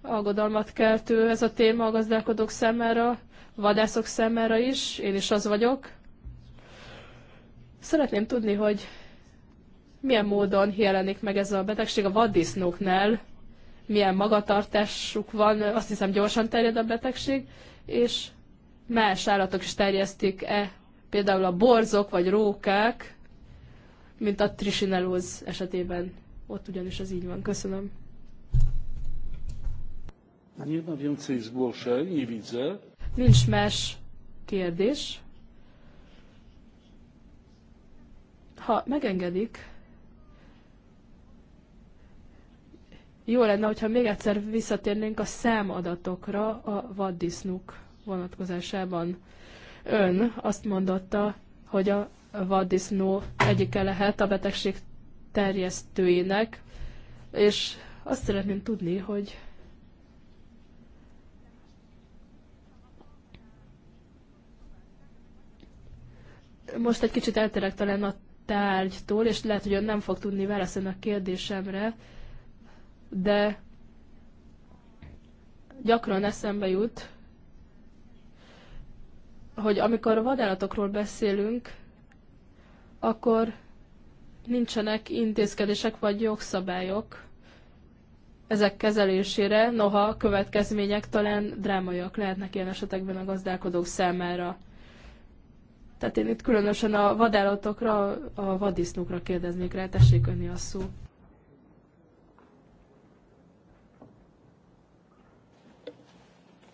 Aggodalmat keltő ez a téma a gazdálkodók számára, vadászok számára is, én is az vagyok. Szeretném tudni, hogy milyen módon jelenik meg ez a betegség a vaddisznóknál, milyen magatartásuk van, azt hiszem gyorsan terjed a betegség, és más állatok is terjesztik-e, például a borzok vagy rókák, mint a trisinelóz esetében. Ott ugyanis ez így van. Köszönöm. Nie ma więcej zgłoszeń, nie widzę. Nincs más kérdés. Ha megengedik, Jó lenne, hogyha még egyszer visszatérnénk a számadatokra a vaddisznuk vonatkozásában. Ön azt mondotta, hogy a vaddisznó egyike lehet a betegség terjesztőinek, és azt szeretném tudni, hogy most egy kicsit elterek talán a tárgytól, és lehet, hogy ön nem fog tudni válaszolni a kérdésemre, de gyakran eszembe jut, hogy amikor a vadállatokról beszélünk, akkor nincsenek intézkedések vagy jogszabályok ezek kezelésére, noha a következmények talán drámaiak lehetnek ilyen esetekben a gazdálkodók számára. Tehát én itt különösen a vadállatokra, a vadisznókra kérdeznék rá, tessék önni a szó.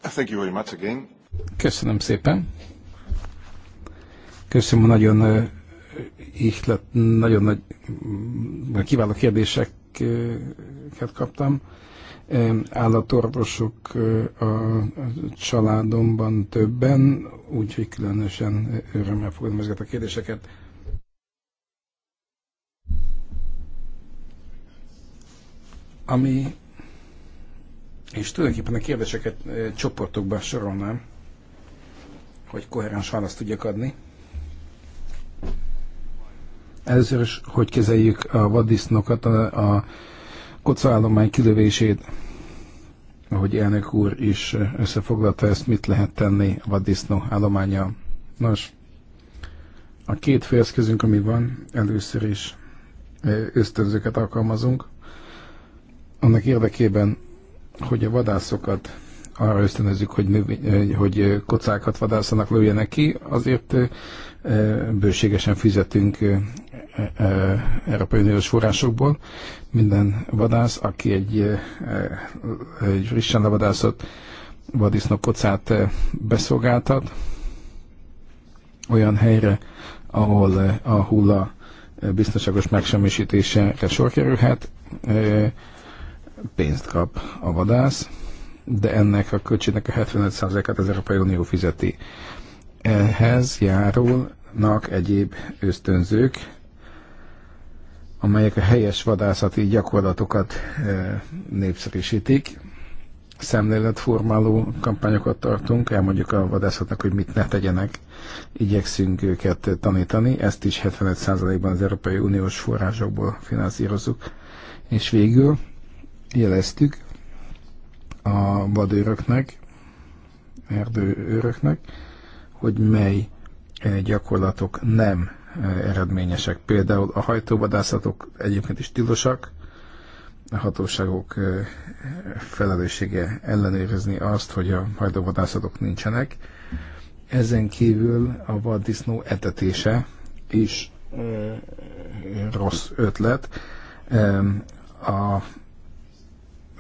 Thank you very much again. Köszönöm szépen. Köszönöm a nagyon ihlet, nagyon nagy, kiváló kérdéseket kaptam. Állatorvosok a családomban többen, úgyhogy különösen örömmel fogadom ezeket a kérdéseket. Ami és tulajdonképpen a kérdéseket csoportokban sorolnám, hogy koherens választ tudjak adni. Először is, hogy kezeljük a vaddisznokat, a, a kocaállomány kilövését, ahogy elnök úr is összefoglalta ezt, mit lehet tenni a vaddisznó állománya. Nos, a két féleszközünk, ami van, először is ösztönzőket alkalmazunk, annak érdekében, hogy a vadászokat arra ösztönözzük, hogy, növény, eh, hogy eh, kocákat vadászanak, lőjenek ki, azért eh, bőségesen fizetünk Európai Uniós forrásokból. Minden vadász, aki egy, egy frissen levadászott vadisznok kocát beszolgáltat, olyan helyre, ahol a hulla biztonságos megsemmisítésére sor kerülhet, pénzt kap a vadász, de ennek a költségnek a 75%-át az Európai Unió fizeti. Ehhez járulnak egyéb ösztönzők, amelyek a helyes vadászati gyakorlatokat eh, népszerűsítik. Szemléletformáló kampányokat tartunk, elmondjuk a vadászatnak, hogy mit ne tegyenek. Igyekszünk őket tanítani, ezt is 75%-ban az Európai Uniós forrásokból finanszírozunk. És végül jeleztük a vadőröknek, erdőőröknek, hogy mely eh, gyakorlatok nem eh, eredményesek. Például a hajtóvadászatok egyébként is tilosak, a hatóságok eh, felelőssége ellenőrizni azt, hogy a hajtóvadászatok nincsenek. Ezen kívül a vaddisznó etetése is rossz ötlet. A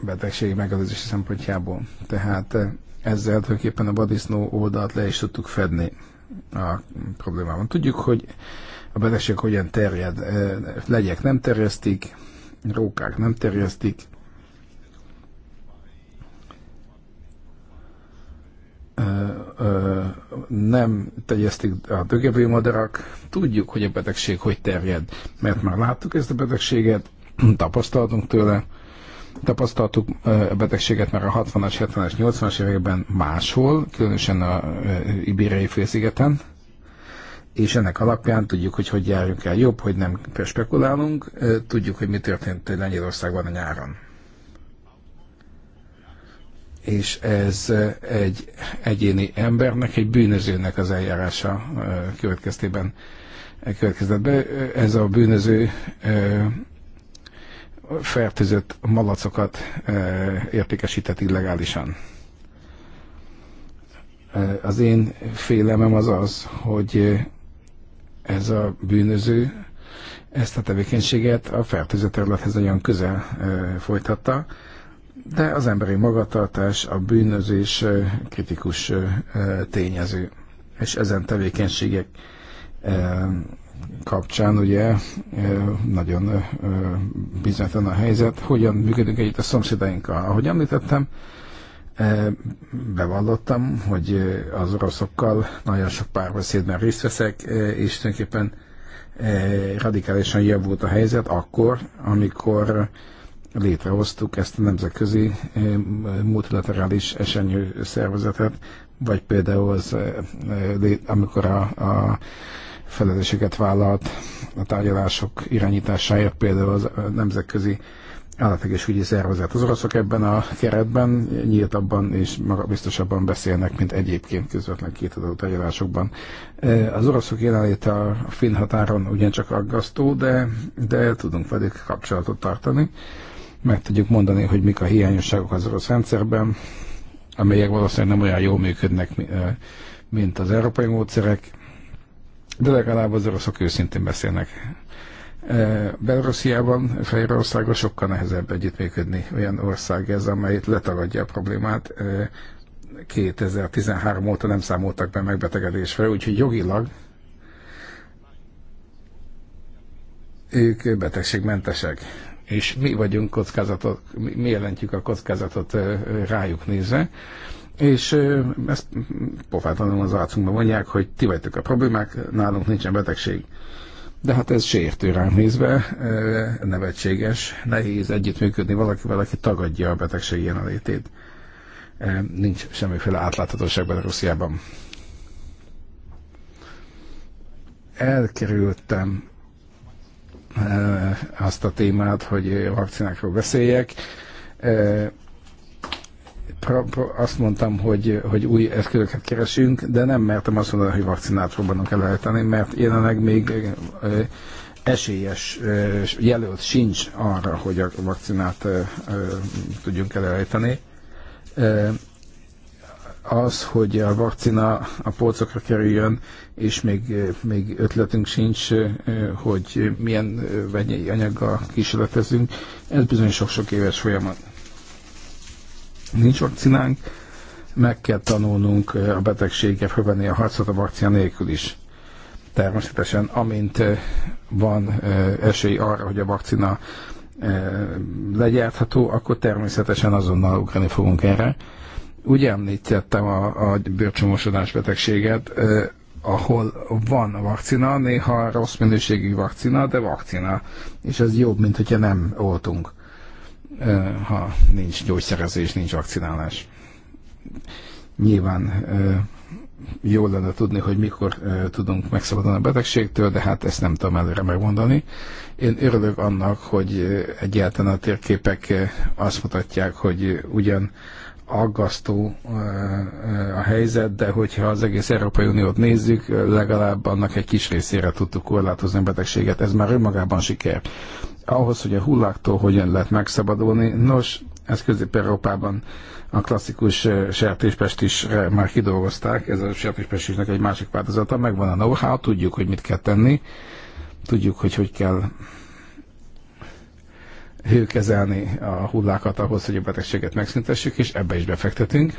betegség megelőzési szempontjából. Tehát eh, ezzel tulajdonképpen a vadisznó oldalt le is tudtuk fedni a problémában. Tudjuk, hogy a betegség hogyan terjed. Eh, legyek nem terjesztik, rókák nem terjesztik, eh, nem tegyeztik a dögevő madarak. Tudjuk, hogy a betegség hogy terjed, mert már láttuk ezt a betegséget, [clears throat] tapasztaltunk tőle, tapasztaltuk a betegséget már a 60-as, 70-es, 80-as években máshol, különösen a Ibériai félszigeten, és ennek alapján tudjuk, hogy hogy járjunk el jobb, hogy nem spekulálunk, tudjuk, hogy mi történt Lengyelországban a nyáron. És ez egy egyéni embernek, egy bűnözőnek az eljárása következtében következett be. Ez a bűnöző fertőzött malacokat e, értékesített illegálisan. E, az én félelmem az az, hogy ez a bűnöző ezt a tevékenységet a fertőzött területhez nagyon közel e, folytatta, de az emberi magatartás, a bűnözés kritikus tényező, és ezen tevékenységek kapcsán ugye nagyon bizonytalan a helyzet, hogyan működünk együtt a szomszédainkkal. Ahogy említettem, bevallottam, hogy az oroszokkal nagyon sok párbeszédben részt veszek, és tulajdonképpen radikálisan javult a helyzet akkor, amikor létrehoztuk ezt a nemzetközi multilaterális esenyő szervezetet, vagy például az, amikor a, a felelősséget vállalt a tárgyalások irányításáért, például az nemzetközi állategészségügyi szervezet. Az oroszok ebben a keretben nyíltabban és magabiztosabban beszélnek, mint egyébként közvetlen kétadó tárgyalásokban. Az oroszok jelenléte a finn határon ugyancsak aggasztó, de, de tudunk velük kapcsolatot tartani. Meg tudjuk mondani, hogy mik a hiányosságok az orosz rendszerben, amelyek valószínűleg nem olyan jól működnek, mint az európai módszerek, de legalább az oroszok őszintén beszélnek. E, Belorussziában, Fehérországban sokkal nehezebb együttműködni. Olyan ország ez, amely letagadja a problémát. 2013 e, óta nem számoltak be megbetegedésre, úgyhogy jogilag ők betegségmentesek. És mi vagyunk kockázatot, mi jelentjük a kockázatot e, rájuk nézve. És ezt pofátlanul az arcunkban mondják, hogy ti vagytok a problémák, nálunk nincsen betegség. De hát ez sértő ránk nézve, nevetséges, nehéz együttműködni valakivel, aki tagadja a betegség jelenlétét. Nincs semmiféle átláthatóság Belarusziában. Elkerültem azt a témát, hogy vakcinákról beszéljek azt mondtam, hogy, hogy új eszközöket keresünk, de nem mertem azt mondani, hogy vakcinát próbálunk elejteni, mert jelenleg még esélyes jelölt sincs arra, hogy a vakcinát tudjunk elejteni. Az, hogy a vakcina a polcokra kerüljön, és még, még ötletünk sincs, hogy milyen vegyi anyaggal kísérletezünk, ez bizony sok-sok éves folyamat nincs vakcinánk, meg kell tanulnunk eh, a betegségre fölvenni a harcot a vakcina nélkül is. Természetesen, amint eh, van eh, esély arra, hogy a vakcina legyártható, akkor természetesen azonnal ugrani fogunk erre. Ugye említettem a, a bőrcsomosodás betegséget, eh, ahol van vakcina, néha rossz minőségű vakcina, de vakcina, és ez jobb, mint hogyha nem oltunk ha nincs gyógyszerezés, nincs vakcinálás. Nyilván jó lenne tudni, hogy mikor tudunk megszabadulni a betegségtől, de hát ezt nem tudom előre megmondani. Én örülök annak, hogy egyáltalán a térképek azt mutatják, hogy ugyan aggasztó a helyzet, de hogyha az egész Európai Uniót nézzük, legalább annak egy kis részére tudtuk korlátozni a betegséget. Ez már önmagában siker ahhoz, hogy a hulláktól hogyan lehet megszabadulni. Nos, ezt Közép-Európában a klasszikus sertéspest is már kidolgozták, ez a isnek egy másik változata, megvan a know-how, tudjuk, hogy mit kell tenni, tudjuk, hogy hogy kell hőkezelni a hullákat ahhoz, hogy a betegséget megszüntessük, és ebbe is befektetünk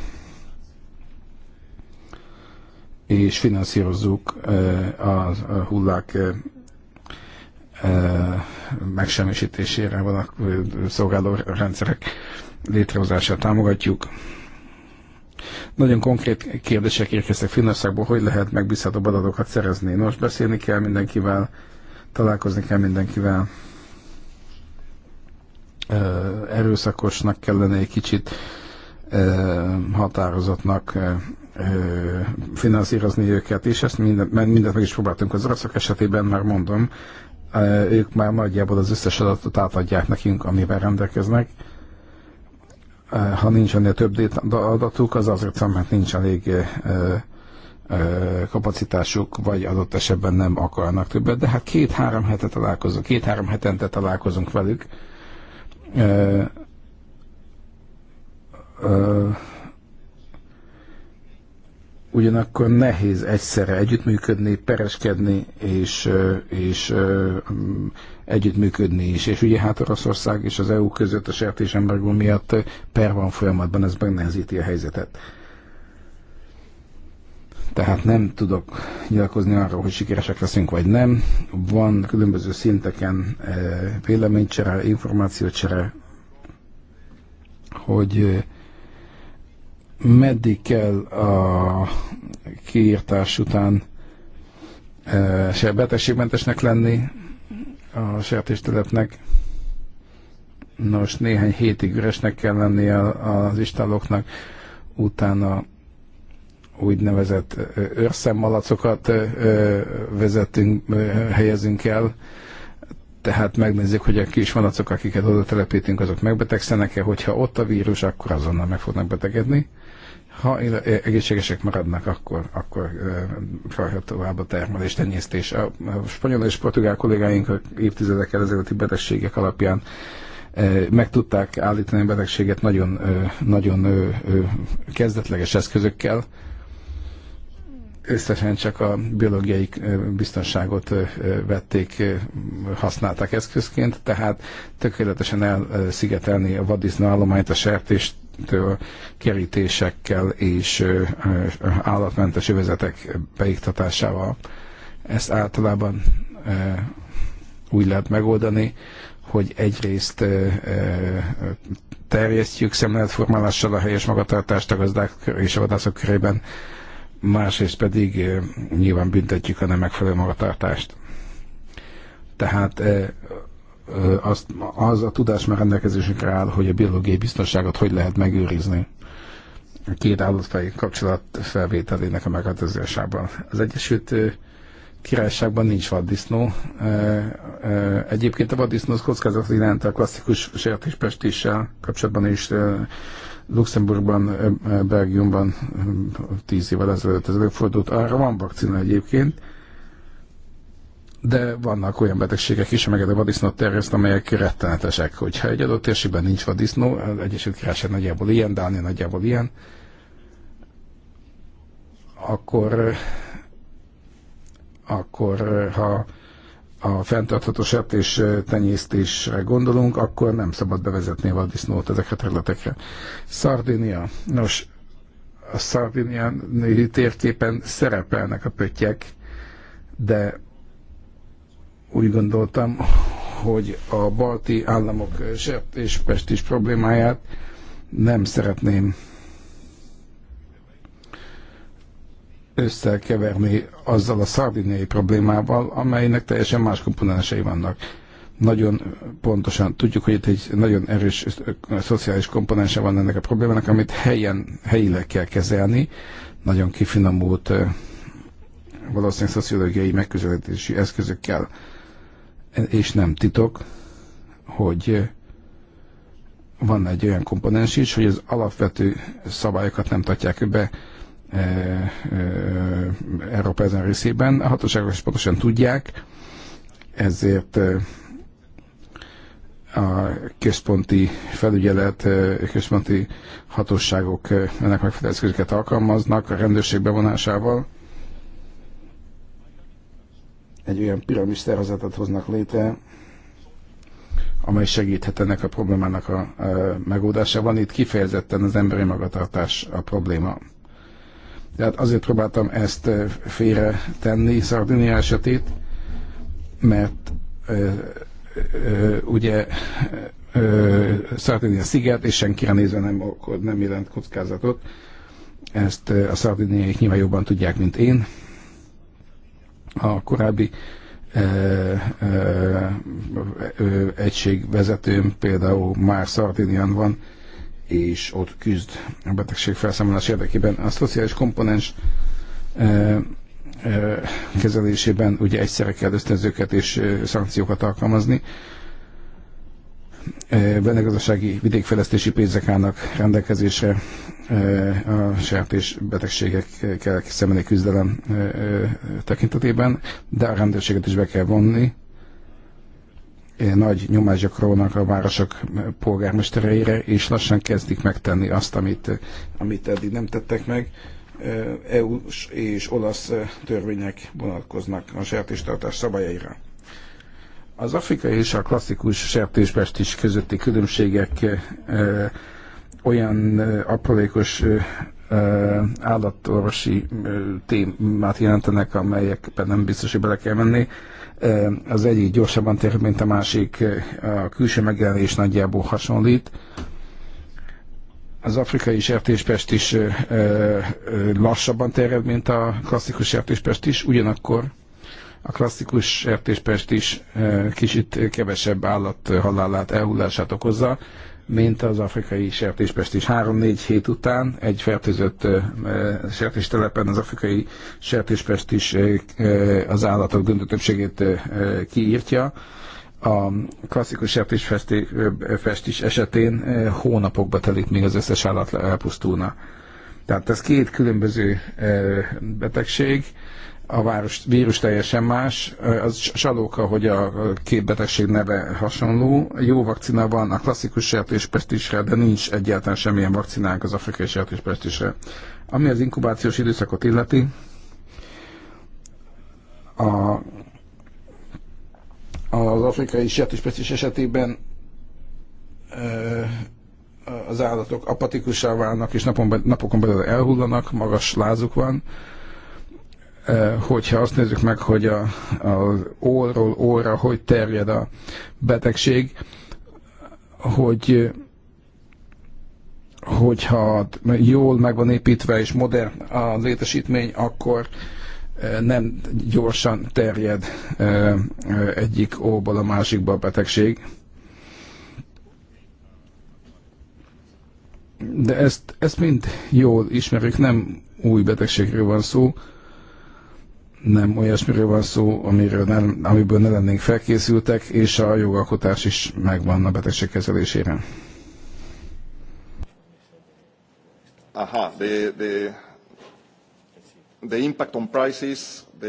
és finanszírozzuk a hullák megsemmisítésére van a szolgáló rendszerek létrehozását támogatjuk. Nagyon konkrét kérdések érkeztek Finnországból, hogy lehet megbízható adatokat szerezni. Nos, beszélni kell mindenkivel, találkozni kell mindenkivel. Erőszakosnak kellene egy kicsit határozatnak finanszírozni őket, és ezt mindent, mindent meg is próbáltunk az oroszok esetében, már mondom, ők már nagyjából az összes adatot átadják nekünk, amivel rendelkeznek. Ha nincs ennél több adatuk, az azért van, mert nincs elég kapacitásuk, vagy adott esetben nem akarnak többet, de hát két-három hetet találkozunk, két-három hetente találkozunk velük ugyanakkor nehéz egyszerre együttműködni, pereskedni és, és mm, együttműködni is. És ugye hát Oroszország és az EU között a sertésembergó miatt per van folyamatban, ez megnehezíti a helyzetet. Tehát nem tudok nyilatkozni arról, hogy sikeresek leszünk vagy nem. Van különböző szinteken véleménycsere, információcsere, hogy meddig kell a kiírtás után e, se betegségmentesnek lenni a sertéstelepnek. Nos, néhány hétig üresnek kell lenni az istáloknak, utána úgynevezett e, őrszemmalacokat e, vezetünk, helyezünk el, tehát megnézzük, hogy a kis malacok, akiket oda telepítünk, azok megbetegszenek-e, hogyha ott a vírus, akkor azonnal meg fognak betegedni ha egészségesek maradnak, akkor, akkor várhat tovább a termelés, tenyésztés. A, spanyol és portugál kollégáink a évtizedekkel ezelőtti betegségek alapján meg tudták állítani a betegséget nagyon, nagyon kezdetleges eszközökkel. Összesen csak a biológiai biztonságot vették, használták eszközként, tehát tökéletesen elszigetelni a vaddisznállományt, a sertést től kerítésekkel és állatmentes övezetek beiktatásával. Ezt általában úgy lehet megoldani, hogy egyrészt terjesztjük szemléletformálással a helyes magatartást a gazdák és a vadászok körében, másrészt pedig nyilván büntetjük a nem megfelelő magatartást. Tehát az, az a tudás már rendelkezésünkre áll, hogy a biológiai biztonságot hogy lehet megőrizni a két állatfaj kapcsolat felvételének a meghatározásában. Az Egyesült Királyságban nincs vaddisznó. Egyébként a vaddisznó az kockázat iránt a klasszikus sertéspestéssel kapcsolatban is Luxemburgban, Belgiumban tíz évvel ezelőtt ez előfordult. Arra van vakcina egyébként, de vannak olyan betegségek is, amelyeket a vadisznó terjeszt, amelyek rettenetesek. Hogyha egy adott térségben nincs vadisznó, az Egyesült Királyság nagyjából ilyen, Dánia nagyjából ilyen, akkor, akkor ha a fenntartható és tenyésztésre gondolunk, akkor nem szabad bevezetni a vadisznót ezekre a területekre. Szardinia. Nos, a Szardinia térképen szerepelnek a pöttyek, de úgy gondoltam, hogy a balti államok és is problémáját nem szeretném összekeverni azzal a szardiniai problémával, amelynek teljesen más komponensei vannak. Nagyon pontosan tudjuk, hogy itt egy nagyon erős szociális komponense van ennek a problémának, amit helyen, helyileg kell kezelni, nagyon kifinomult valószínűleg szociológiai megközelítési eszközökkel és nem titok, hogy eh, van egy olyan komponens is, hogy az alapvető szabályokat nem tartják be e, e, Európa ezen részében. A hatóságok is pontosan tudják, ezért a központi felügyelet, központi hatóságok ennek megfelelő alkalmaznak a rendőrség bevonásával, egy olyan piramis szervezetet hoznak létre, amely segíthet ennek a problémának a, a megoldásában. Itt kifejezetten az emberi magatartás a probléma. Tehát azért próbáltam ezt félre tenni Szardinia esetét, mert ö, ö, ugye Szardinia sziget, és senkire nézve nem, nem jelent kockázatot. Ezt a szardiniaik nyilván jobban tudják, mint én a korábbi e, e, ö, e, egységvezetőm például már Szardinian van, és ott küzd a betegség felszámolás érdekében. A szociális komponens e, e, kezelésében ugye egyszerre kell ösztönzőket és e, szankciókat alkalmazni. Benegazdasági e, vidékfejlesztési pénzek állnak rendelkezésre a sertés betegségekkel szembeni küzdelem tekintetében, de a rendőrséget is be kell vonni. Nagy nyomás gyakorolnak a városok polgármestereire, és lassan kezdik megtenni azt, amit, amit eddig nem tettek meg. eu és olasz törvények vonatkoznak a sertéstartás szabályaira. Az afrikai és a klasszikus is közötti különbségek olyan aprólékos állatorvosi témát jelentenek, amelyekben nem biztos, hogy bele kell menni. Az egyik gyorsabban tér, mint a másik, a külső megjelenés nagyjából hasonlít. Az afrikai sertéspest is lassabban terjed, mint a klasszikus sertéspest is, ugyanakkor a klasszikus sertéspest is kicsit kevesebb állat halálát, elhullását okozza, mint az afrikai sertéspest is. Három-négy hét után egy fertőzött sertéstelepen az afrikai sertéspest is az állatok döntő többségét kiírtja. A klasszikus sertéspestis esetén hónapokba telik, míg az összes állat elpusztulna. Tehát ez két különböző betegség, a város, vírus teljesen más. Az salóka, hogy a két betegség neve hasonló. Jó vakcina van a klasszikus sertéspestisre, de nincs egyáltalán semmilyen vakcinánk az afrikai sertéspestisre. Ami az inkubációs időszakot illeti, a, az afrikai sertéspestis esetében az állatok apatikussá válnak, és napon, napokon belül elhullanak, magas lázuk van, Eh, hogyha azt nézzük meg, hogy a, az óról óra hogy terjed a betegség, hogy hogyha jól meg van építve és modern a létesítmény, akkor eh, nem gyorsan terjed eh, egyik óból a másikba a betegség. De ezt, ezt mind jól ismerjük, nem új betegségről van szó, nem olyasmiről van szó, amiről nem, amiből ne lennénk felkészültek, és a jogalkotás is megvan a betegség kezelésére. Aha, the, the, the impact on prices, the...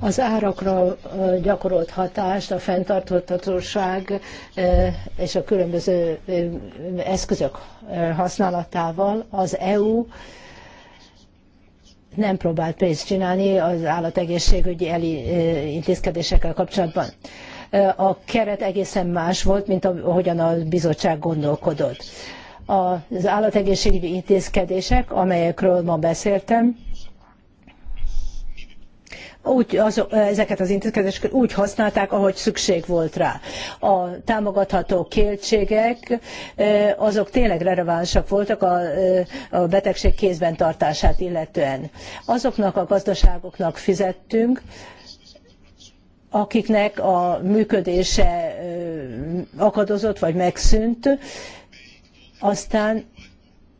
Az árakra gyakorolt hatást a fenntarthatóság és a különböző eszközök használatával az EU nem próbált pénzt csinálni az állategészségügyi eli, intézkedésekkel kapcsolatban. A keret egészen más volt, mint ahogyan a bizottság gondolkodott. Az állategészségügyi intézkedések, amelyekről ma beszéltem, úgy, az, ezeket az intézkedéseket úgy használták, ahogy szükség volt rá. A támogatható költségek azok tényleg relevánsak voltak a, a betegség kézben tartását illetően. Azoknak a gazdaságoknak fizettünk, akiknek a működése akadozott vagy megszűnt, aztán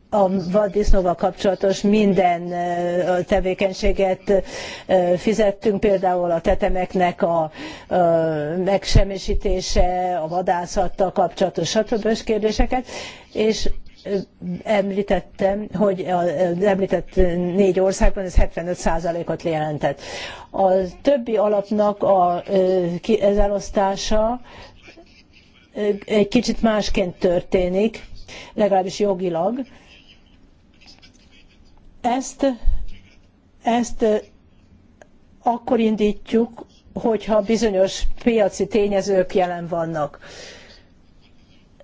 a vaddisznóval kapcsolatos minden tevékenységet fizettünk, például a tetemeknek a megsemmisítése, a vadászattal kapcsolatos stb. kérdéseket, és említettem, hogy az említett négy országban ez 75%-ot jelentett. A többi alapnak a, az elosztása egy kicsit másként történik, legalábbis jogilag ezt, ezt eh, akkor indítjuk, hogyha bizonyos piaci tényezők jelen vannak.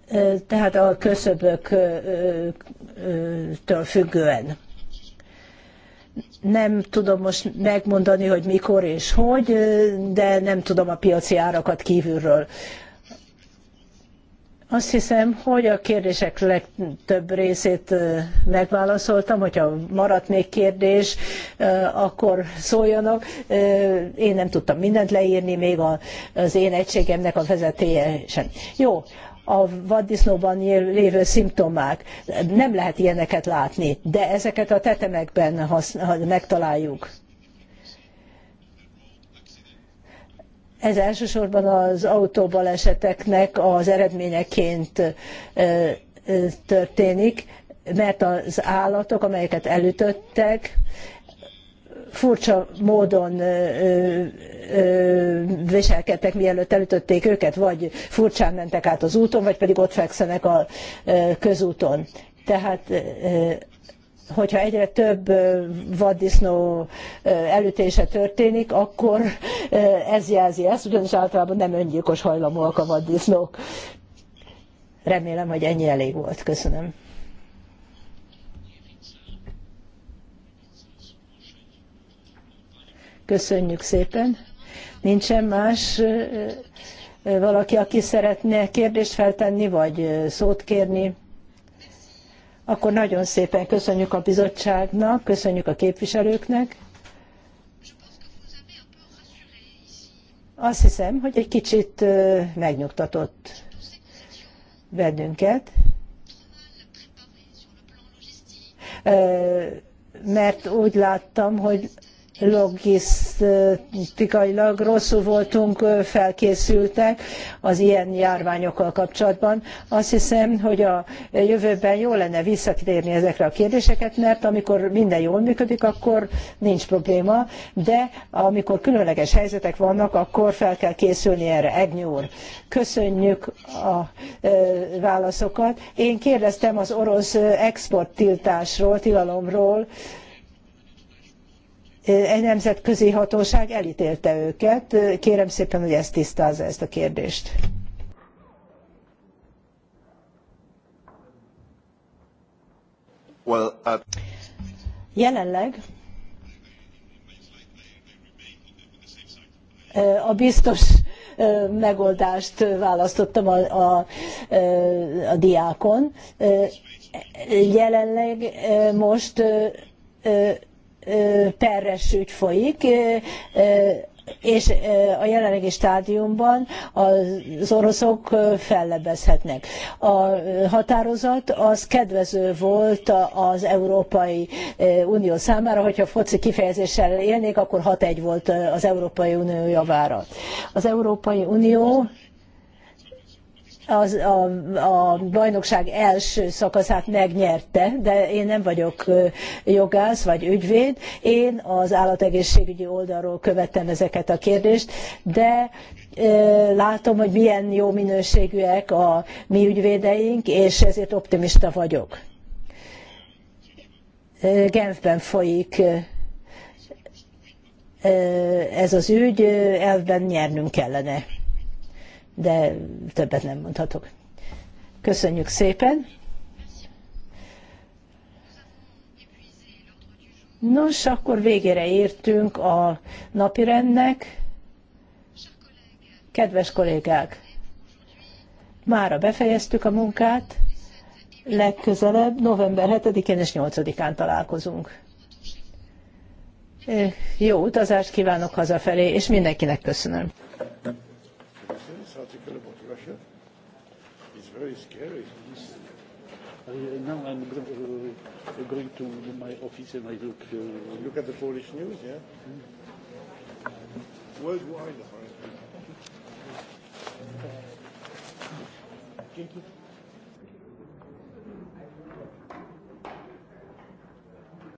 Eh, tehát a köszöböktől eh, függően. Nem tudom most megmondani, hogy mikor és hogy, de nem tudom a piaci árakat kívülről. Azt hiszem, hogy a kérdések legtöbb részét megválaszoltam, hogyha maradt még kérdés, akkor szóljanak. Én nem tudtam mindent leírni, még az én egységemnek a vezetéje sem. Jó, a vaddisznóban lévő szimptomák. Nem lehet ilyeneket látni, de ezeket a tetemekben megtaláljuk. Ez elsősorban az autóbaleseteknek az eredményeként történik, mert az állatok, amelyeket elütöttek, furcsa módon viselkedtek, mielőtt elütötték őket, vagy furcsán mentek át az úton, vagy pedig ott fekszenek a közúton. Tehát hogyha egyre több vaddisznó elütése történik, akkor ez jelzi ezt, ugyanis általában nem öngyilkos hajlamúak a vaddisznók. Remélem, hogy ennyi elég volt. Köszönöm. Köszönjük szépen. Nincsen más valaki, aki szeretne kérdést feltenni, vagy szót kérni? Akkor nagyon szépen köszönjük a bizottságnak, köszönjük a képviselőknek. Azt hiszem, hogy egy kicsit megnyugtatott bennünket, mert úgy láttam, hogy logisztikailag rosszul voltunk felkészültek az ilyen járványokkal kapcsolatban. Azt hiszem, hogy a jövőben jó lenne visszatérni ezekre a kérdéseket, mert amikor minden jól működik, akkor nincs probléma, de amikor különleges helyzetek vannak, akkor fel kell készülni erre. Egnyi úr, köszönjük a válaszokat. Én kérdeztem az orosz exporttiltásról, tilalomról, egy nemzetközi hatóság elítélte őket. Kérem szépen, hogy ezt tisztázza ezt a kérdést. Well, uh... Jelenleg uh, a biztos uh, megoldást választottam a, a, uh, a diákon. Jelenleg most perres ügy folyik, és a jelenlegi stádiumban az oroszok fellebezhetnek. A határozat az kedvező volt az Európai Unió számára, hogyha foci kifejezéssel élnék, akkor 6-1 volt az Európai Unió javára. Az Európai Unió az, a, a bajnokság első szakaszát megnyerte, de én nem vagyok jogász vagy ügyvéd, én az állategészségügyi oldalról követtem ezeket a kérdést, de látom, hogy milyen jó minőségűek a mi ügyvédeink, és ezért optimista vagyok. Genfben folyik ez az ügy, elvben nyernünk kellene de többet nem mondhatok. Köszönjük szépen! Nos, akkor végére értünk a napirendnek. Kedves kollégák, mára befejeztük a munkát, legközelebb november 7-én és 8-án találkozunk. Jó utazást kívánok hazafelé, és mindenkinek köszönöm. carries. Yes. I, uh, now I'm uh, going to my office and I look. Uh, look at the Polish news, yeah? Mm. Worldwide, apparently. Thank you.